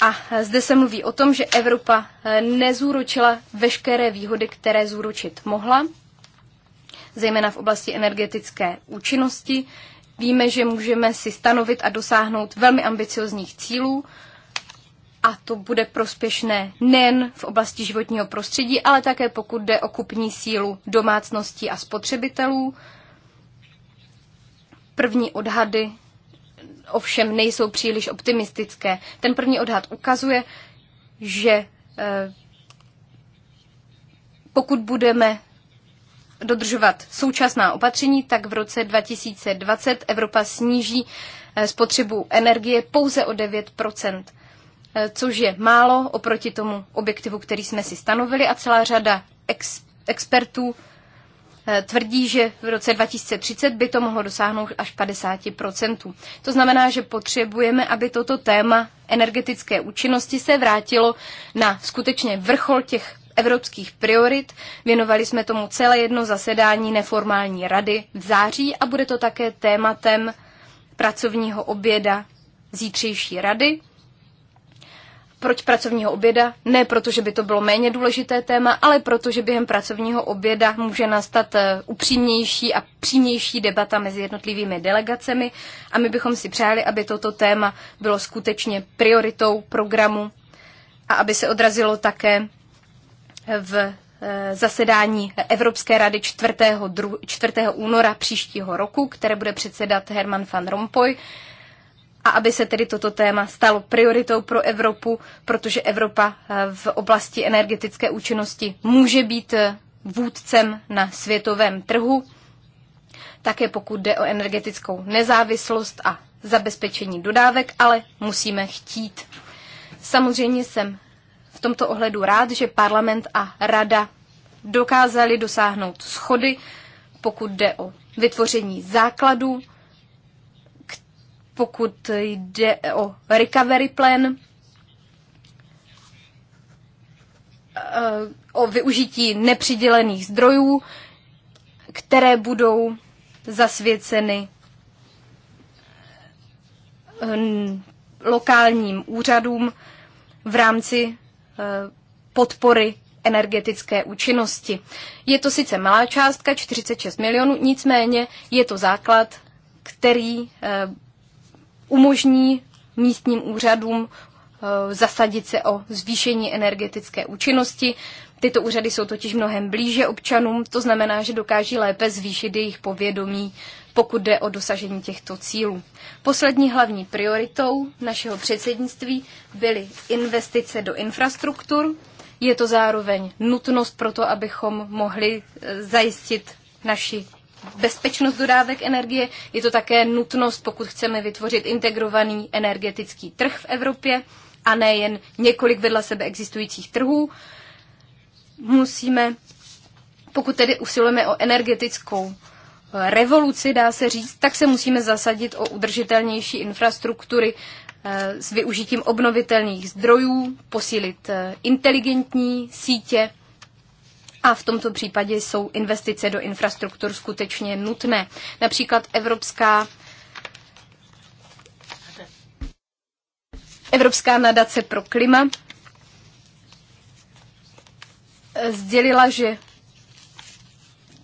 A zde se mluví o tom, že Evropa eh, nezúročila veškeré výhody, které zúročit mohla zejména v oblasti energetické účinnosti. Víme, že můžeme si stanovit a dosáhnout velmi ambiciozních cílů a to bude prospěšné nejen v oblasti životního prostředí, ale také pokud jde o kupní sílu domácností a spotřebitelů. První odhady ovšem nejsou příliš optimistické. Ten první odhad ukazuje, že eh, pokud budeme dodržovat současná opatření, tak v roce 2020 Evropa sníží eh, spotřebu energie pouze o 9 eh, což je málo oproti tomu objektivu, který jsme si stanovili a celá řada ex- expertů eh, tvrdí, že v roce 2030 by to mohlo dosáhnout až 50%. To znamená, že potřebujeme, aby toto téma energetické účinnosti se vrátilo na skutečně vrchol těch evropských priorit. Věnovali jsme tomu celé jedno zasedání neformální rady v září a bude to také tématem pracovního oběda zítřejší rady. Proč pracovního oběda? Ne proto, že by to bylo méně důležité téma, ale proto, že během pracovního oběda může nastat eh, upřímnější a přímější debata mezi jednotlivými delegacemi a my bychom si přáli, aby toto téma bylo skutečně prioritou programu a aby se odrazilo také v eh, zasedání Evropské rady 4. 4. února příštího roku, které bude předsedat Herman van Rompuy, a aby se tedy toto téma stalo prioritou pro Evropu, protože Evropa eh, v oblasti energetické účinnosti může být eh, vůdcem na světovém trhu, také pokud jde o energetickou nezávislost a zabezpečení dodávek, ale musíme chtít. Samozřejmě jsem v tomto ohledu rád, že parlament a rada dokázali dosáhnout schody, pokud jde o vytvoření základů, pokud jde o recovery plan, eh, o využití nepřidělených zdrojů, které budou zasvěceny eh, lokálním úřadům v rámci podpory energetické účinnosti. Je to sice malá částka, 46 milionů, nicméně je to základ, který eh, umožní místním úřadům eh, zasadit se o zvýšení energetické účinnosti. Tyto úřady jsou totiž mnohem blíže občanům, to znamená, že dokáží lépe zvýšit jejich povědomí pokud jde o dosažení těchto cílů. Poslední hlavní prioritou našeho předsednictví byly investice do infrastruktur. Je to zároveň nutnost pro to, abychom mohli e, zajistit naši bezpečnost dodávek energie, je to také nutnost, pokud chceme vytvořit integrovaný energetický trh v Evropě a ne jen několik vedle sebe existujících trhů. Musíme, pokud tedy usilujeme o energetickou revoluci, dá se říct, tak se musíme zasadit o udržitelnější infrastruktury eh, s využitím obnovitelných zdrojů, posílit eh, inteligentní sítě a v tomto případě jsou investice do infrastruktur skutečně nutné. Například Evropská Evropská nadace pro klima eh, sdělila, že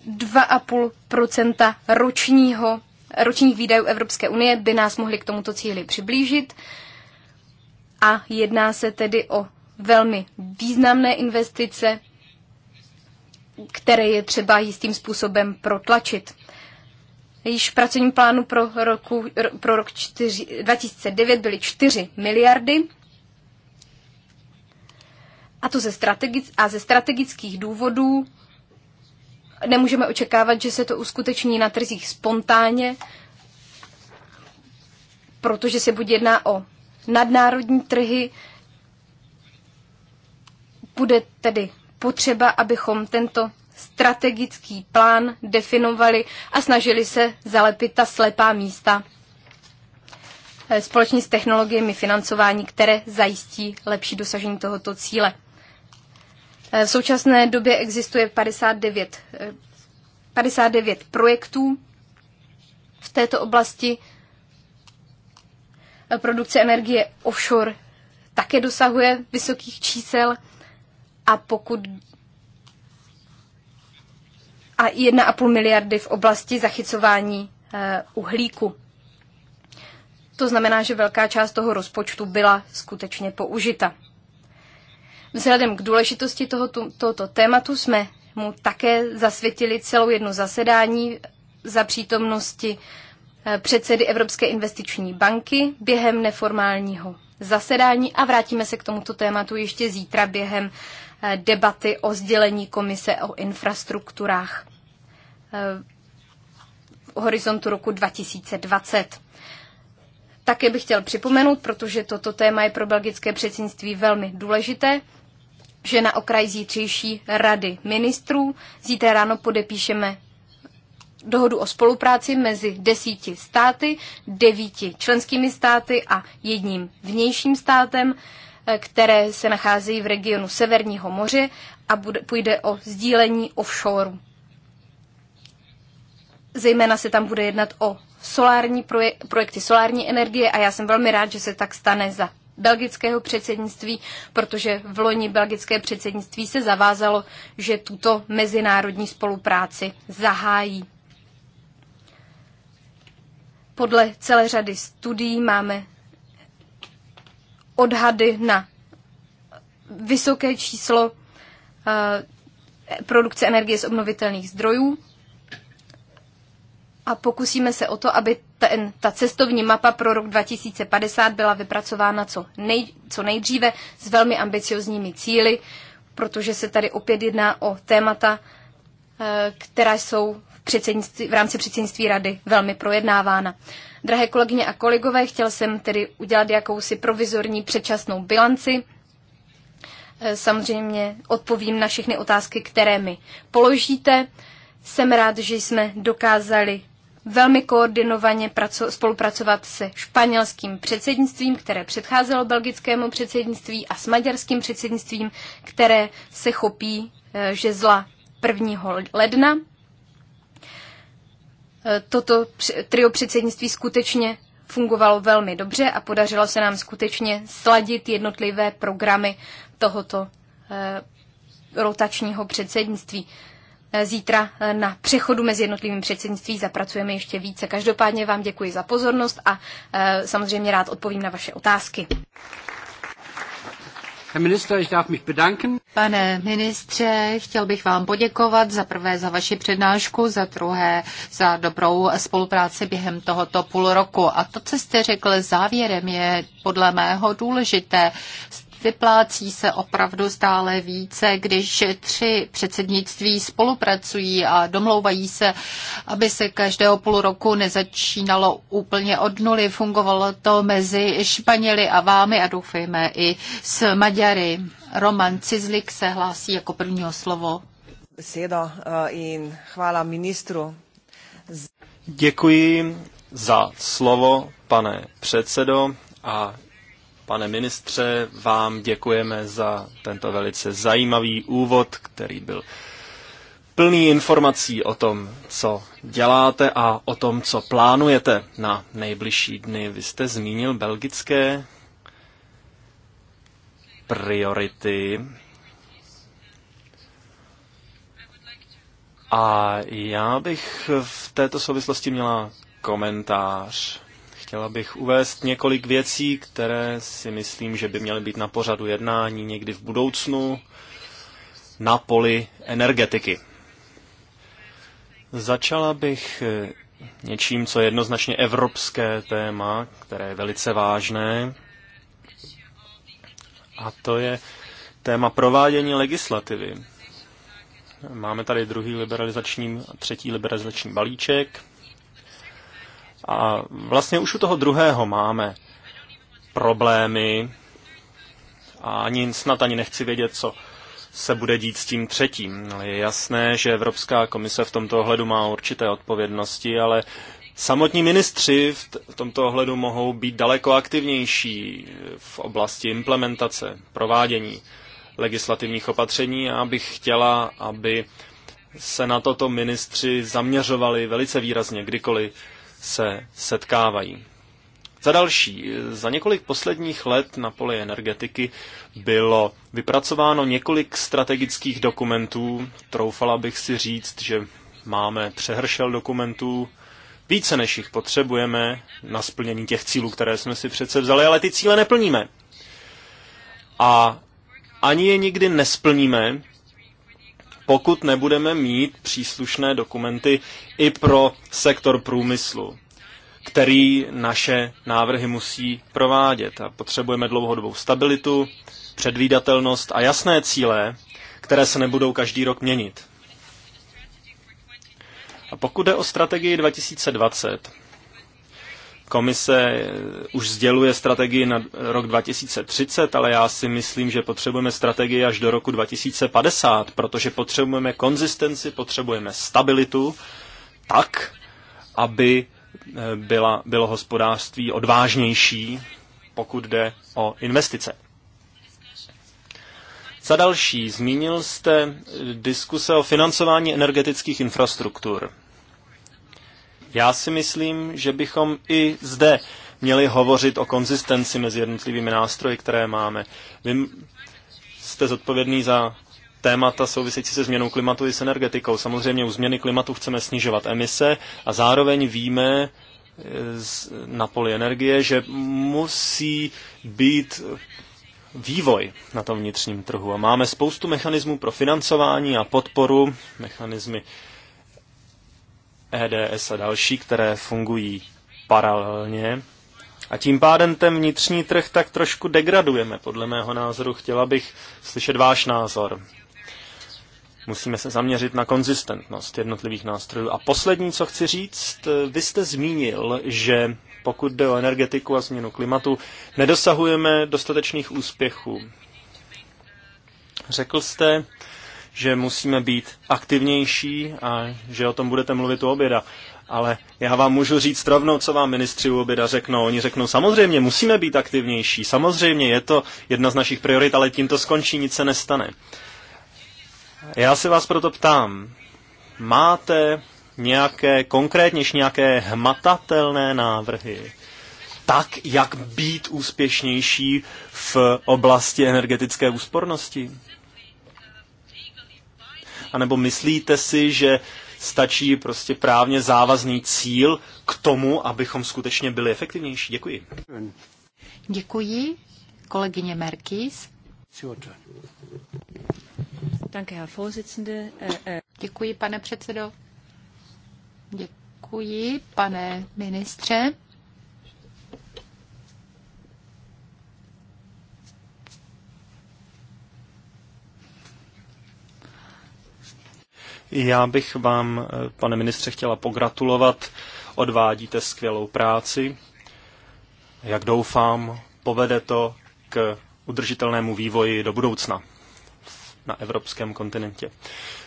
2,5 ročního, ročních výdajů Evropské unie by nás mohly k tomuto cíli přiblížit. A jedná se tedy o velmi významné investice, které je třeba jistým způsobem protlačit. Již v pracovním plánu pro, roku, pro rok 4, 2009 byly 4 miliardy a to ze strategic, a ze strategických důvodů nemůžeme očekávat, že se to uskuteční na trzích spontánně, protože se buď jedná o nadnárodní trhy, bude tedy potřeba, abychom tento strategický plán definovali a snažili se zalepit ta slepá místa eh, společně s technologiemi financování, které zajistí lepší dosažení tohoto cíle. Eh, v současné době existuje 59, 59 eh, projektů v této oblasti. Eh, produkce energie offshore také dosahuje vysokých čísel a pokud a 1,5 miliardy v oblasti zachycování uhlíku. To znamená, že velká část toho rozpočtu byla skutečně použita. Vzhledem k důležitosti tohoto, tohoto tématu jsme mu také zasvětili celou jednu zasedání za přítomnosti eh, předsedy Evropské investiční banky během neformálního zasedání a vrátíme se k tomuto tématu ještě zítra během eh, debaty o sdělení komise o infrastrukturách eh, v horizontu roku 2020. Také bych chtěl připomenout, protože toto téma je pro belgické předsednictví velmi důležité, že na okraj zítřejší rady ministrů zítra ráno podepíšeme dohodu o spolupráci mezi desíti státy, devíti členskými státy a jedním vnějším státem, eh, které se nacházejí v regionu Severního moře a bude, půjde o sdílení offshoreu. Zejména se tam bude jednat o solární proje- projekty solární energie a já jsem velmi rád, že se tak stane za belgického předsednictví, protože v loni belgické předsednictví se zavázalo, že tuto mezinárodní spolupráci zahájí. Podle celé řady studií máme odhady na vysoké číslo eh, produkce energie z obnovitelných zdrojů a pokusíme se o to, aby ten, ta cestovní mapa pro rok 2050 byla vypracována co, nej, co nejdříve s velmi ambiciozními cíly, protože se tady opět jedná o témata, eh, která jsou v, v rámci předsednictví rady velmi projednávána. Drahé kolegyně a kolegové, chtěl jsem tedy udělat jakousi provizorní předčasnou bilanci. Eh, samozřejmě odpovím na všechny otázky, které mi položíte. Jsem rád, že jsme dokázali velmi koordinovaně spolupracovat se španělským předsednictvím, které předcházelo belgickému předsednictví a s maďarským předsednictvím, které se chopí e, žezla 1. ledna. E, toto trio předsednictví skutečně fungovalo velmi dobře a podařilo se nám skutečně sladit jednotlivé programy tohoto e, rotačního předsednictví. Eh, zítra eh, na přechodu mezi jednotlivým předsednictví zapracujeme ještě více. Každopádně vám děkuji za pozornost a eh, samozřejmě rád odpovím na vaše otázky. Pane ministře, chtěl bych vám poděkovat za prvé za vaši přednášku, za druhé za dobrou spolupráci během tohoto půl roku. A to, co jste řekl závěrem, je podle mého důležité. Vyplácí se opravdu stále více, když tři předsednictví spolupracují a domlouvají se, aby se každého půl roku nezačínalo úplně od nuly. Fungovalo to mezi Španěli a vámi a doufejme i s Maďary. Roman Cizlik se hlásí jako prvního slovo. Besedo eh, in chvála ministru. Děkuji za slovo, pane předsedo, a Pane ministře, vám děkujeme za tento velice zajímavý úvod, který byl plný informací o tom, co děláte a o tom, co plánujete na nejbližší dny. Vy jste zmínil belgické priority. A já bych v této souvislosti měla komentář. Chtěla bych uvést několik věcí, které si myslím, že by měly být na pořadu jednání někdy v budoucnu na poli energetiky. Začala bych eh, něčím, co je jednoznačně evropské téma, které je velice vážné, a to je téma provádění legislativy. Máme tady druhý liberalizační a třetí liberalizační balíček. A vlastně už u toho druhého máme problémy a ani snad ani nechci vědět, co se bude dít s tím třetím. Je jasné, že Evropská komise v tomto ohledu má určité odpovědnosti, ale samotní ministři v tomto ohledu mohou být daleko aktivnější v oblasti implementace, provádění legislativních opatření a bych chtěla, aby se na toto ministři zaměřovali velice výrazně, kdykoliv se setkávají. Za další, za několik posledních let na poli energetiky bylo vypracováno několik strategických dokumentů. Troufala bych si říct, že máme přehršel dokumentů, více než jich potřebujeme na splnění těch cílů, které jsme si přece vzali, ale ty cíle neplníme. A ani je nikdy nesplníme, pokud nebudeme mít příslušné dokumenty i pro sektor průmyslu, který naše návrhy musí provádět. A potřebujeme dlouhodobou stabilitu, předvídatelnost a jasné cíle, které se nebudou každý rok měnit. A pokud jde o strategii 2020, Komise eh, už sděluje strategii na rok 2030, ale já si myslím, že potřebujeme strategii až do roku 2050, protože potřebujeme konzistenci, potřebujeme stabilitu tak, aby eh, byla, bylo hospodářství odvážnější, pokud jde o investice. Za další, zmínil jste eh, diskuse o financování energetických infrastruktur. Já si myslím, že bychom i zde měli hovořit o konzistenci mezi jednotlivými nástroji, které máme. Vy jste zodpovědný za témata související se změnou klimatu i s energetikou. Samozřejmě u změny klimatu chceme snižovat emise a zároveň víme e, na poli energie, že musí být vývoj na tom vnitřním trhu. A máme spoustu mechanismů pro financování a podporu, mechanismy EDS a další, které fungují paralelně. A tím pádem ten vnitřní trh tak trošku degradujeme, podle mého názoru. Chtěla bych slyšet váš názor. Musíme se zaměřit na konzistentnost jednotlivých nástrojů. A poslední, co chci říct, vy jste zmínil, že pokud jde o energetiku a změnu klimatu, nedosahujeme dostatečných úspěchů. Řekl jste, že musíme být aktivnější a že o tom budete mluvit u oběda. Ale já vám můžu říct rovnou, co vám ministři u oběda řeknou. Oni řeknou, samozřejmě musíme být aktivnější, samozřejmě je to jedna z našich priorit, ale tím to skončí, nic se nestane. Já se vás proto ptám, máte nějaké konkrétnější, nějaké hmatatelné návrhy, tak jak být úspěšnější v oblasti energetické úspornosti? anebo myslíte si, že stačí prostě právně závazný cíl k tomu, abychom skutečně byli efektivnější? Děkuji. Děkuji. Kolegyně Merkis. Äh, äh. Děkuji, pane předsedo. Děkuji, pane ministře. Já bych vám, eh, pane ministře, chtěla pogratulovat. Odvádíte skvělou práci. Jak doufám, povede to k udržitelnému vývoji do budoucna na evropském kontinentě.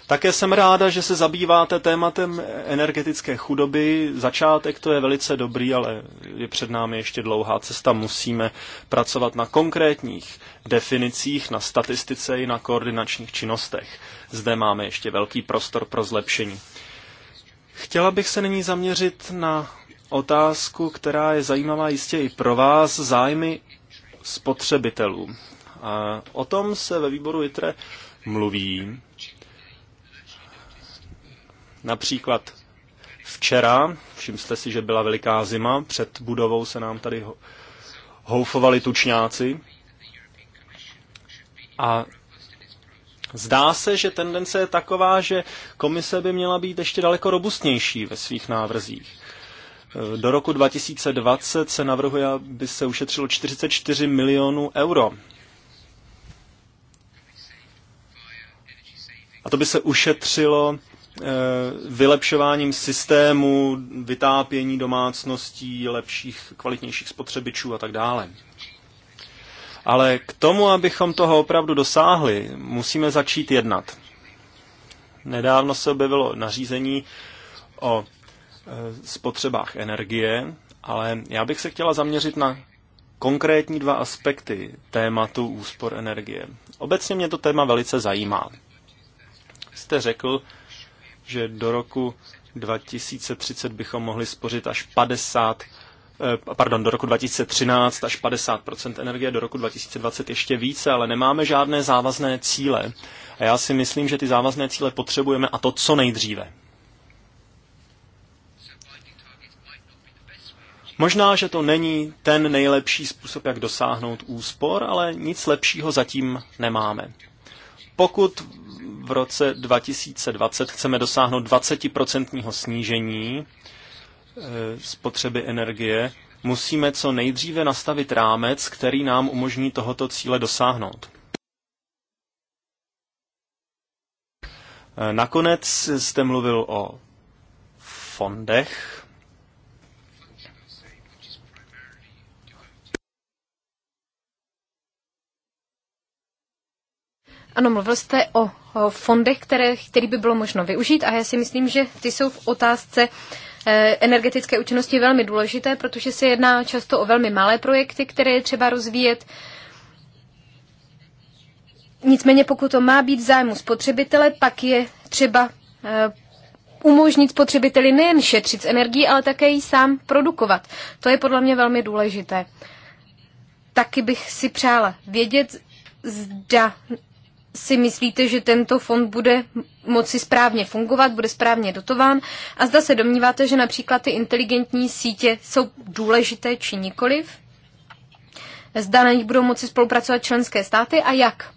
Také jsem ráda, že se zabýváte tématem energetické chudoby. Začátek to je velice dobrý, ale je před námi ještě dlouhá cesta. Musíme pracovat na konkrétních definicích, na statistice i na koordinačních činnostech. Zde máme ještě velký prostor pro zlepšení. Chtěla bych se nyní zaměřit na otázku, která je zajímavá jistě i pro vás, zájmy spotřebitelů. O tom se ve výboru ITRE mluví Například včera, všim jste si, že byla veliká zima, před budovou se nám tady houfovali tučňáci. A zdá se, že tendence je taková, že komise by měla být ještě daleko robustnější ve svých návrzích. E, do roku 2020 se navrhuje, aby se ušetřilo 44 milionů euro. A to by se ušetřilo Eh, vylepšováním systému vytápění domácností, lepších, kvalitnějších spotřebičů a tak dále. Ale k tomu, abychom toho opravdu dosáhli, musíme začít jednat. Nedávno se objevilo nařízení o eh, spotřebách energie, ale já bych se chtěla zaměřit na konkrétní dva aspekty tématu úspor energie. Obecně mě to téma velice zajímá. Jste řekl, že do roku 2030 bychom mohli spořit až 50 eh, pardon, do roku 2013 až 50 energie, do roku 2020 ještě více, ale nemáme žádné závazné cíle. A já si myslím, že ty závazné cíle potřebujeme a to co nejdříve. Možná, že to není ten nejlepší způsob, jak dosáhnout úspor, ale nic lepšího zatím nemáme. Pokud v roce 2020 chceme dosáhnout 20% snížení eh, spotřeby energie, musíme co nejdříve nastavit rámec, který nám umožní tohoto cíle dosáhnout. Eh, nakonec jste mluvil o fondech. Ano, mluvil jste o, o fondech, které, který by bylo možno využít a já si myslím, že ty jsou v otázce e, energetické účinnosti velmi důležité, protože se jedná často o velmi malé projekty, které je třeba rozvíjet. Nicméně pokud to má být v zájmu spotřebitele, pak je třeba e, umožnit spotřebiteli nejen šetřit s energii, ale také ji sám produkovat. To je podle mě velmi důležité. Taky bych si přála vědět, zda si myslíte, že tento fond bude moci správně fungovat, bude správně dotován a zda se domníváte, že například ty inteligentní sítě jsou důležité či nikoliv? Zda na nich budou moci spolupracovat členské státy a jak?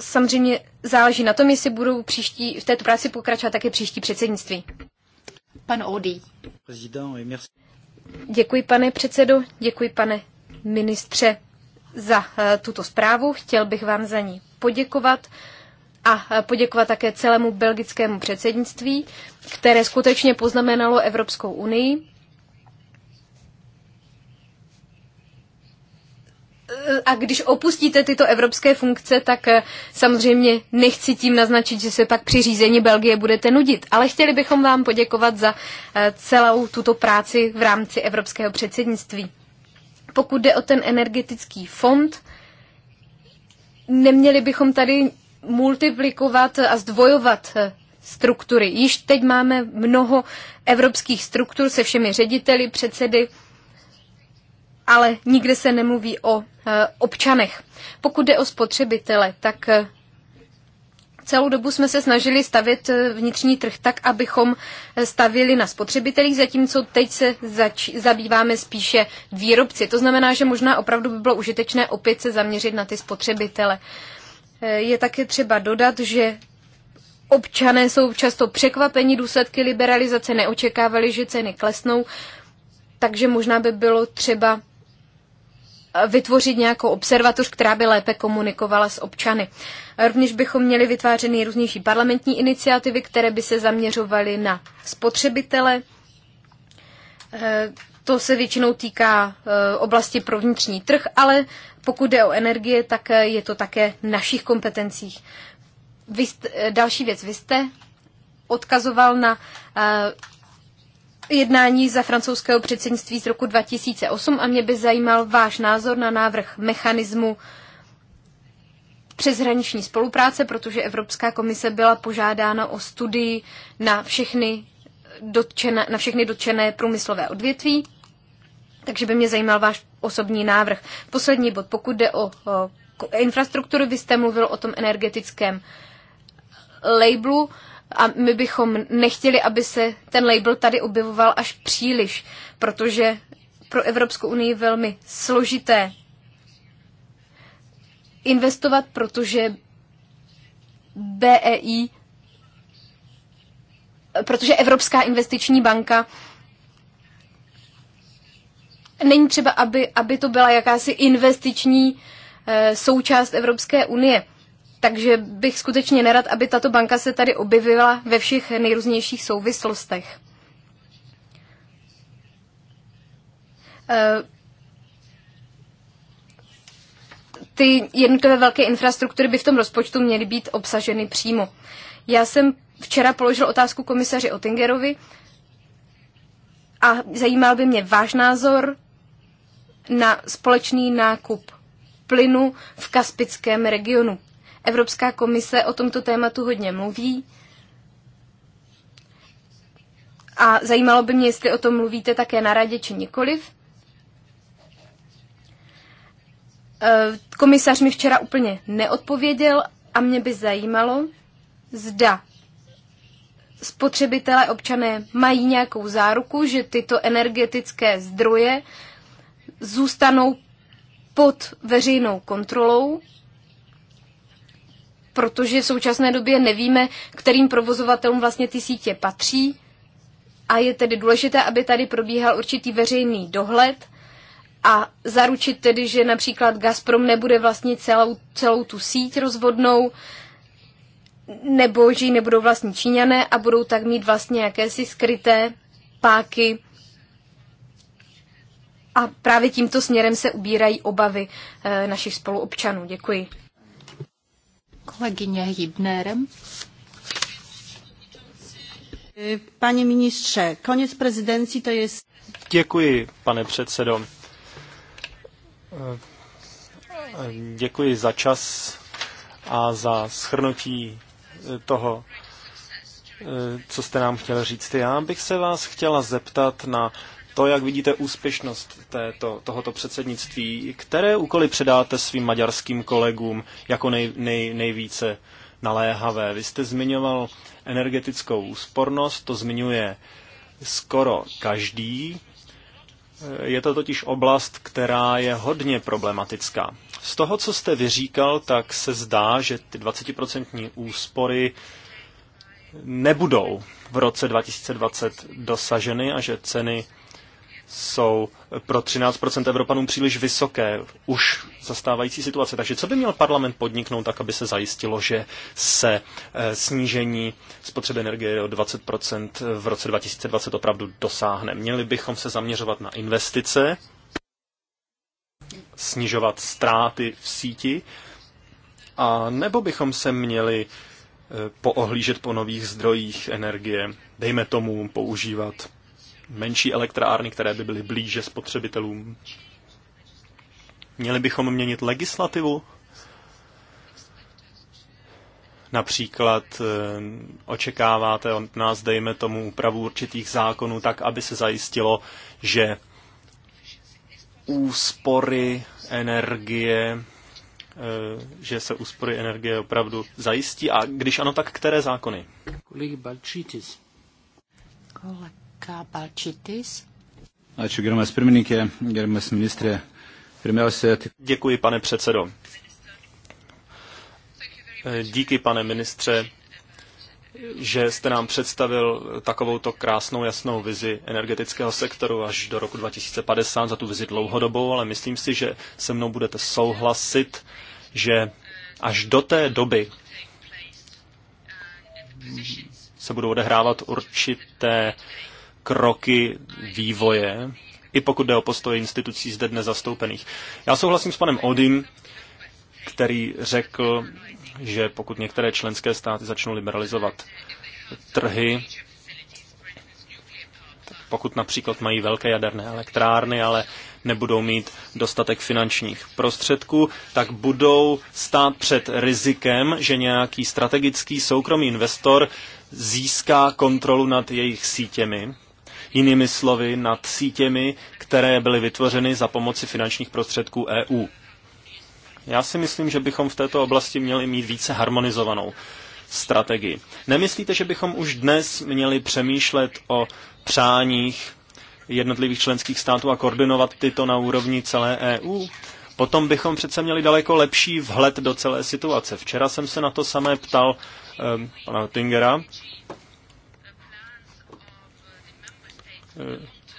Samozřejmě záleží na tom, jestli budou příští, v této práci pokračovat také příští předsednictví. Pan Odi. Děkuji, pane předsedo, děkuji, pane ministře za eh, tuto zprávu, chtěl bych vám za ní poděkovat a eh, poděkovat také celému belgickému předsednictví, které skutečně poznamenalo Evropskou unii. Eh, a když opustíte tyto evropské funkce, tak samozřejmě nechci tím naznačit, že se pak při řízení Belgie budete nudit. Ale chtěli bychom vám poděkovat za celou tuto práci v rámci evropského předsednictví. Pokud jde o ten energetický fond, neměli bychom tady multiplikovat a zdvojovat eh, struktury. Již teď máme mnoho evropských struktur se všemi řediteli, předsedy, ale nikde se nemluví o eh, občanech. Pokud jde o spotřebitele, tak eh, Celou dobu jsme se snažili stavět eh, vnitřní trh tak, abychom eh, stavili na spotřebitelích, zatímco teď se zač- zabýváme spíše výrobci. To znamená, že možná opravdu by bylo užitečné opět se zaměřit na ty spotřebitele. Eh, je také třeba dodat, že občané jsou často překvapeni důsledky liberalizace, neočekávali, že ceny klesnou, takže možná by bylo třeba vytvořit nějakou observatoř, která by lépe komunikovala s občany. Rovněž bychom měli vytvářet nejrůznější parlamentní iniciativy, které by se zaměřovaly na spotřebitele. Eh, to se většinou týká eh, oblasti pro vnitřní trh, ale pokud jde o energie, tak eh, je to také v našich kompetencích. Vy jste, další věc, vy jste odkazoval na jednání za francouzského předsednictví z roku 2008 a mě by zajímal váš názor na návrh mechanismu přeshraniční spolupráce, protože Evropská komise byla požádána o studii na všechny dotčené, na všechny dotčené průmyslové odvětví. Takže by mě zajímal váš osobní návrh. Poslední bod, pokud jde o, o infrastrukturu, vy jste mluvil o tom energetickém labelu a my bychom nechtěli, aby se ten label tady objevoval až příliš, protože pro Evropskou unii je velmi složité investovat, protože BEI, protože Evropská investiční banka není třeba, aby, aby to byla jakási investiční eh, součást Evropské unie. Takže bych skutečně nerad, aby tato banka se tady objevila ve všech nejrůznějších souvislostech. Eh, ty jednotlivé velké infrastruktury by v tom rozpočtu měly být obsaženy přímo. Já jsem včera položil otázku komisaři Otingerovi a zajímal by mě váš názor na společný nákup plynu v Kaspickém regionu. Evropská komise o tomto tématu hodně mluví. A zajímalo by mě, jestli o tom mluvíte také na radě či nikoliv. Eh, komisař mi včera úplně neodpověděl a mě by zajímalo, zda spotřebitelé občané mají nějakou záruku, že tyto energetické zdroje zůstanou pod veřejnou kontrolou protože v současné době nevíme, kterým provozovatelům vlastně ty sítě patří a je tedy důležité, aby tady probíhal určitý veřejný dohled a zaručit tedy, že například Gazprom nebude vlastnit celou, celou tu síť rozvodnou, nebo že ji nebudou vlastní Číňané a budou tak mít vlastně jakési skryté páky. A právě tímto směrem se ubírají obavy eh, našich spoluobčanů. Děkuji. Kolegyně Hibner. Pane ministře, konec prezidenci to je... Děkuji, pane předsedo. Děkuji za čas a za schrnutí toho, co jste nám chtěl říct. Já bych se vás chtěla zeptat na to, jak vidíte úspěšnost této, tohoto předsednictví. Které úkoly předáte svým maďarským kolegům jako nej, nej, nejvíce naléhavé? Vy jste zmiňoval energetickou úspornost, to zmiňuje skoro každý. Je to totiž oblast, která je hodně problematická. Z toho, co jste vyříkal, tak se zdá, že ty 20% úspory nebudou v roce 2020 dosaženy a že ceny jsou pro 13% Evropanů příliš vysoké už zastávající situace. Takže co by měl parlament podniknout tak, aby se zajistilo, že se eh, snížení spotřeby energie o 20% v roce 2020 opravdu dosáhne? Měli bychom se zaměřovat na investice, snižovat ztráty v síti, a nebo bychom se měli eh, poohlížet po nových zdrojích energie, dejme tomu používat menší elektrárny, které by byly blíže spotřebitelům. Měli bychom měnit legislativu, Například eh, očekáváte od nás, dejme tomu, úpravu určitých zákonů tak, aby se zajistilo, že úspory energie, eh, že se úspory energie opravdu zajistí. A když ano, tak které zákony? Kolik kolega Balčitis. Ačiū, gerbiamas pirmininkė, gerbiamas ministrė. Pirmiausia, ty... Děkuji, pane předsedo. Díky, pane ministře, že jste nám představil takovouto krásnou, jasnou vizi energetického sektoru až do roku 2050 za tu vizi dlouhodobou, ale myslím si, že se mnou budete souhlasit, že až do té doby se budou odehrávat určité kroky vývoje, i pokud jde o postoje institucí zde dnes zastoupených. Já souhlasím s panem odin, který řekl, že pokud některé členské státy začnou liberalizovat trhy, pokud například mají velké jaderné elektrárny, ale nebudou mít dostatek finančních prostředků, tak budou stát před rizikem, že nějaký strategický soukromý investor získá kontrolu nad jejich sítěmi jinými slovy nad sítěmi, které byly vytvořeny za pomoci finančních prostředků EU. Já si myslím, že bychom v této oblasti měli mít více harmonizovanou strategii. Nemyslíte, že bychom už dnes měli přemýšlet o přáních jednotlivých členských států a koordinovat tyto na úrovni celé EU? Potom bychom přece měli daleko lepší vhled do celé situace. Včera jsem se na to samé ptal eh, pana Tingera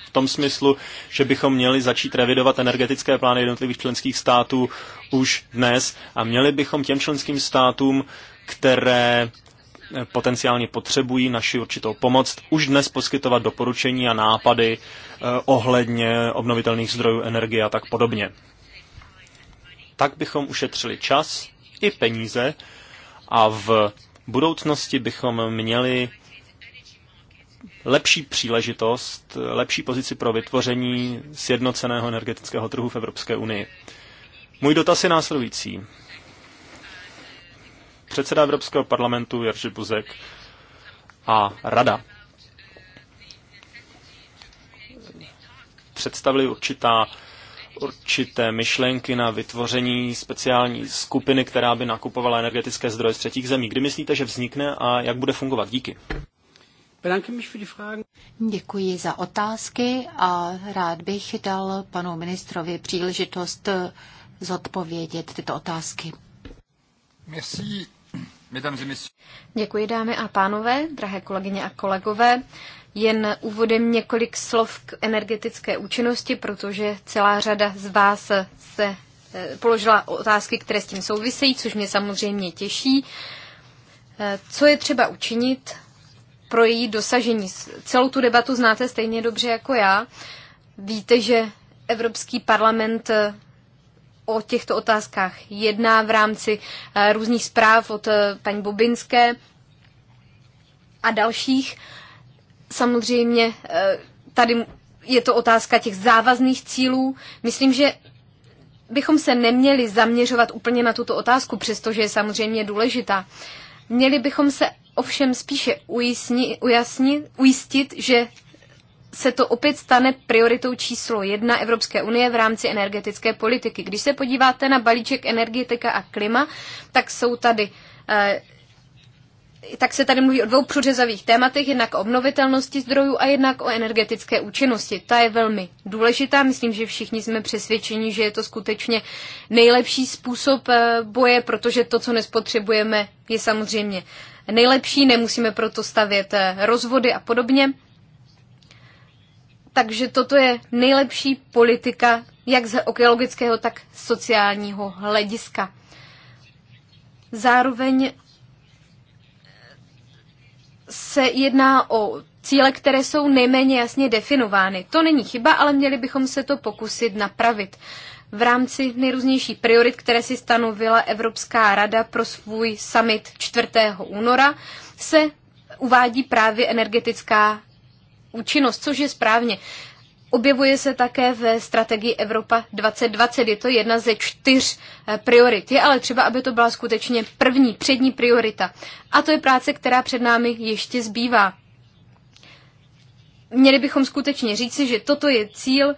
v tom smyslu, že bychom měli začít revidovat energetické plány jednotlivých členských států už dnes a měli bychom těm členským státům, které eh, potenciálně potřebují naši určitou pomoc, už dnes poskytovat doporučení a nápady eh, ohledně obnovitelných zdrojů energie a tak podobně. Tak bychom ušetřili čas i peníze a v budoucnosti bychom měli lepší příležitost, lepší pozici pro vytvoření sjednoceného energetického trhu v Evropské unii. Můj dotaz je následující. Předseda Evropského parlamentu Jerzy Buzek a Rada představili určitá, určité myšlenky na vytvoření speciální skupiny, která by nakupovala energetické zdroje z třetích zemí. Kdy myslíte, že vznikne a jak bude fungovat? Díky. Děkuji za otázky a rád bych dal panu ministrovi příležitost zodpovědět tyto otázky. Merci. Děkuji dámy a pánové, drahé kolegyně a kolegové. Jen úvodem několik slov k energetické účinnosti, protože celá řada z vás se eh, položila otázky, které s tím souvisejí, což mě samozřejmě těší. Eh, co je třeba učinit, pro její dosažení. Celou tu debatu znáte stejně dobře jako já. Víte, že Evropský parlament eh, o těchto otázkách jedná v rámci eh, různých zpráv od eh, paní Bobinské a dalších. Samozřejmě tady je to otázka těch závazných cílů. Myslím, že bychom se neměli zaměřovat úplně na tuto otázku, přestože je samozřejmě důležitá. Měli bychom se ovšem spíše ujistni, ujasni, ujistit, že se to opět stane prioritou číslo jedna Evropské unie v rámci energetické politiky. Když se podíváte na balíček energetika a klima, tak jsou tady eh, tak se tady mluví o dvou průřezových tématech, jednak o obnovitelnosti zdrojů a jednak o energetické účinnosti. Ta je velmi důležitá, myslím, že všichni jsme přesvědčeni, že je to skutečně nejlepší způsob eh, boje, protože to, co nespotřebujeme, je samozřejmě nejlepší, nemusíme proto stavět eh, rozvody a podobně. Takže toto je nejlepší politika jak z ekologického, tak sociálního hlediska. Zároveň se jedná o cíle, které jsou nejméně jasně definovány. To není chyba, ale měli bychom se to pokusit napravit v rámci nejrůznějších priorit, které si stanovila Evropská rada pro svůj summit 4. února, se uvádí právě energetická účinnost, což je správně. Objevuje se také ve strategii Evropa 2020. Je to jedna ze čtyř eh, priorit. Je ale třeba, aby to byla skutečně první, přední priorita. A to je práce, která před námi ještě zbývá. Měli bychom skutečně říci, že toto je cíl,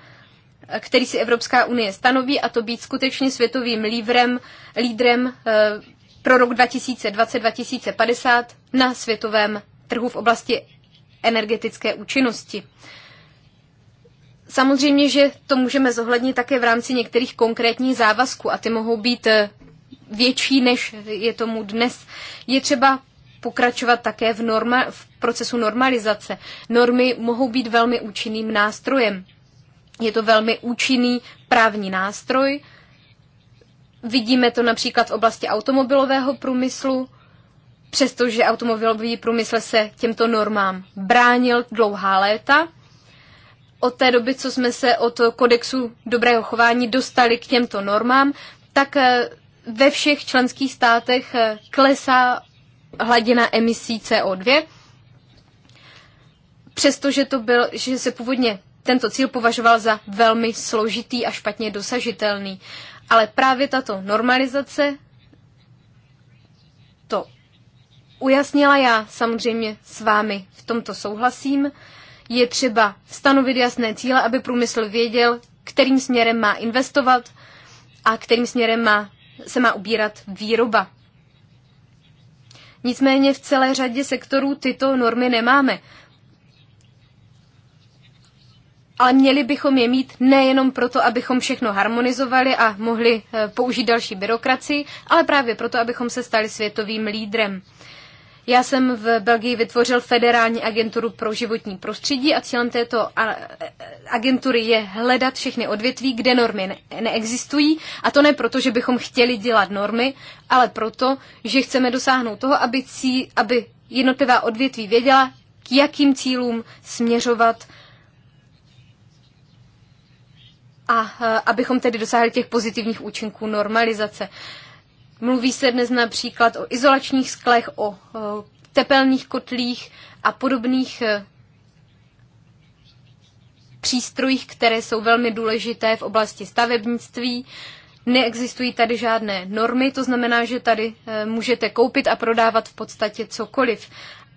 který si Evropská unie stanoví, a to být skutečně světovým lídrem, lídrem eh, pro rok 2020-2050 na světovém trhu v oblasti energetické účinnosti. Samozřejmě, že to můžeme zohlednit také v rámci některých konkrétních závazků a ty mohou být eh, větší, než je tomu dnes. Je třeba pokračovat také v, norma, v procesu normalizace. Normy mohou být velmi účinným nástrojem. Je to velmi účinný právní nástroj. Vidíme to například v oblasti automobilového průmyslu, přestože automobilový průmysl se těmto normám bránil dlouhá léta. Od té doby, co jsme se od kodexu dobrého chování dostali k těmto normám, tak eh, ve všech členských státech eh, klesá hladina emisí CO2. Přestože to byl, že se původně tento cíl považoval za velmi složitý a špatně dosažitelný. Ale právě tato normalizace to ujasnila. Já samozřejmě s vámi v tomto souhlasím. Je třeba stanovit jasné cíle, aby průmysl věděl, kterým směrem má investovat a kterým směrem má, se má ubírat výroba. Nicméně v celé řadě sektorů tyto normy nemáme ale měli bychom je mít nejenom proto, abychom všechno harmonizovali a mohli eh, použít další byrokracii, ale právě proto, abychom se stali světovým lídrem. Já jsem v Belgii vytvořil federální agenturu pro životní prostředí a cílem této eh, eh, agentury je hledat všechny odvětví, kde normy ne- neexistují. A to ne proto, že bychom chtěli dělat normy, ale proto, že chceme dosáhnout toho, aby, cí- aby jednotlivá odvětví věděla, k jakým cílům směřovat a eh, abychom tedy dosáhli těch pozitivních účinků normalizace. Mluví se dnes například o izolačních sklech, o eh, tepelných kotlích a podobných eh, přístrojích, které jsou velmi důležité v oblasti stavebnictví. Neexistují tady žádné normy, to znamená, že tady můžete koupit a prodávat v podstatě cokoliv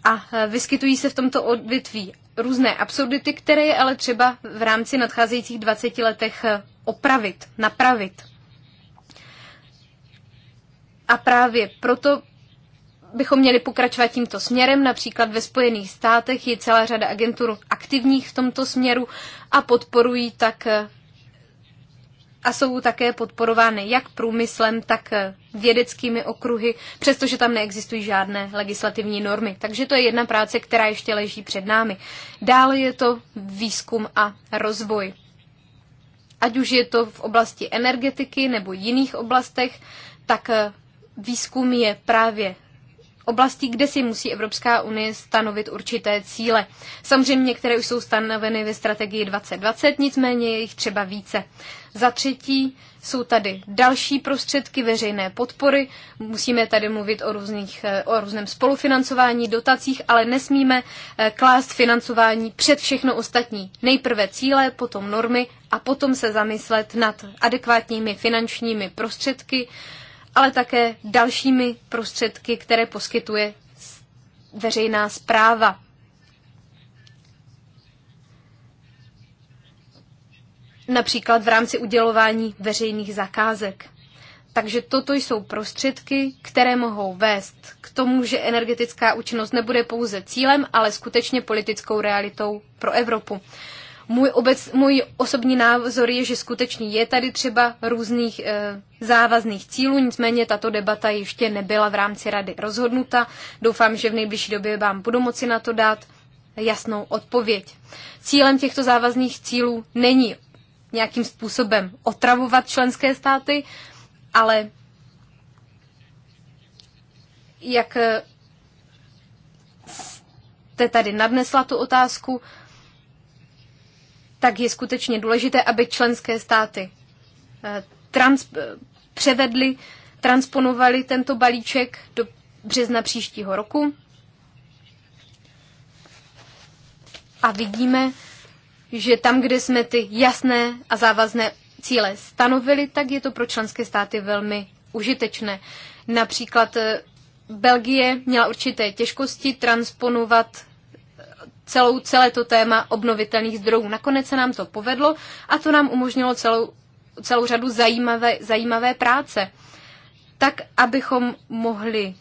a vyskytují se v tomto odvětví různé absurdity, které je ale třeba v rámci nadcházejících 20 letech opravit, napravit. A právě proto bychom měli pokračovat tímto směrem. Například ve Spojených státech je celá řada agentur aktivních v tomto směru a podporují tak a jsou také podporovány jak průmyslem, tak vědeckými okruhy, přestože tam neexistují žádné legislativní normy. Takže to je jedna práce, která ještě leží před námi. Dále je to výzkum a rozvoj. Ať už je to v oblasti energetiky nebo jiných oblastech, tak výzkum je právě oblastí, kde si musí Evropská unie stanovit určité cíle. Samozřejmě některé už jsou stanoveny ve strategii 2020, nicméně je jich třeba více. Za třetí jsou tady další prostředky veřejné podpory. Musíme tady mluvit o, různých, eh, o různém spolufinancování, dotacích, ale nesmíme eh, klást financování před všechno ostatní. Nejprve cíle, potom normy a potom se zamyslet nad adekvátními finančními prostředky, ale také dalšími prostředky, které poskytuje veřejná zpráva. Například v rámci udělování veřejných zakázek. Takže toto jsou prostředky, které mohou vést k tomu, že energetická účinnost nebude pouze cílem, ale skutečně politickou realitou pro Evropu. Můj, obec, můj osobní názor je, že skutečně je tady třeba různých e, závazných cílů, nicméně tato debata ještě nebyla v rámci rady rozhodnuta. Doufám, že v nejbližší době vám budu moci na to dát jasnou odpověď. Cílem těchto závazných cílů není nějakým způsobem otravovat členské státy, ale jak eh, jste tady nadnesla tu otázku, tak je skutečně důležité, aby členské státy eh, trans, převedly, transponovali tento balíček do března příštího roku. A vidíme, že tam, kde jsme ty jasné a závazné cíle stanovili, tak je to pro členské státy velmi užitečné. Například eh, Belgie měla určité těžkosti transponovat celou, celé to téma obnovitelných zdrojů. Nakonec se nám to povedlo a to nám umožnilo celou, celou řadu zajímavé, zajímavé práce. Tak, abychom mohli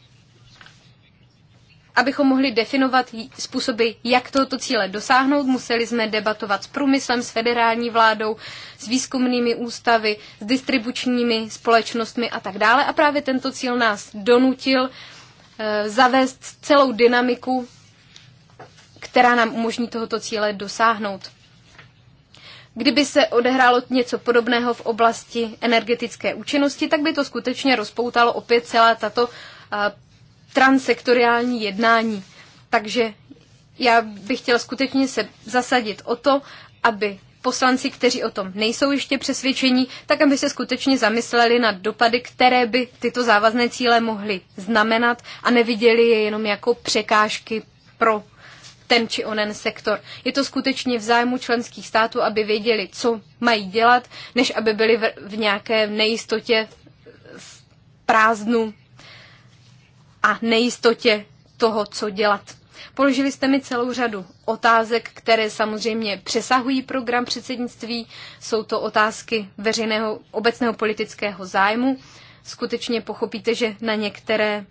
Abychom mohli definovat způsoby, jak tohoto cíle dosáhnout, museli jsme debatovat s průmyslem, s federální vládou, s výzkumnými ústavy, s distribučními společnostmi a tak dále. A právě tento cíl nás donutil eh, zavést celou dynamiku která nám umožní tohoto cíle dosáhnout. Kdyby se odehrálo něco podobného v oblasti energetické účinnosti, tak by to skutečně rozpoutalo opět celá tato transsektoriální jednání. Takže já bych chtěla skutečně se zasadit o to, aby poslanci, kteří o tom nejsou ještě přesvědčení, tak aby se skutečně zamysleli nad dopady, které by tyto závazné cíle mohly znamenat a neviděli je jenom jako překážky pro ten či onen sektor. Je to skutečně v zájmu členských států, aby věděli, co mají dělat, než aby byli v nějaké nejistotě, v prázdnu a nejistotě toho, co dělat. Položili jste mi celou řadu otázek, které samozřejmě přesahují program předsednictví. Jsou to otázky veřejného obecného politického zájmu. Skutečně pochopíte, že na některé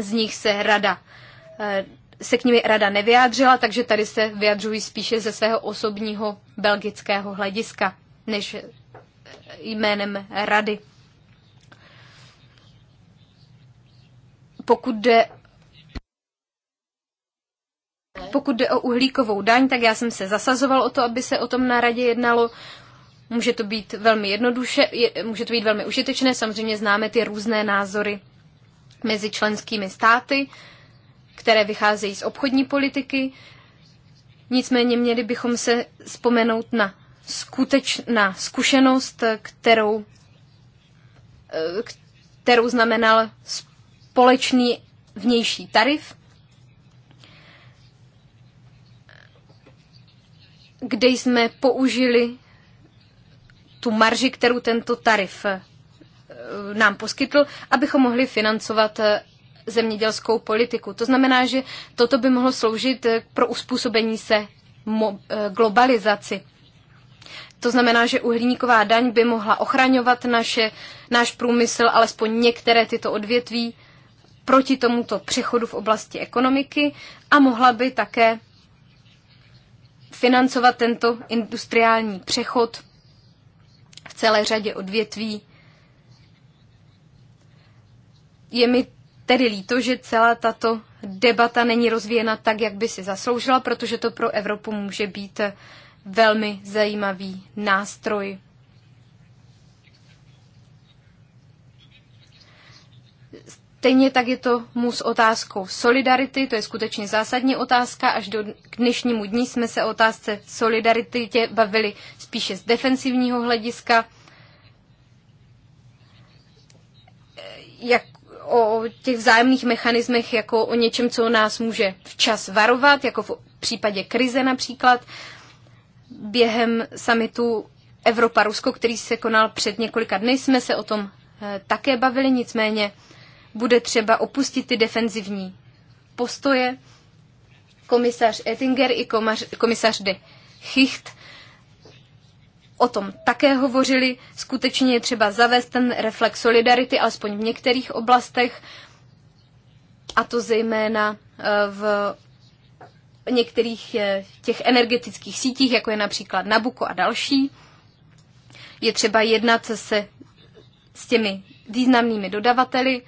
z nich se rada eh, se k nimi rada nevyjádřila, takže tady se vyjadřují spíše ze svého osobního belgického hlediska, než jménem rady. Pokud jde pokud jde o uhlíkovou daň, tak já jsem se zasazoval o to, aby se o tom na radě jednalo. Může to být velmi jednoduše, je, může to být velmi užitečné. Samozřejmě známe ty různé názory mezi členskými státy. Uh, které vycházejí z obchodní politiky. Nicméně měli bychom se vzpomenout na, skuteč, na zkušenost, kterou, eh, kterou znamenal společný vnější tarif, kde jsme použili tu marži, kterou tento tarif eh, nám poskytl, abychom mohli financovat eh, zemědělskou politiku. To znamená, že toto by mohlo sloužit eh, pro uspůsobení se eh, globalizaci. To znamená, že uhlíková daň by mohla ochraňovat naše, náš průmysl, alespoň některé tyto odvětví, proti tomuto přechodu v oblasti ekonomiky a mohla by také financovat tento industriální přechod v celé řadě odvětví. Je mi tedy líto, že celá tato debata není rozvíjena tak, jak by si zasloužila, protože to pro Evropu může být velmi zajímavý nástroj. Stejně tak je to mu s otázkou solidarity, to je skutečně zásadní otázka. Až do k dnešnímu dní jsme se o otázce solidarity tě bavili spíše z defensivního hlediska. Jak o těch vzájemných mechanismech jako o něčem, co nás může včas varovat, jako v případě krize například. Během samitu Evropa-Rusko, který se konal před několika dny, jsme se o tom eh, také bavili, nicméně bude třeba opustit ty defenzivní postoje. Komisař Ettinger i komisař de Chicht o tom také hovořili. Skutečně je třeba zavést ten reflex solidarity, alespoň v některých oblastech, a to zejména e, v některých e, těch energetických sítích, jako je například Nabuko a další. Je třeba jednat se s těmi významnými dodavateli.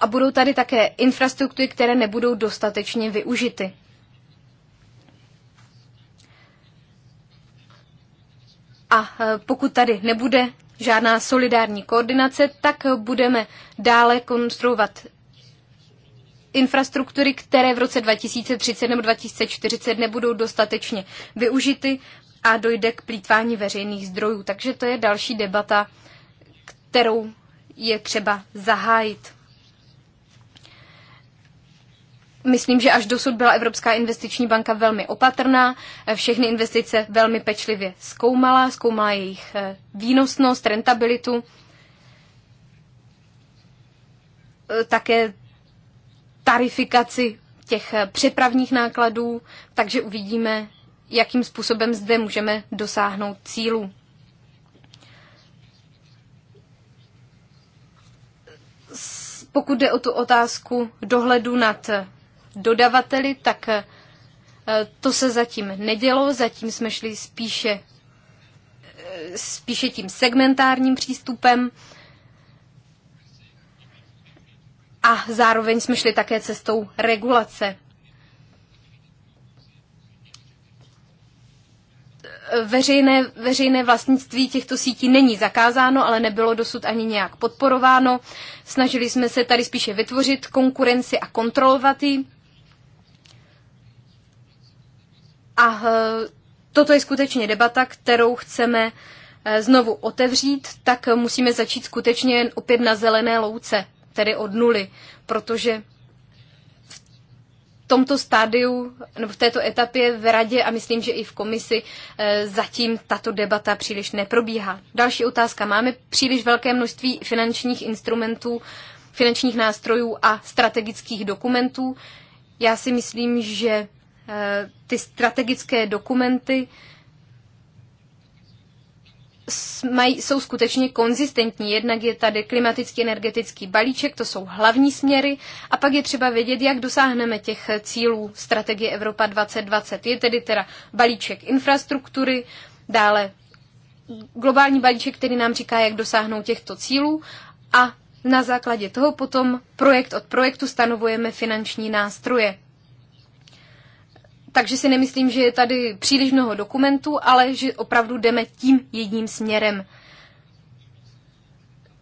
A budou tady také infrastruktury, které nebudou dostatečně využity. A eh, pokud tady nebude žádná solidární koordinace, tak budeme dále konstruovat infrastruktury, které v roce 2030 nebo 2040 nebudou dostatečně využity a dojde k plítvání veřejných zdrojů. Takže to je další debata, kterou je třeba zahájit. Myslím, že až dosud byla Evropská investiční banka velmi opatrná, eh, všechny investice velmi pečlivě zkoumala, zkoumala jejich eh, výnosnost, rentabilitu. Eh, také tarifikaci těch přepravních nákladů, takže uvidíme, jakým způsobem zde můžeme dosáhnout cílů. Pokud jde o tu otázku dohledu nad dodavateli, tak eh, to se zatím nedělo, zatím jsme šli spíše, eh, spíše tím segmentárním přístupem a zároveň jsme šli také cestou regulace. Veřejné, veřejné vlastnictví těchto sítí není zakázáno, ale nebylo dosud ani nějak podporováno. Snažili jsme se tady spíše vytvořit konkurenci a kontrolovat ji. A eh, toto je skutečně debata, kterou chceme eh, znovu otevřít, tak musíme začít skutečně opět na zelené louce, tedy od nuly, protože v tomto stádiu, nebo v této etapě v radě a myslím, že i v komisi eh, zatím tato debata příliš neprobíhá. Další otázka. Máme příliš velké množství finančních instrumentů, finančních nástrojů a strategických dokumentů. Já si myslím, že Eh, ty strategické dokumenty mají, jsou skutečně konzistentní. Jednak je tady klimatický energetický balíček, to jsou hlavní směry, a pak je třeba vědět, jak dosáhneme těch cílů strategie Evropa 2020. Je tedy teda balíček infrastruktury, dále globální balíček, který nám říká, jak dosáhnout těchto cílů a na základě toho potom projekt od projektu stanovujeme finanční nástroje takže si nemyslím, že je tady příliš mnoho dokumentů, ale že opravdu jdeme tím jedním směrem.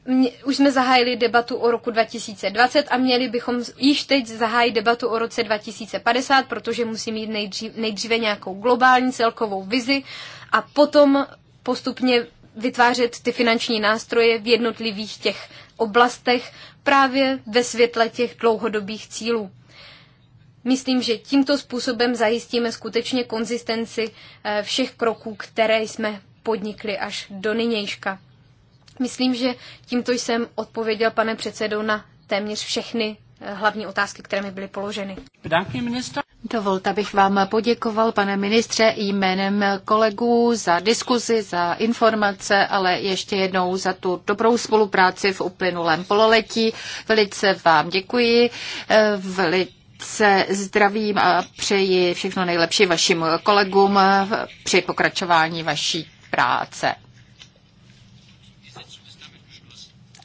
Mě, už jsme zahájili debatu o roku 2020 a měli bychom již teď zahájit debatu o roce 2050, protože musí mít nejdřív, nejdříve nějakou globální celkovou vizi a potom postupně vytvářet ty finanční nástroje v jednotlivých těch oblastech právě ve světle těch dlouhodobých cílů. Myslím, že tímto způsobem zajistíme skutečně konzistenci eh, všech kroků, které jsme podnikli až do nynějška. Myslím, že tímto jsem odpověděl, pane předsedo, na téměř všechny eh, hlavní otázky, které mi byly položeny. Dovolte, abych vám poděkoval, pane ministře, jménem kolegů za diskuzi, za informace, ale ještě jednou za tu dobrou spolupráci v uplynulém pololetí. Velice vám děkuji. Eh, Velice se zdravím a přeji všechno nejlepší vašim kolegům při pokračování vaší práce.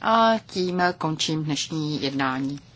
A tím končím dnešní jednání.